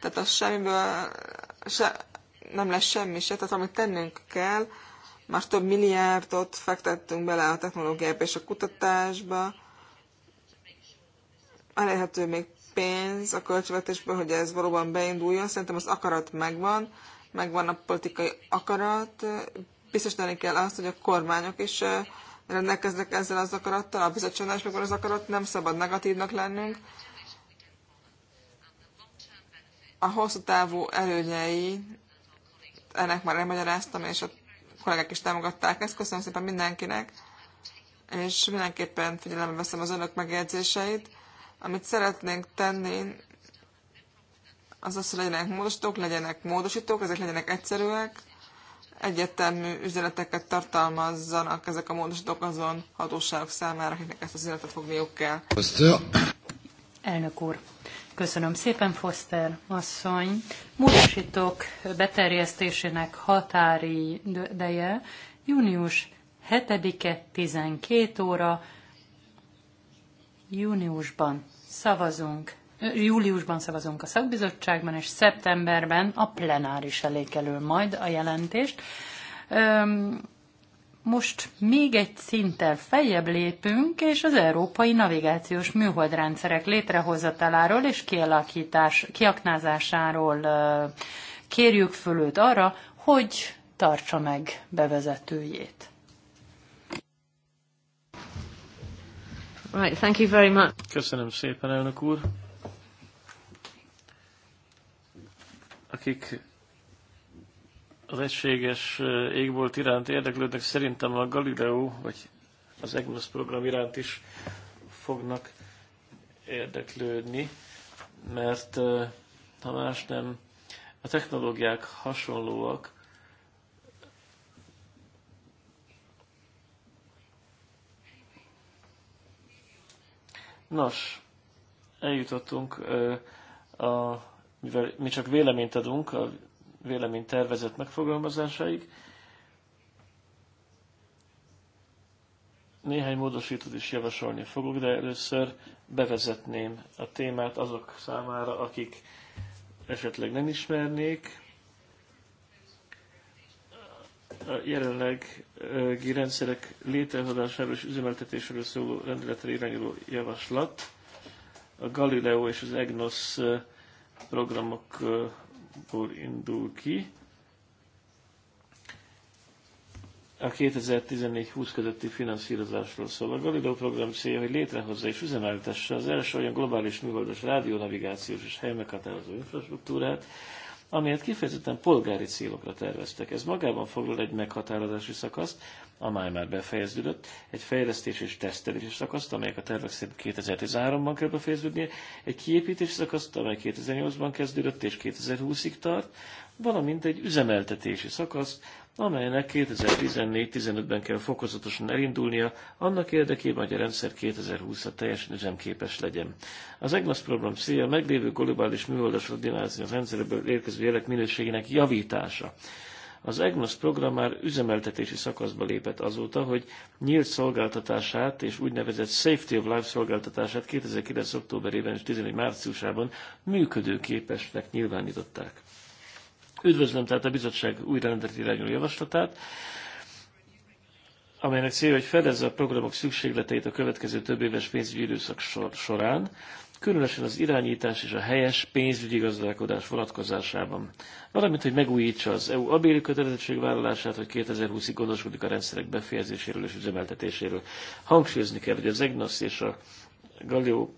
Tehát a semmiből se, nem lesz semmi se, tehát amit tennünk kell, már több milliárdot fektettünk bele a technológiába és a kutatásba, elérhető még pénz a költségvetésből, hogy ez valóban beinduljon. Szerintem az akarat megvan, megvan a politikai akarat, biztosítani kell azt, hogy a kormányok is rendelkeznek ezzel az akarattal, a bizottságnál is megvan az akarat, nem szabad negatívnak lennünk. A hosszú távú előnyei, ennek már elmagyaráztam, és a kollégák is támogatták ezt. Köszönöm szépen mindenkinek, és mindenképpen figyelembe veszem az önök megjegyzéseit. Amit szeretnénk tenni, az az, hogy legyenek módosítók, legyenek módosítók, ezek legyenek egyszerűek, egyértelmű üzeneteket tartalmazzanak ezek a módosítók azon hatóságok számára, akiknek ezt az üzenetet fogniuk kell. Foster. Elnök úr, köszönöm szépen, Foster asszony. Módosítók beterjesztésének határi határideje június 7-e 12 óra. Júniusban szavazunk júliusban szavazunk a szakbizottságban, és szeptemberben a plenáris elé kerül majd a jelentést. Most még egy szinten feljebb lépünk, és az európai navigációs műholdrendszerek létrehozataláról és kialakítás, kiaknázásáról kérjük föl őt arra, hogy tartsa meg bevezetőjét. Right, thank you very much. Köszönöm szépen, elnök úr. akik az egységes égbolt iránt érdeklődnek, szerintem a Galileo vagy az EGNOS program iránt is fognak érdeklődni, mert ha más nem, a technológiák hasonlóak, Nos, eljutottunk a mivel mi csak véleményt adunk a vélemény tervezett megfogalmazásáig, néhány módosítót is javasolni fogok, de először bevezetném a témát azok számára, akik esetleg nem ismernék. A jelenlegi rendszerek létrehozásáról és üzemeltetésről szóló rendeletre irányuló javaslat, a Galileo és az EGNOS programokból indul ki. A 2014-20 közötti finanszírozásról szól. A Galileo program célja, hogy létrehozza és üzemeltesse az első olyan globális műholdas rádiónavigációs és helymeghatározó infrastruktúrát, amelyet kifejezetten polgári célokra terveztek. Ez magában foglal egy meghatározási szakaszt, amely már befejeződött, egy fejlesztés és tesztelési szakaszt, amelyek a tervek szerint 2013-ban kell befejeződnie, egy kiépítési szakaszt, amely 2008-ban kezdődött és 2020-ig tart, valamint egy üzemeltetési szakaszt, amelynek 2014-15-ben kell fokozatosan elindulnia, annak érdekében, hogy a rendszer 2020-ra teljesen üzemképes legyen. Az EGNOS program célja a meglévő globális műholdas a rendszerből érkező jelek minőségének javítása. Az EGNOS program már üzemeltetési szakaszba lépett azóta, hogy nyílt szolgáltatását és úgynevezett Safety of Life szolgáltatását 2009. októberében és 11. márciusában működőképesnek nyilvánították. Üdvözlöm tehát a bizottság új rendeleti irányuló javaslatát, amelynek célja, hogy fedezze a programok szükségleteit a következő több éves pénzügyi időszak sor során, különösen az irányítás és a helyes pénzügyi gazdálkodás vonatkozásában, valamint, hogy megújítsa az EU abéli kötelezettségvállalását, hogy 2020-ig gondoskodik a rendszerek befejezéséről és üzemeltetéséről. Hangsúlyozni kell, hogy az EGNOSZ és a Galileo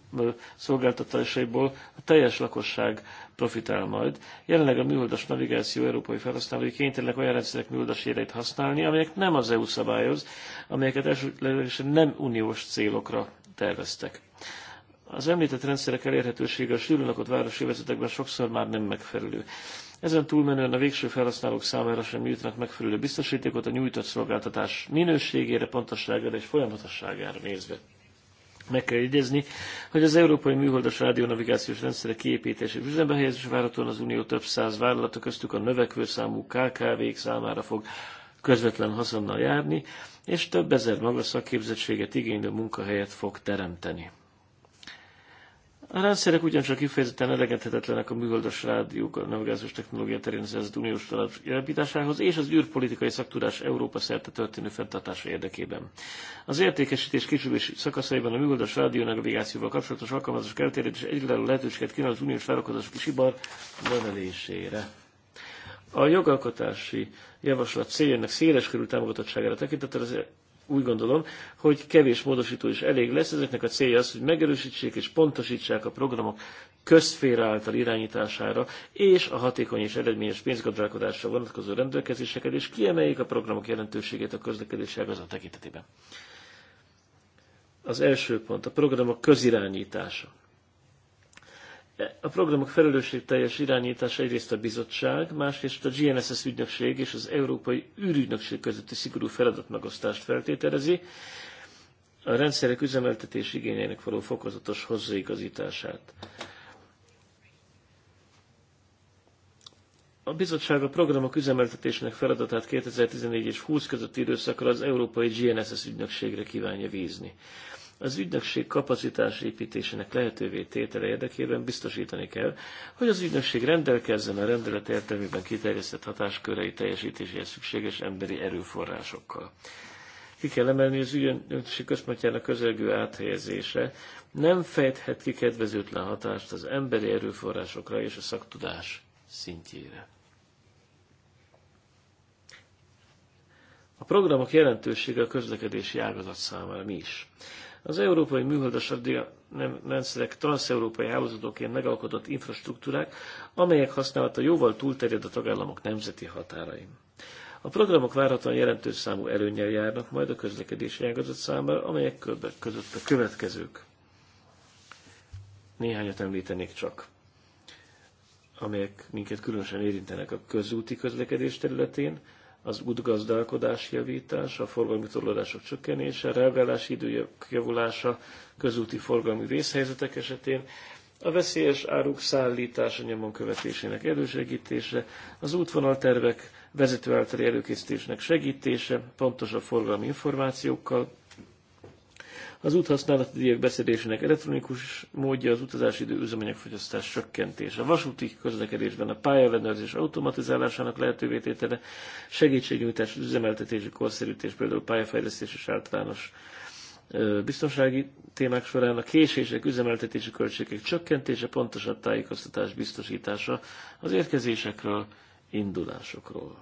szolgáltatásaiból a teljes lakosság profitál majd. Jelenleg a műholdas navigáció európai felhasználói kénytelenek olyan rendszerek műholdas éreit használni, amelyek nem az EU szabályoz, amelyeket elsőlegesen nem uniós célokra terveztek. Az említett rendszerek elérhetősége a sűrűn lakott városi vezetekben sokszor már nem megfelelő. Ezen túlmenően a végső felhasználók számára sem nyújtanak megfelelő biztosítékot a nyújtott szolgáltatás minőségére, pontosságára és folyamatosságára nézve. Meg kell jegyezni, hogy az Európai Műholdas Rádionavigációs Rendszerek kiépítése és üzembehelyezés várhatóan az Unió több száz vállalata köztük a növekvő számú KKV-k számára fog közvetlen haszonnal járni, és több ezer magas szakképzettséget igénylő munkahelyet fog teremteni. A rendszerek ugyancsak kifejezetten elegedhetetlenek a műholdas rádiók a navigációs technológia terén az uniós talap irányításához és az űrpolitikai szaktudás Európa szerte történő fenntartása érdekében. Az értékesítés későbbi szakaszaiban a műholdas rádió navigációval kapcsolatos alkalmazás és egyedül lehetőséget kínál az uniós vállalkozások sibar növelésére. A jogalkotási javaslat céljának széles körű támogatottságára tekintettel az úgy gondolom, hogy kevés módosító is elég lesz. Ezeknek a célja az, hogy megerősítsék és pontosítsák a programok közszféra által irányítására és a hatékony és eredményes pénzgazdálkodásra vonatkozó rendelkezéseket, és kiemeljék a programok jelentőségét a közlekedési ágazat tekintetében. Az első pont a programok közirányítása a programok felelősségteljes irányítása egyrészt a bizottság, másrészt a GNSS ügynökség és az Európai űrügynökség közötti szigorú feladatmegosztást feltételezi, a rendszerek üzemeltetés igényeinek való fokozatos hozzáigazítását. A bizottság a programok üzemeltetésének feladatát 2014 és 20 közötti időszakra az Európai GNSS ügynökségre kívánja vízni. Az ügynökség kapacitás építésének lehetővé tétele érdekében biztosítani kell, hogy az ügynökség rendelkezzen a rendelet értelmében kiterjesztett hatáskörei teljesítéséhez szükséges emberi erőforrásokkal. Ki kell emelni az ügynökség központjának közelgő áthelyezése, nem fejthet ki kedvezőtlen hatást az emberi erőforrásokra és a szaktudás szintjére. A programok jelentősége a közlekedési ágazat számára mi is. Az európai műholdas rendszerek transzeurópai hálózatoként megalkotott infrastruktúrák, amelyek használata jóval túlterjed a tagállamok nemzeti határain. A programok várhatóan jelentős számú előnyel járnak majd a közlekedési ágazat számára, amelyek köbbek között a következők. Néhányat említenék csak amelyek minket különösen érintenek a közúti közlekedés területén, az útgazdálkodás javítása, a forgalmi torlódások csökkenése, reagálási idők javulása, közúti forgalmi vészhelyzetek esetén, a veszélyes áruk szállítása nyomon követésének elősegítése, az útvonaltervek vezető általi előkészítésnek segítése, pontosabb forgalmi információkkal, az úthasználati díjak beszedésének elektronikus módja az utazási idő üzemanyagfogyasztás csökkentése. A vasúti közlekedésben a pályaellenőrzés automatizálásának lehetővé tétele, segítségnyújtás, üzemeltetési korszerűtés, például pályafejlesztés és általános biztonsági témák során a késések, üzemeltetési költségek csökkentése, pontosabb tájékoztatás biztosítása az érkezésekről, indulásokról.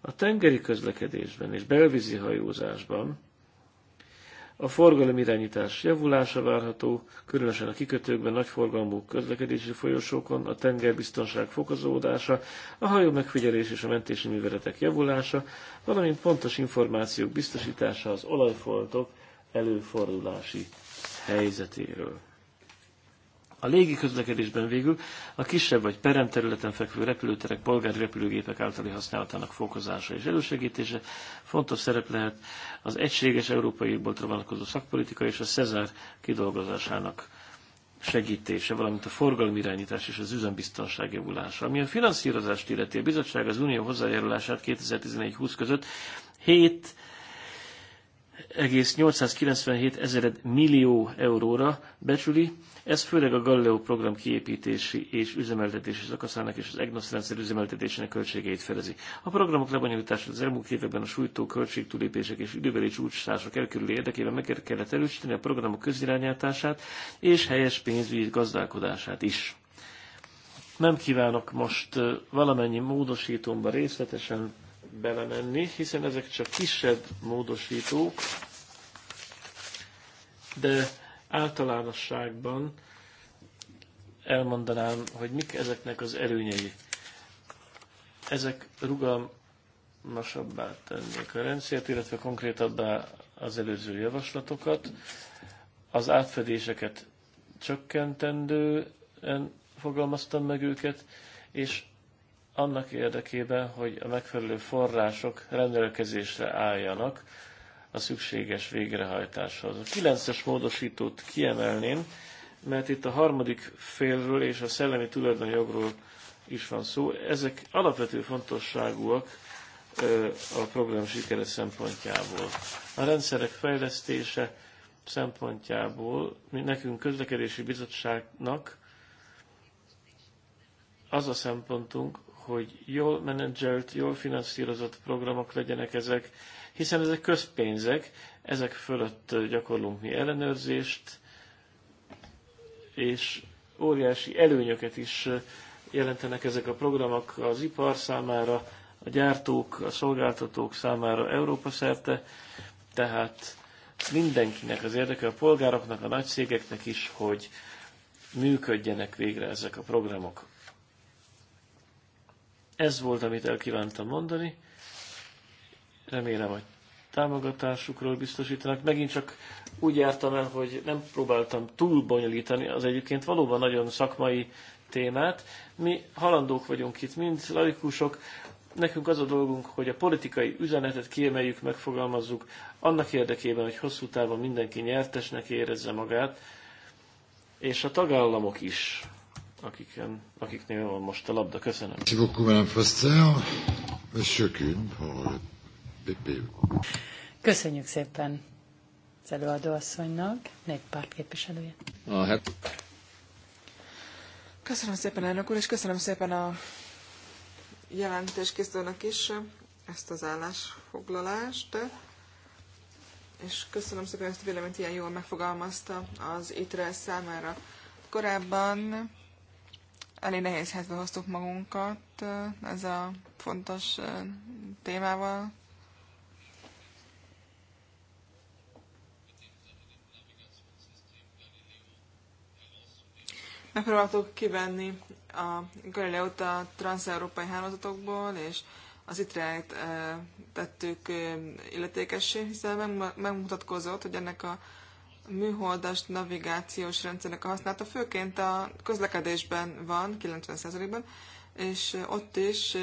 A tengeri közlekedésben és belvízi hajózásban a forgalom irányítás javulása várható, különösen a kikötőkben, nagyforgalmú közlekedési folyosókon, a tengerbiztonság fokozódása, a hajó megfigyelés és a mentési műveletek javulása, valamint pontos információk biztosítása az olajfoltok előfordulási helyzetéről. A légi közlekedésben végül a kisebb vagy peremterületen fekvő repülőterek polgári repülőgépek általi használatának fokozása és elősegítése fontos szerep lehet az egységes európai égboltra vonatkozó szakpolitika és a Cezár kidolgozásának segítése, valamint a forgalmi irányítás és az üzembiztonság javulása. Ami a finanszírozást illeti, a bizottság az unió hozzájárulását 2014-20 között 7 1,897 ezer millió euróra becsüli, ez főleg a Galileo program kiépítési és üzemeltetési szakaszának és az EGNOS rendszer üzemeltetésének költségeit fedezi. A programok lebonyolítása az elmúlt években a sújtó költségtúlépések és időbeli csúcsások elkerülő érdekében meg kellett erősíteni a programok közirányítását és helyes pénzügyi gazdálkodását is. Nem kívánok most valamennyi módosítomba részletesen belemenni, hiszen ezek csak kisebb módosítók, de általánosságban elmondanám, hogy mik ezeknek az előnyei. Ezek rugalmasabbá tennék a rendszert, illetve konkrétabbá az előző javaslatokat, az átfedéseket csökkentendően fogalmaztam meg őket, és annak érdekében, hogy a megfelelő források rendelkezésre álljanak a szükséges végrehajtáshoz. A 9-es módosítót kiemelném, mert itt a harmadik félről és a szellemi tulajdonjogról is van szó. Ezek alapvető fontosságúak a program sikere szempontjából. A rendszerek fejlesztése szempontjából mi nekünk közlekedési bizottságnak az a szempontunk, hogy jól menedzselt, jól finanszírozott programok legyenek ezek, hiszen ezek közpénzek, ezek fölött gyakorlunk mi ellenőrzést, és óriási előnyöket is jelentenek ezek a programok az ipar számára, a gyártók, a szolgáltatók számára Európa szerte, tehát mindenkinek az érdeke, a polgároknak, a nagyszégeknek is, hogy működjenek végre ezek a programok. Ez volt, amit el kívántam mondani. Remélem, hogy támogatásukról biztosítanak. Megint csak úgy jártam el, hogy nem próbáltam túl bonyolítani az egyébként valóban nagyon szakmai témát. Mi halandók vagyunk itt, mind laikusok, nekünk az a dolgunk, hogy a politikai üzenetet kiemeljük, megfogalmazzuk, annak érdekében, hogy hosszú távon mindenki nyertesnek érezze magát, és a tagállamok is akiken, akiknél van most a labda. Köszönöm. Köszönjük szépen az előadóasszonynak, párt képviselője. Ah, hát. Köszönöm szépen, elnök úr, és köszönöm szépen a jelentéskészítőnek is ezt az állásfoglalást, és köszönöm szépen ezt a véleményt, ilyen jól megfogalmazta az ITRE számára. Korábban elég nehéz helyzetbe hoztuk magunkat ez a fontos témával. Megpróbáltuk kivenni a Galileót a transzeurópai hálózatokból, és az itrát tettük illetékessé, hiszen megmutatkozott, hogy ennek a műholdas navigációs rendszernek a használata főként a közlekedésben van, 90%-ban, és ott is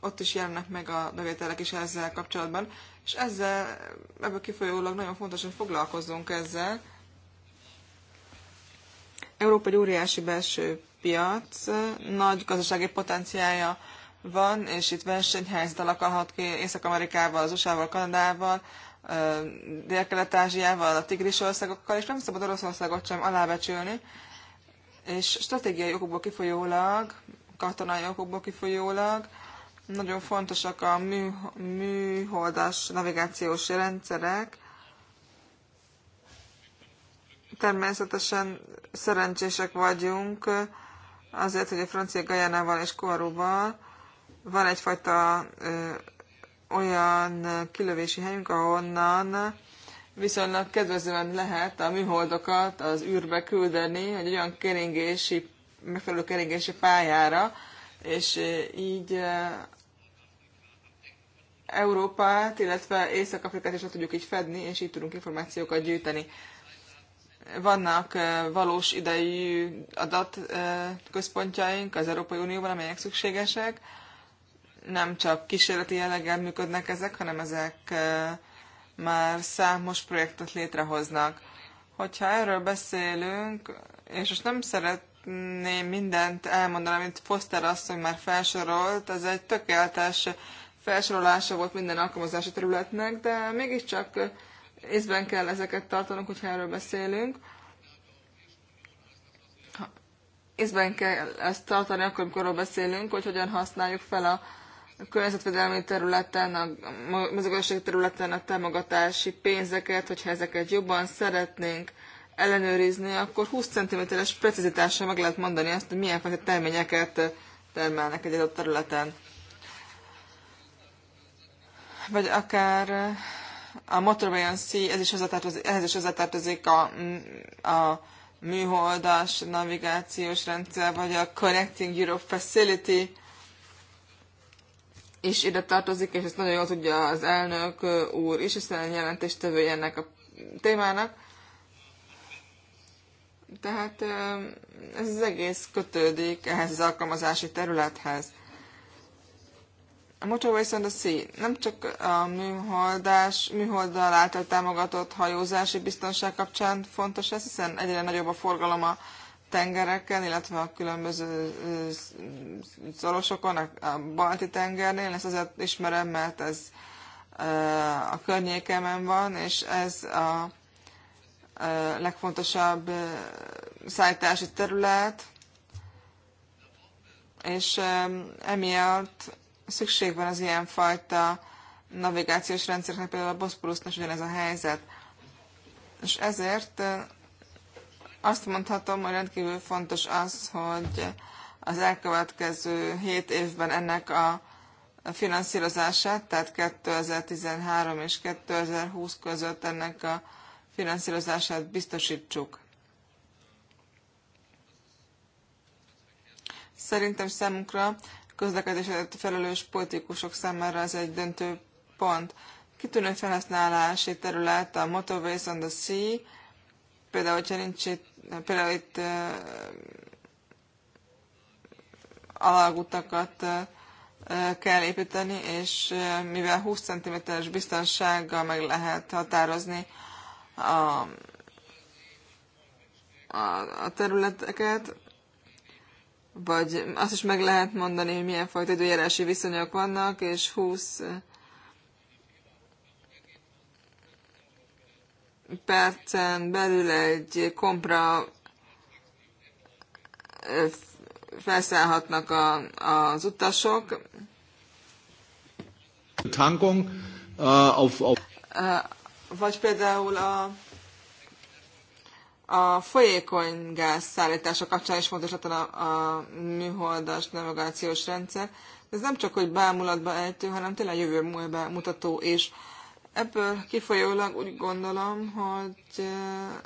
ott is jelennek meg a bevételek is ezzel kapcsolatban, és ezzel, ebből kifolyólag nagyon fontos, hogy foglalkozzunk ezzel. Európa egy óriási belső piac, nagy gazdasági potenciája van, és itt versenyhelyzet alakulhat ki Észak-Amerikával, az USA-val, Kanadával, Dél-Kelet-Ázsiával, a tigris országokkal, és nem szabad Oroszországot sem alábecsülni, és stratégiai okokból kifolyólag, katonai okokból kifolyólag nagyon fontosak a mű, műholdas navigációs rendszerek. Természetesen szerencsések vagyunk azért, hogy a francia Gajánával és Korúval van egyfajta olyan kilövési helyünk, ahonnan viszonylag kedvezően lehet a műholdokat az űrbe küldeni, hogy olyan keringési, megfelelő keringési pályára, és így eh, Európát, illetve Észak-Afrikát is le tudjuk így fedni, és így tudunk információkat gyűjteni. Vannak eh, valós idejű adatközpontjaink az Európai Unióban, amelyek szükségesek, nem csak kísérleti jelleggel működnek ezek, hanem ezek már számos projektet létrehoznak. Hogyha erről beszélünk, és most nem szeretném mindent elmondani, amit Foster asszony már felsorolt, ez egy tökéletes felsorolása volt minden alkalmazási területnek, de mégiscsak észben kell ezeket tartanunk, hogyha erről beszélünk. Észben kell ezt tartani akkor, amikor beszélünk, hogy hogyan használjuk fel a a környezetvédelmi területen, a mezőgazdaság területen a támogatási pénzeket, hogyha ezeket jobban szeretnénk ellenőrizni, akkor 20 cm-es precizitással meg lehet mondani azt, hogy milyen fajta terményeket termelnek egy adott területen. Vagy akár eh, a motorvajon C, ez is hozzátartozik, ehhez is hozzátartozik a, mm, a műholdas navigációs rendszer, vagy a Connecting Europe Facility, és ide tartozik, és ezt nagyon jól tudja az elnök úr is, a jelentéstevője ennek a témának. Tehát ez az egész kötődik ehhez az alkalmazási területhez. A Motorways viszont a Sea nem csak a műholdás, műholddal által támogatott hajózási biztonság kapcsán fontos ez, hiszen egyre nagyobb a forgalom a tengereken, illetve a különböző szorosokon, a balti tengernél. Ezt azért ismerem, mert ez a környékemen van, és ez a legfontosabb szállítási terület, és emiatt szükség van az ilyenfajta navigációs rendszereknek, például a Bosporusnak ugyanez a helyzet. És ezért azt mondhatom, hogy rendkívül fontos az, hogy az elkövetkező hét évben ennek a finanszírozását, tehát 2013 és 2020 között ennek a finanszírozását biztosítsuk. Szerintem számunkra közlekedésért felelős politikusok számára ez egy döntő pont. Kitűnő felhasználási terület a Motorways on the Sea, például, hogyha nincs itt például itt alagutakat kell építeni, és mivel 20 cm-es biztonsággal meg lehet határozni a, a, a területeket, vagy azt is meg lehet mondani, hogy milyen fajta időjárási viszonyok vannak, és 20 percen belül egy kompra felszállhatnak a, az utasok. Tankong, uh, auf, auf. Vagy például a, a folyékony gáz szállítása kapcsán is fontos a, a műholdas navigációs rendszer. Ez nem csak, hogy bámulatba ejtő, hanem tényleg jövő mutató és Ebből kifolyólag úgy gondolom, hogy eh,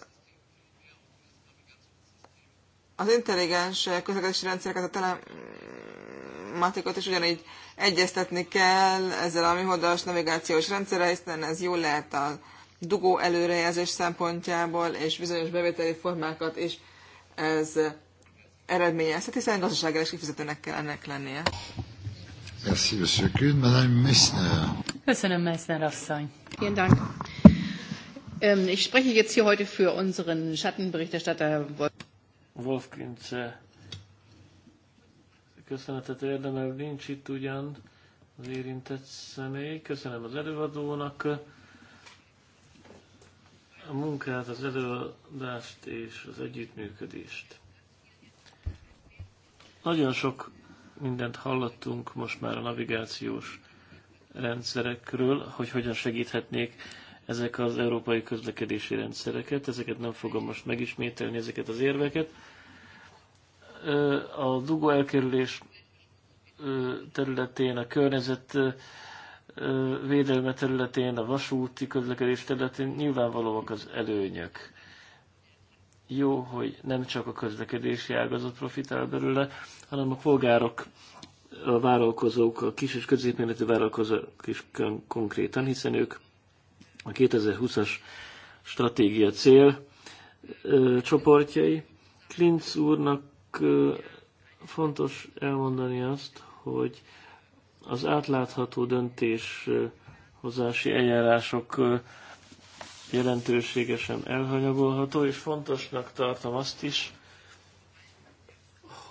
az intelligens közlekedési rendszereket, a telematikot is ugyanígy egyeztetni kell ezzel a műholdas navigációs rendszerre, hiszen ez jó lehet a dugó előrejelzés szempontjából, és bizonyos bevételi formákat is ez eredményezhet, hiszen gazdaságra is kifizetőnek kell ennek lennie. Merci, Monsieur Kuhn. Madame Messner. Köszönöm, Messner asszony. Vielen Dank. Ähm, ich spreche jetzt hier heute für unseren Schattenberichterstatter Wolf. Wolfkind äh, köszönetet érdemel, nincs itt ugyan az érintett személy. Köszönöm az előadónak a munkát, az előadást és az együttműködést. Nagyon sok mindent hallottunk most már a navigációs rendszerekről, hogy hogyan segíthetnék ezek az európai közlekedési rendszereket. Ezeket nem fogom most megismételni, ezeket az érveket. A dugó elkerülés területén, a környezet védelme területén, a vasúti közlekedés területén nyilvánvalóak az előnyök jó, hogy nem csak a közlekedési ágazat profitál belőle, hanem a polgárok, a vállalkozók, a kis és középméretű vállalkozók is konkrétan, hiszen ők a 2020-as stratégia cél ö, csoportjai. Klinz úrnak ö, fontos elmondani azt, hogy az átlátható döntéshozási eljárások jelentőségesen elhanyagolható, és fontosnak tartom azt is,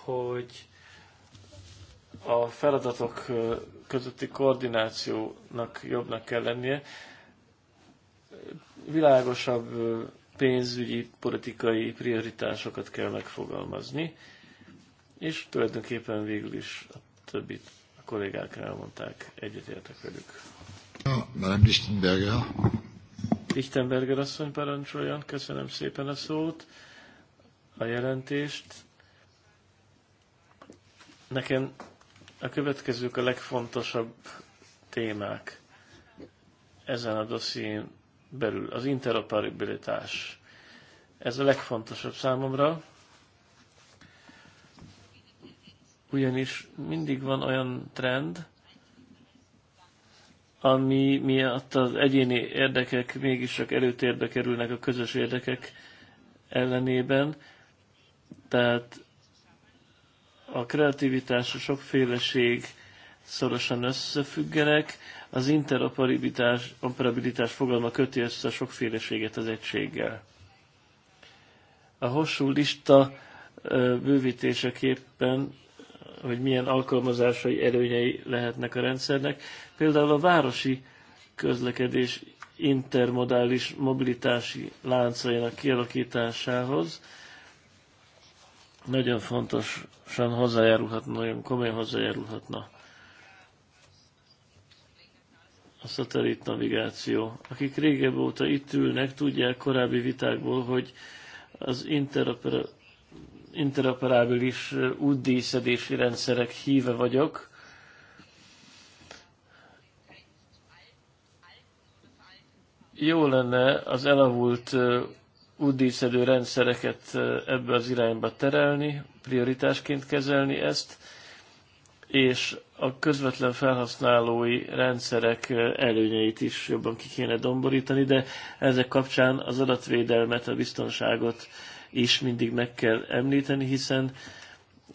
hogy a feladatok közötti koordinációnak jobbnak kell lennie, világosabb pénzügyi, politikai prioritásokat kell megfogalmazni, és tulajdonképpen végül is a többit a kollégák elmondták, egyetértek velük. Ja, Lichtenberger asszony parancsoljon. Köszönöm szépen a szót, a jelentést. Nekem a következők a legfontosabb témák ezen a dosszín belül. Az interoperabilitás. Ez a legfontosabb számomra, ugyanis mindig van olyan trend, ami miatt az egyéni érdekek mégis csak előtérbe kerülnek a közös érdekek ellenében. Tehát a kreativitás, a sokféleség szorosan összefüggenek, az interoperabilitás operabilitás fogalma köti össze a sokféleséget az egységgel. A hosszú lista bővítéseképpen hogy milyen alkalmazásai, előnyei lehetnek a rendszernek. Például a városi közlekedés intermodális mobilitási láncainak kialakításához nagyon fontosan hozzájárulhatna, nagyon komolyan hozzájárulhatna a szatellit navigáció. Akik régebb óta itt ülnek, tudják korábbi vitákból, hogy az interoperatív interoperábilis útdíszedési rendszerek híve vagyok. Jó lenne az elavult útdíszedő rendszereket ebbe az irányba terelni, prioritásként kezelni ezt, és a közvetlen felhasználói rendszerek előnyeit is jobban ki kéne domborítani, de ezek kapcsán az adatvédelmet, a biztonságot is mindig meg kell említeni, hiszen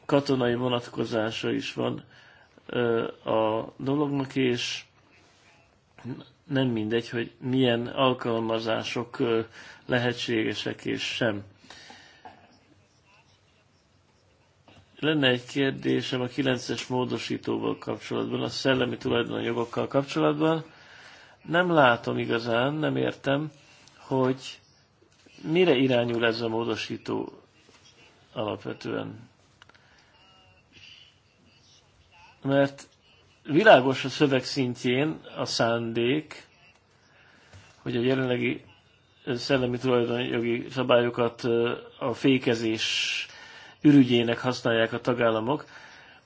katonai vonatkozása is van a dolognak, és nem mindegy, hogy milyen alkalmazások lehetségesek és sem. Lenne egy kérdésem a 9-es módosítóval kapcsolatban, a szellemi tulajdonjogokkal kapcsolatban. Nem látom igazán, nem értem, hogy Mire irányul ez a módosító alapvetően? Mert világos a szöveg szintjén a szándék, hogy a jelenlegi szellemi tulajdonjogi szabályokat a fékezés ürügyének használják a tagállamok,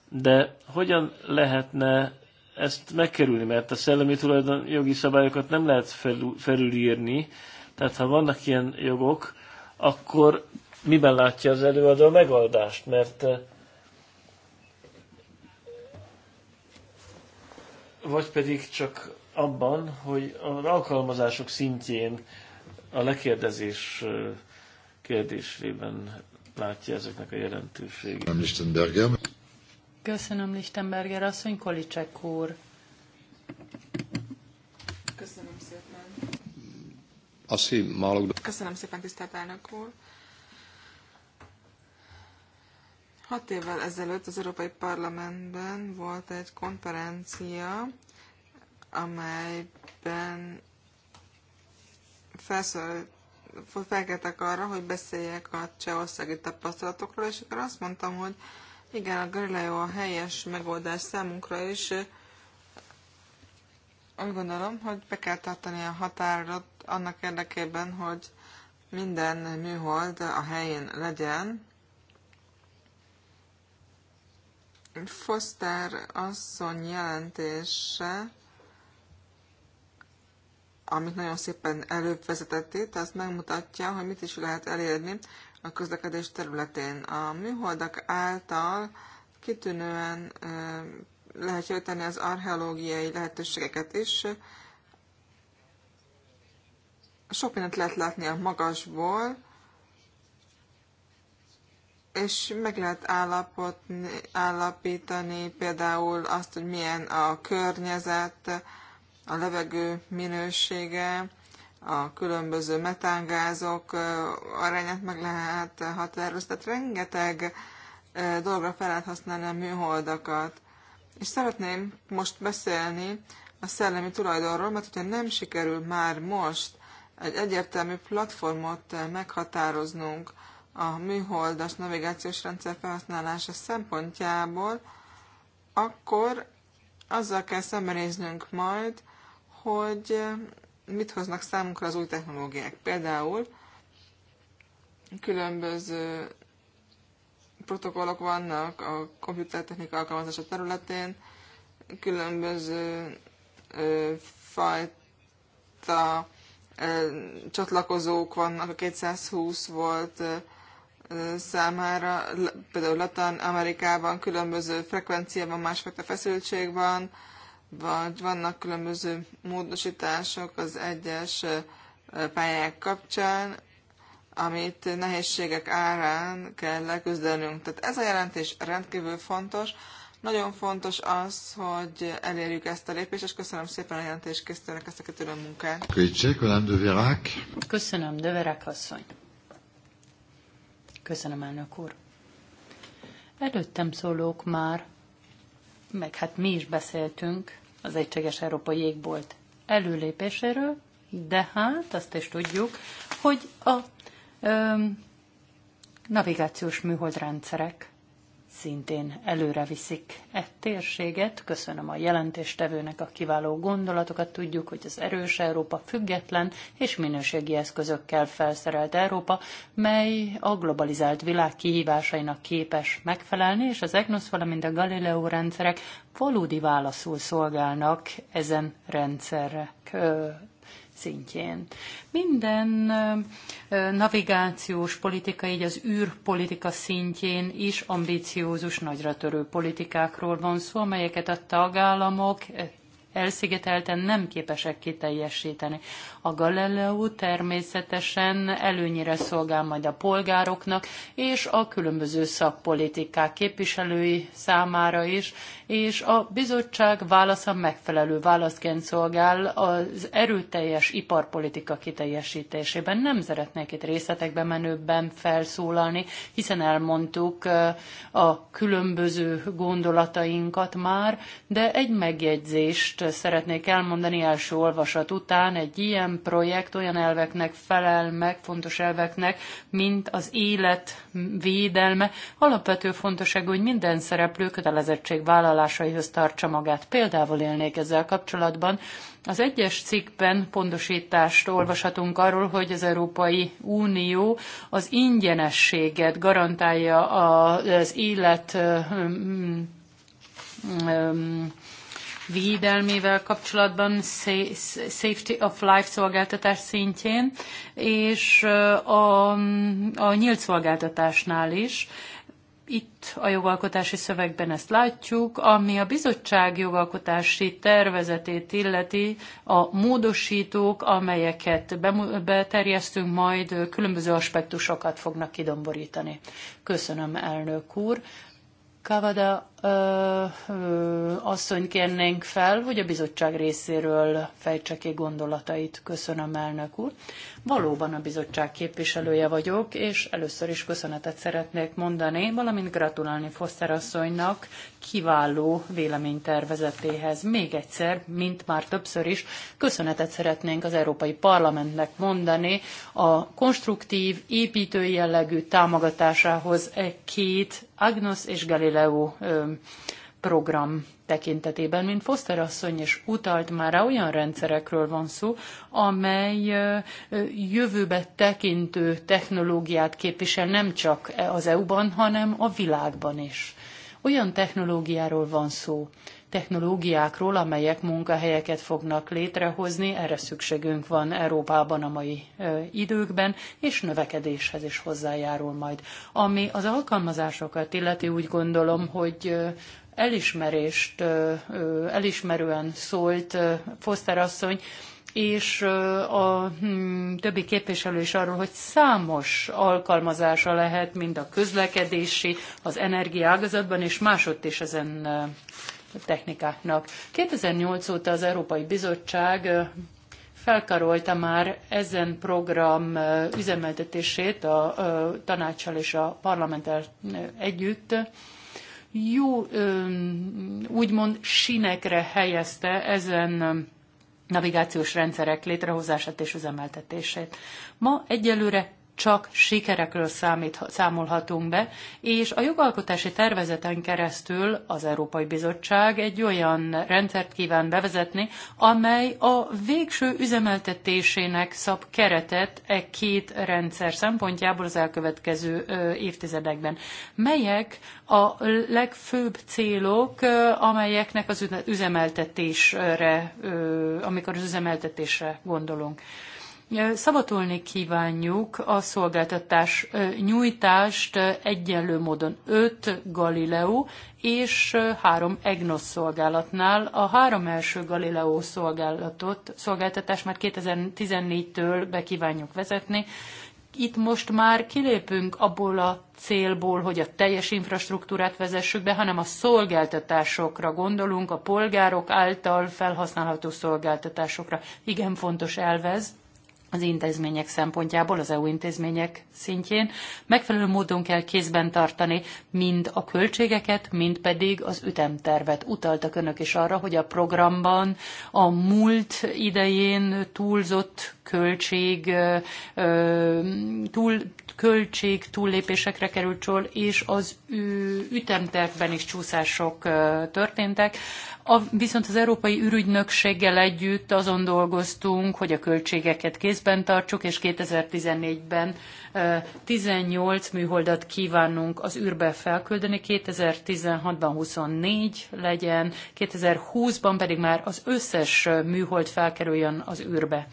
de hogyan lehetne ezt megkerülni, mert a szellemi tulajdonjogi szabályokat nem lehet felülírni, tehát ha vannak ilyen jogok, akkor miben látja az előadó a megoldást? Mert eh, vagy pedig csak abban, hogy az alkalmazások szintjén a lekérdezés eh, kérdésében látja ezeknek a jelentőségét. Lichtenberger. Köszönöm, Lichtenberger asszony, Kolicek úr. Asi Köszönöm szépen, tisztelt elnök úr. Hat évvel ezelőtt az Európai Parlamentben volt egy konferencia, amelyben felszól, felkeltek arra, hogy beszéljek a csehországi tapasztalatokról, és akkor azt mondtam, hogy igen, a Galileo a helyes megoldás számunkra, és úgy gondolom, hogy be kell tartani a határodat, annak érdekében, hogy minden műhold a helyén legyen. Foster asszony jelentése, amit nagyon szépen előbb vezetett itt, az megmutatja, hogy mit is lehet elérni a közlekedés területén. A műholdak által kitűnően lehet jelenteni az archeológiai lehetőségeket is, sok mindent lehet látni a magasból, és meg lehet állapotni, állapítani például azt, hogy milyen a környezet, a levegő minősége, a különböző metángázok arányát meg lehet határozni. Tehát rengeteg dologra fel lehet használni a műholdakat. És szeretném most beszélni a szellemi tulajdonról, mert hogyha nem sikerül már most egy egyértelmű platformot eh, meghatároznunk a műholdas navigációs rendszer felhasználása szempontjából, akkor azzal kell szembenéznünk majd, hogy eh, mit hoznak számunkra az új technológiák. Például különböző protokollok vannak a komputertechnika alkalmazása területén, különböző ö, eh, fajta csatlakozók vannak a 220 volt számára, például Latin Amerikában különböző frekvenciában másfajta feszültség van, vagy vannak különböző módosítások az egyes pályák kapcsán, amit nehézségek árán kell leküzdenünk. Tehát ez a jelentés rendkívül fontos, nagyon fontos az, hogy elérjük ezt a lépést, és köszönöm szépen a készítőnek ezt a kitűnő munkát. Köszönöm, Döverák asszony. Köszönöm, elnök úr. Előttem szólók már, meg hát mi is beszéltünk az Egységes Európai Jégbolt előlépéséről, de hát azt is tudjuk, hogy a ö, navigációs műholdrendszerek szintén előre viszik e térséget. Köszönöm a jelentéstevőnek a kiváló gondolatokat. Tudjuk, hogy az erős Európa független és minőségi eszközökkel felszerelt Európa, mely a globalizált világ kihívásainak képes megfelelni, és az EGNOSZ, valamint a Galileo rendszerek valódi válaszul szolgálnak ezen rendszerek szintjén. Minden navigációs politika, így az űrpolitika szintjén is ambiciózus, nagyra törő politikákról van szó, amelyeket a tagállamok elszigetelten nem képesek kiteljesíteni. A Galileo természetesen előnyire szolgál majd a polgároknak és a különböző szakpolitikák képviselői számára is, és a bizottság válasza megfelelő válaszként szolgál az erőteljes iparpolitika kiteljesítésében. Nem szeretnék itt részletekbe menőbben felszólalni, hiszen elmondtuk a különböző gondolatainkat már, de egy megjegyzést szeretnék elmondani első olvasat után. Egy ilyen projekt olyan elveknek felel meg, fontos elveknek, mint az élet védelme. Alapvető fontosság, hogy minden szereplő kötelezettség vállalásaihoz tartsa magát. Példával élnék ezzel kapcsolatban. Az egyes cikkben pontosítást olvashatunk arról, hogy az Európai Unió az ingyenességet garantálja az élet védelmével kapcsolatban safety of life szolgáltatás szintjén, és a, a nyílt szolgáltatásnál is. Itt a jogalkotási szövegben ezt látjuk, ami a bizottság jogalkotási tervezetét illeti a módosítók, amelyeket beterjesztünk, majd különböző aspektusokat fognak kidomborítani. Köszönöm, elnök úr. Kavada asszonyt kérnénk fel, hogy a bizottság részéről fejtse ki gondolatait. Köszönöm, elnök úr. Valóban a bizottság képviselője vagyok, és először is köszönetet szeretnék mondani, valamint gratulálni Foster asszonynak kiváló véleménytervezetéhez. Még egyszer, mint már többször is, köszönetet szeretnénk az Európai Parlamentnek mondani a konstruktív, építő jellegű támogatásához e két Agnos és Galileo ö, program tekintetében, mint Foster asszony is utalt már rá, olyan rendszerekről van szó, amely jövőbe tekintő technológiát képvisel nem csak az EU-ban, hanem a világban is. Olyan technológiáról van szó, technológiákról, amelyek munkahelyeket fognak létrehozni. Erre szükségünk van Európában a mai időkben, és növekedéshez is hozzájárul majd. Ami az alkalmazásokat illeti, úgy gondolom, hogy elismerést, elismerően szólt Foster asszony, és a hmm, többi képviselő is arról, hogy számos alkalmazása lehet, mind a közlekedési, az energiaágazatban, és másodt is ezen technikáknak. 2008 óta az Európai Bizottság felkarolta már ezen program üzemeltetését a tanácssal és a parlamenttel együtt. Jó, úgymond sinekre helyezte ezen navigációs rendszerek létrehozását és üzemeltetését. Ma egyelőre csak sikerekről számít, számolhatunk be, és a jogalkotási tervezeten keresztül az Európai Bizottság egy olyan rendszert kíván bevezetni, amely a végső üzemeltetésének szab keretet e két rendszer szempontjából az elkövetkező évtizedekben. Melyek a legfőbb célok, amelyeknek az üzemeltetésre, amikor az üzemeltetésre gondolunk? Szabatolni kívánjuk a szolgáltatás nyújtást egyenlő módon 5 Galileo és 3 EGNOS szolgálatnál. A három első Galileo szolgálatot, szolgáltatást már 2014-től be kívánjuk vezetni. Itt most már kilépünk abból a célból, hogy a teljes infrastruktúrát vezessük be, hanem a szolgáltatásokra gondolunk, a polgárok által felhasználható szolgáltatásokra. Igen fontos elvez, az intézmények szempontjából, az EU intézmények szintjén. Megfelelő módon kell kézben tartani mind a költségeket, mind pedig az ütemtervet. Utaltak önök is arra, hogy a programban a múlt idején túlzott költség, túl költség túllépésekre került sor, és az ütemtervben is csúszások történtek. A, viszont az Európai Ürügynökséggel együtt azon dolgoztunk, hogy a költségeket kézben tartsuk, és 2014-ben 18 műholdat kívánunk az űrbe felküldeni, 2016-ban 24 legyen, 2020-ban pedig már az összes műhold felkerüljön az űrbe.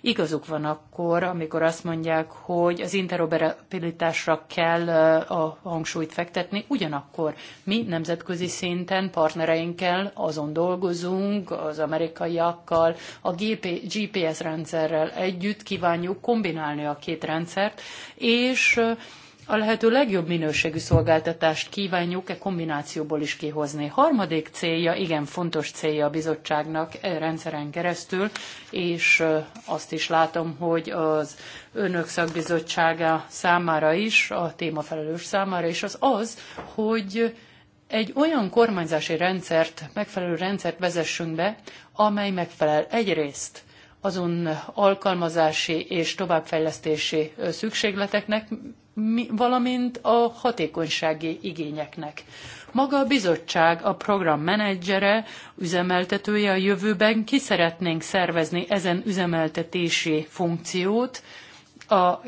Igazuk van akkor, amikor azt mondják, hogy az interoperabilitásra kell a hangsúlyt fektetni, ugyanakkor mi nemzetközi szinten partnereinkkel azon dolgozunk, az amerikaiakkal, a GPS rendszerrel együtt kívánjuk kombinálni a két rendszert, és a lehető legjobb minőségű szolgáltatást kívánjuk-e kombinációból is kihozni. Harmadik célja, igen fontos célja a bizottságnak e rendszeren keresztül, és azt is látom, hogy az önök szakbizottsága számára is, a témafelelős számára is az az, hogy egy olyan kormányzási rendszert, megfelelő rendszert vezessünk be, amely megfelel egyrészt azon alkalmazási és továbbfejlesztési szükségleteknek, valamint a hatékonysági igényeknek. Maga a bizottság, a program menedzsere, üzemeltetője a jövőben ki szeretnénk szervezni ezen üzemeltetési funkciót, a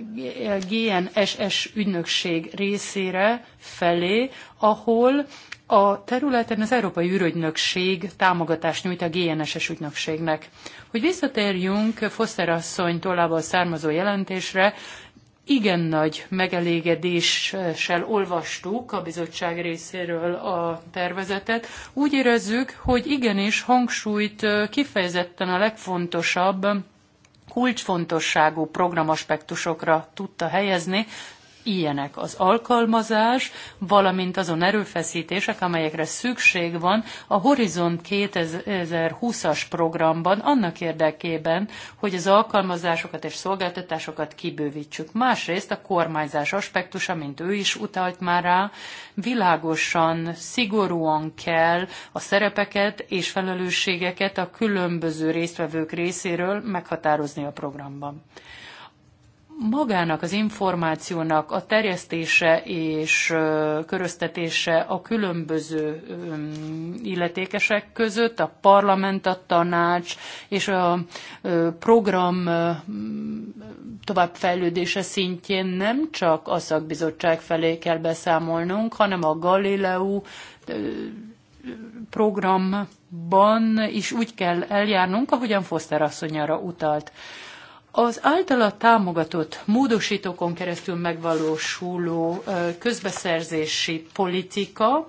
GNSS ügynökség részére felé, ahol a területen az Európai űrügynökség támogatást nyújt a GNSS ügynökségnek. Hogy visszatérjünk Foster asszony tollából származó jelentésre, igen nagy megelégedéssel olvastuk a bizottság részéről a tervezetet. Úgy érezzük, hogy igenis hangsúlyt kifejezetten a legfontosabb kulcsfontosságú programaspektusokra tudta helyezni, ilyenek az alkalmazás, valamint azon erőfeszítések, amelyekre szükség van a Horizont 2020-as programban annak érdekében, hogy az alkalmazásokat és szolgáltatásokat kibővítsük. Másrészt a kormányzás aspektusa, mint ő is utalt már rá, világosan, szigorúan kell a szerepeket és felelősségeket a különböző résztvevők részéről meghatározni a programban magának az információnak a terjesztése és köröztetése a különböző illetékesek között, a parlament, a tanács és a program továbbfejlődése szintjén nem csak a szakbizottság felé kell beszámolnunk, hanem a Galileo programban is úgy kell eljárnunk, ahogyan Foster asszonyára utalt az általa támogatott módosítókon keresztül megvalósuló közbeszerzési politika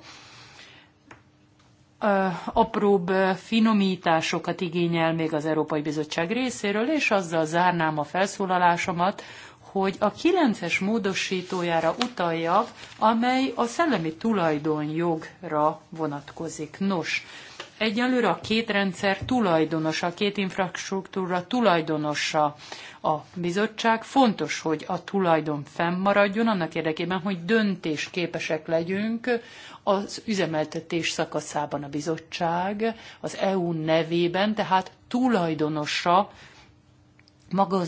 apróbb finomításokat igényel még az Európai Bizottság részéről, és azzal zárnám a felszólalásomat, hogy a 9-es módosítójára utaljak, amely a szellemi tulajdonjogra vonatkozik. Nos, Egyelőre a két rendszer tulajdonosa, a két infrastruktúra tulajdonosa a bizottság. Fontos, hogy a tulajdon fennmaradjon annak érdekében, hogy döntésképesek legyünk az üzemeltetés szakaszában a bizottság, az EU nevében, tehát tulajdonosa maga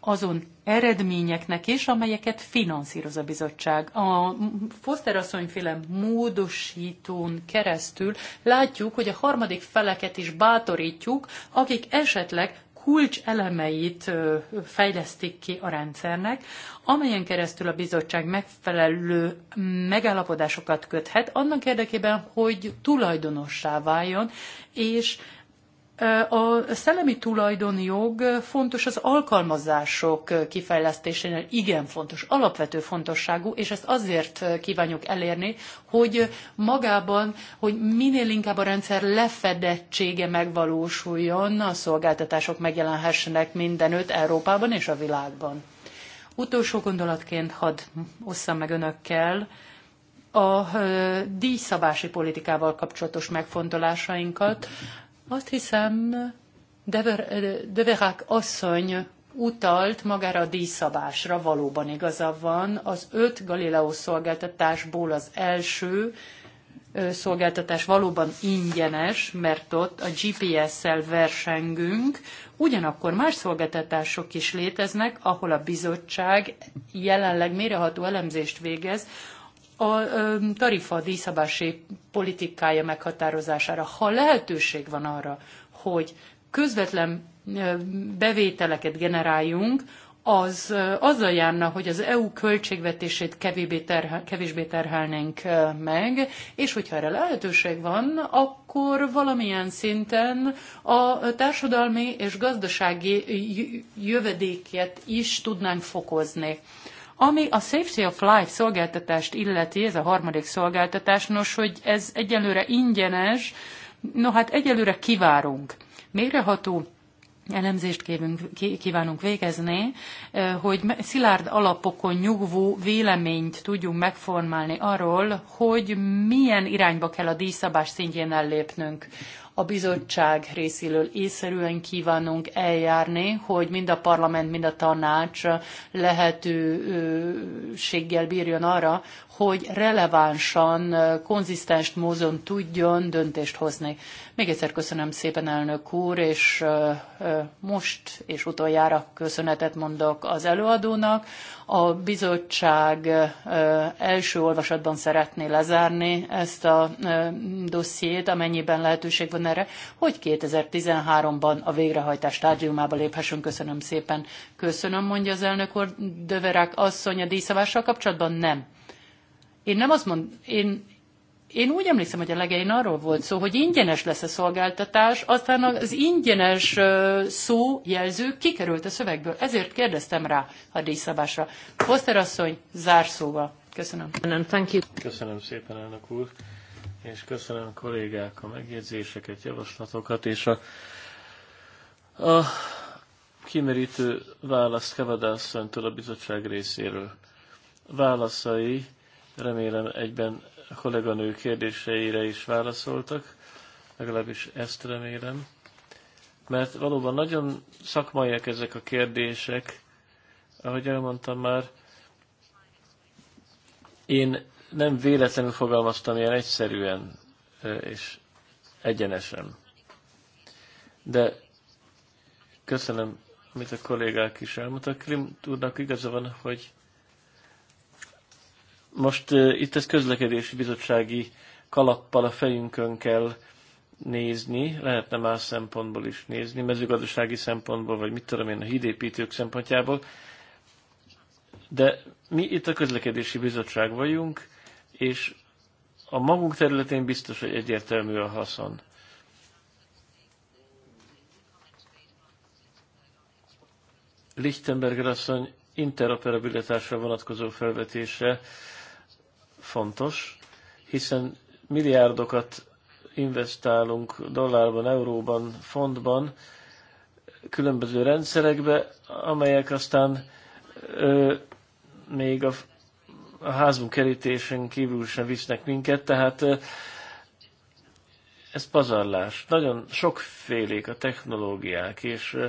azon eredményeknek is, amelyeket finanszíroz a bizottság. A Foster asszonyféle módosítón keresztül látjuk, hogy a harmadik feleket is bátorítjuk, akik esetleg elemeit fejlesztik ki a rendszernek, amelyen keresztül a bizottság megfelelő megállapodásokat köthet, annak érdekében, hogy tulajdonossá váljon, és a szellemi tulajdonjog fontos az alkalmazások kifejlesztésénél, igen fontos, alapvető fontosságú, és ezt azért kívánjuk elérni, hogy magában, hogy minél inkább a rendszer lefedettsége megvalósuljon, a szolgáltatások megjelenhessenek mindenütt Európában és a világban. Utolsó gondolatként hadd osszam meg önökkel, a díjszabási politikával kapcsolatos megfontolásainkat. Azt hiszem, Dever, Deverák asszony utalt magára a díjszabásra, valóban igaza van. Az öt Galileo szolgáltatásból az első szolgáltatás valóban ingyenes, mert ott a GPS-szel versengünk, ugyanakkor más szolgáltatások is léteznek, ahol a bizottság jelenleg méreható elemzést végez a tarifa díjszabási politikája meghatározására. Ha lehetőség van arra, hogy közvetlen bevételeket generáljunk, az azzal járna, hogy az EU költségvetését kevésbé, terhel, kevésbé terhelnénk meg, és hogyha erre lehetőség van, akkor valamilyen szinten a társadalmi és gazdasági jövedéket is tudnánk fokozni. Ami a Safety of Life szolgáltatást illeti, ez a harmadik szolgáltatás, nos, hogy ez egyelőre ingyenes, no hát egyelőre kivárunk. Méreható elemzést kívünk, kívánunk végezni, eh, hogy szilárd alapokon nyugvó véleményt tudjunk megformálni arról, hogy milyen irányba kell a díjszabás szintjén ellépnünk a bizottság részéről észszerűen kívánunk eljárni, hogy mind a parlament, mind a tanács lehetőséggel bírjon arra, hogy relevánsan, konzisztens módon tudjon döntést hozni. Még egyszer köszönöm szépen, elnök úr, és most és utoljára köszönetet mondok az előadónak, a bizottság első olvasatban szeretné lezárni ezt a dossziét, amennyiben lehetőség van erre, hogy 2013-ban a végrehajtás stádiumába léphessünk. Köszönöm szépen. Köszönöm, mondja az elnök úr. Döverák asszony a díjszavással kapcsolatban nem. Én nem azt mondom, én én úgy emlékszem, hogy a legején arról volt szó, hogy ingyenes lesz a szolgáltatás, aztán az ingyenes szó jelző kikerült a szövegből. Ezért kérdeztem rá a díjszabásra. Foster asszony, zárszóval. Köszönöm. Köszönöm, thank you. Köszönöm szépen, elnök úr, és köszönöm a kollégák a megjegyzéseket, javaslatokat, és a, a kimerítő választ Kevadászöntől a bizottság részéről. Válaszai remélem egyben a kolléganő kérdéseire is válaszoltak, legalábbis ezt remélem. Mert valóban nagyon szakmaiak ezek a kérdések, ahogy elmondtam már, én nem véletlenül fogalmaztam ilyen egyszerűen és egyenesen. De köszönöm, amit a kollégák is elmondtak. Krim úrnak igaza van, hogy most itt ez közlekedési bizottsági kalappal a fejünkön kell nézni, lehetne más szempontból is nézni, mezőgazdasági szempontból, vagy mit tudom én, a hídépítők szempontjából, de mi itt a közlekedési bizottság vagyunk, és a magunk területén biztos, hogy egyértelmű a haszon. Lichtenberger asszony interoperabilitásra vonatkozó felvetése fontos, hiszen milliárdokat investálunk dollárban, euróban, fontban, különböző rendszerekbe, amelyek aztán ö, még a, a házunk kerítésen kívül sem visznek minket, tehát ö, ez pazarlás. Nagyon sokfélék a technológiák, és ö,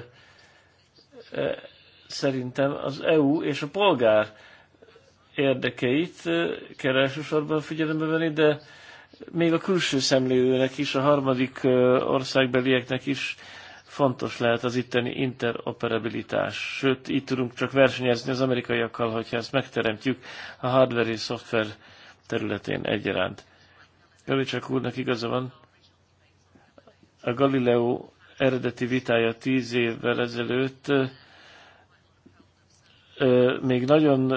ö, szerintem az EU és a polgár érdekeit kell elsősorban figyelembe venni, de még a külső szemlélőnek is, a harmadik országbelieknek is fontos lehet az itteni interoperabilitás. Sőt, itt tudunk csak versenyezni az amerikaiakkal, hogyha ezt megteremtjük a hardware és szoftver területén egyaránt. Galicsak úrnak igaza van, a Galileo eredeti vitája tíz évvel ezelőtt még nagyon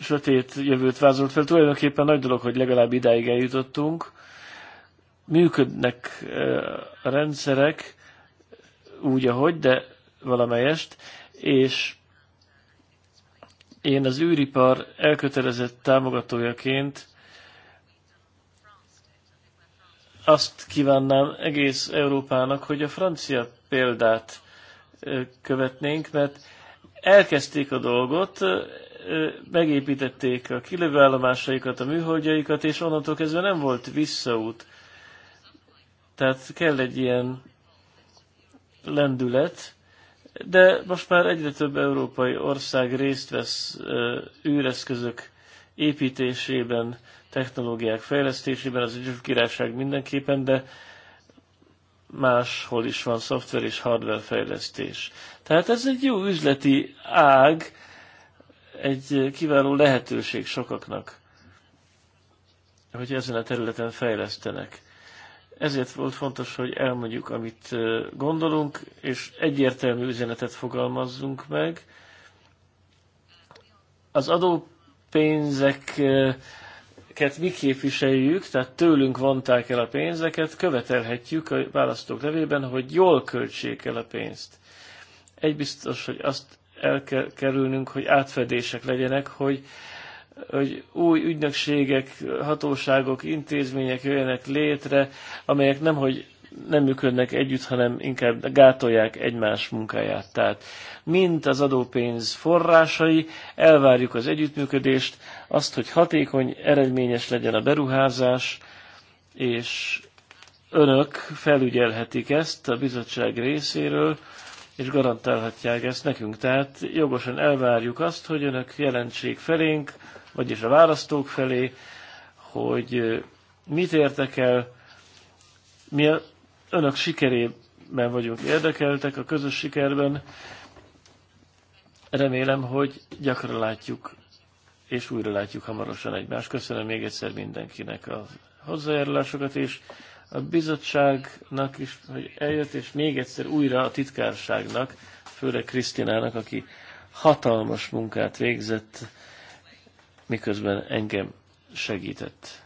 sötét jövőt vázolt fel. Tulajdonképpen nagy dolog, hogy legalább idáig eljutottunk. Működnek a rendszerek úgy, ahogy, de valamelyest, és én az űripar elkötelezett támogatójaként azt kívánnám egész Európának, hogy a francia példát követnénk, mert elkezdték a dolgot, megépítették a kilövőállomásaikat, a műholdjaikat, és onnantól kezdve nem volt visszaút. Tehát kell egy ilyen lendület, de most már egyre több európai ország részt vesz űreszközök építésében, technológiák fejlesztésében, az Egyesült Királyság mindenképpen, de máshol is van szoftver és hardware fejlesztés. Tehát ez egy jó üzleti ág, egy kiváló lehetőség sokaknak, hogy ezen a területen fejlesztenek. Ezért volt fontos, hogy elmondjuk, amit gondolunk, és egyértelmű üzenetet fogalmazzunk meg. Az adópénzek akiket mi képviseljük, tehát tőlünk vonták el a pénzeket, követelhetjük a választók levében, hogy jól költsék el a pénzt. Egy biztos, hogy azt el kell kerülnünk, hogy átfedések legyenek, hogy, hogy új ügynökségek, hatóságok, intézmények jöjjenek létre, amelyek nem, hogy nem működnek együtt, hanem inkább gátolják egymás munkáját. Tehát mint az adópénz forrásai, elvárjuk az együttműködést, azt, hogy hatékony, eredményes legyen a beruházás, és önök felügyelhetik ezt a bizottság részéről, és garantálhatják ezt nekünk. Tehát jogosan elvárjuk azt, hogy önök jelentség felénk, vagyis a választók felé, hogy mit értek el, mi a önök sikerében vagyunk érdekeltek, a közös sikerben. Remélem, hogy gyakran látjuk, és újra látjuk hamarosan egymást. Köszönöm még egyszer mindenkinek a hozzájárulásokat, és a bizottságnak is, hogy eljött, és még egyszer újra a titkárságnak, főleg Krisztinának, aki hatalmas munkát végzett, miközben engem segített.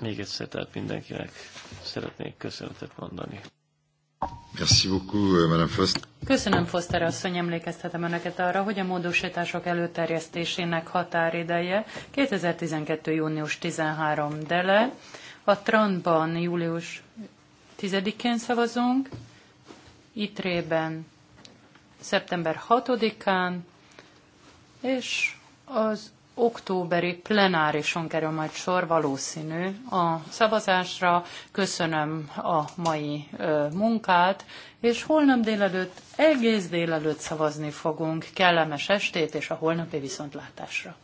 Még egyszer tehát mindenkinek szeretnék köszönetet mondani. Merci beaucoup, euh, Madame Foster. Köszönöm, Foster asszony, emlékeztetem Önöket arra, hogy a módosítások előterjesztésének határideje 2012. június 13 dele. A Trantban július 10-én szavazunk, Itrében szeptember 6-án, és az októberi plenárison kerül majd sor valószínű a szavazásra. Köszönöm a mai ö, munkát, és holnap délelőtt, egész délelőtt szavazni fogunk. Kellemes estét és a holnapi viszontlátásra.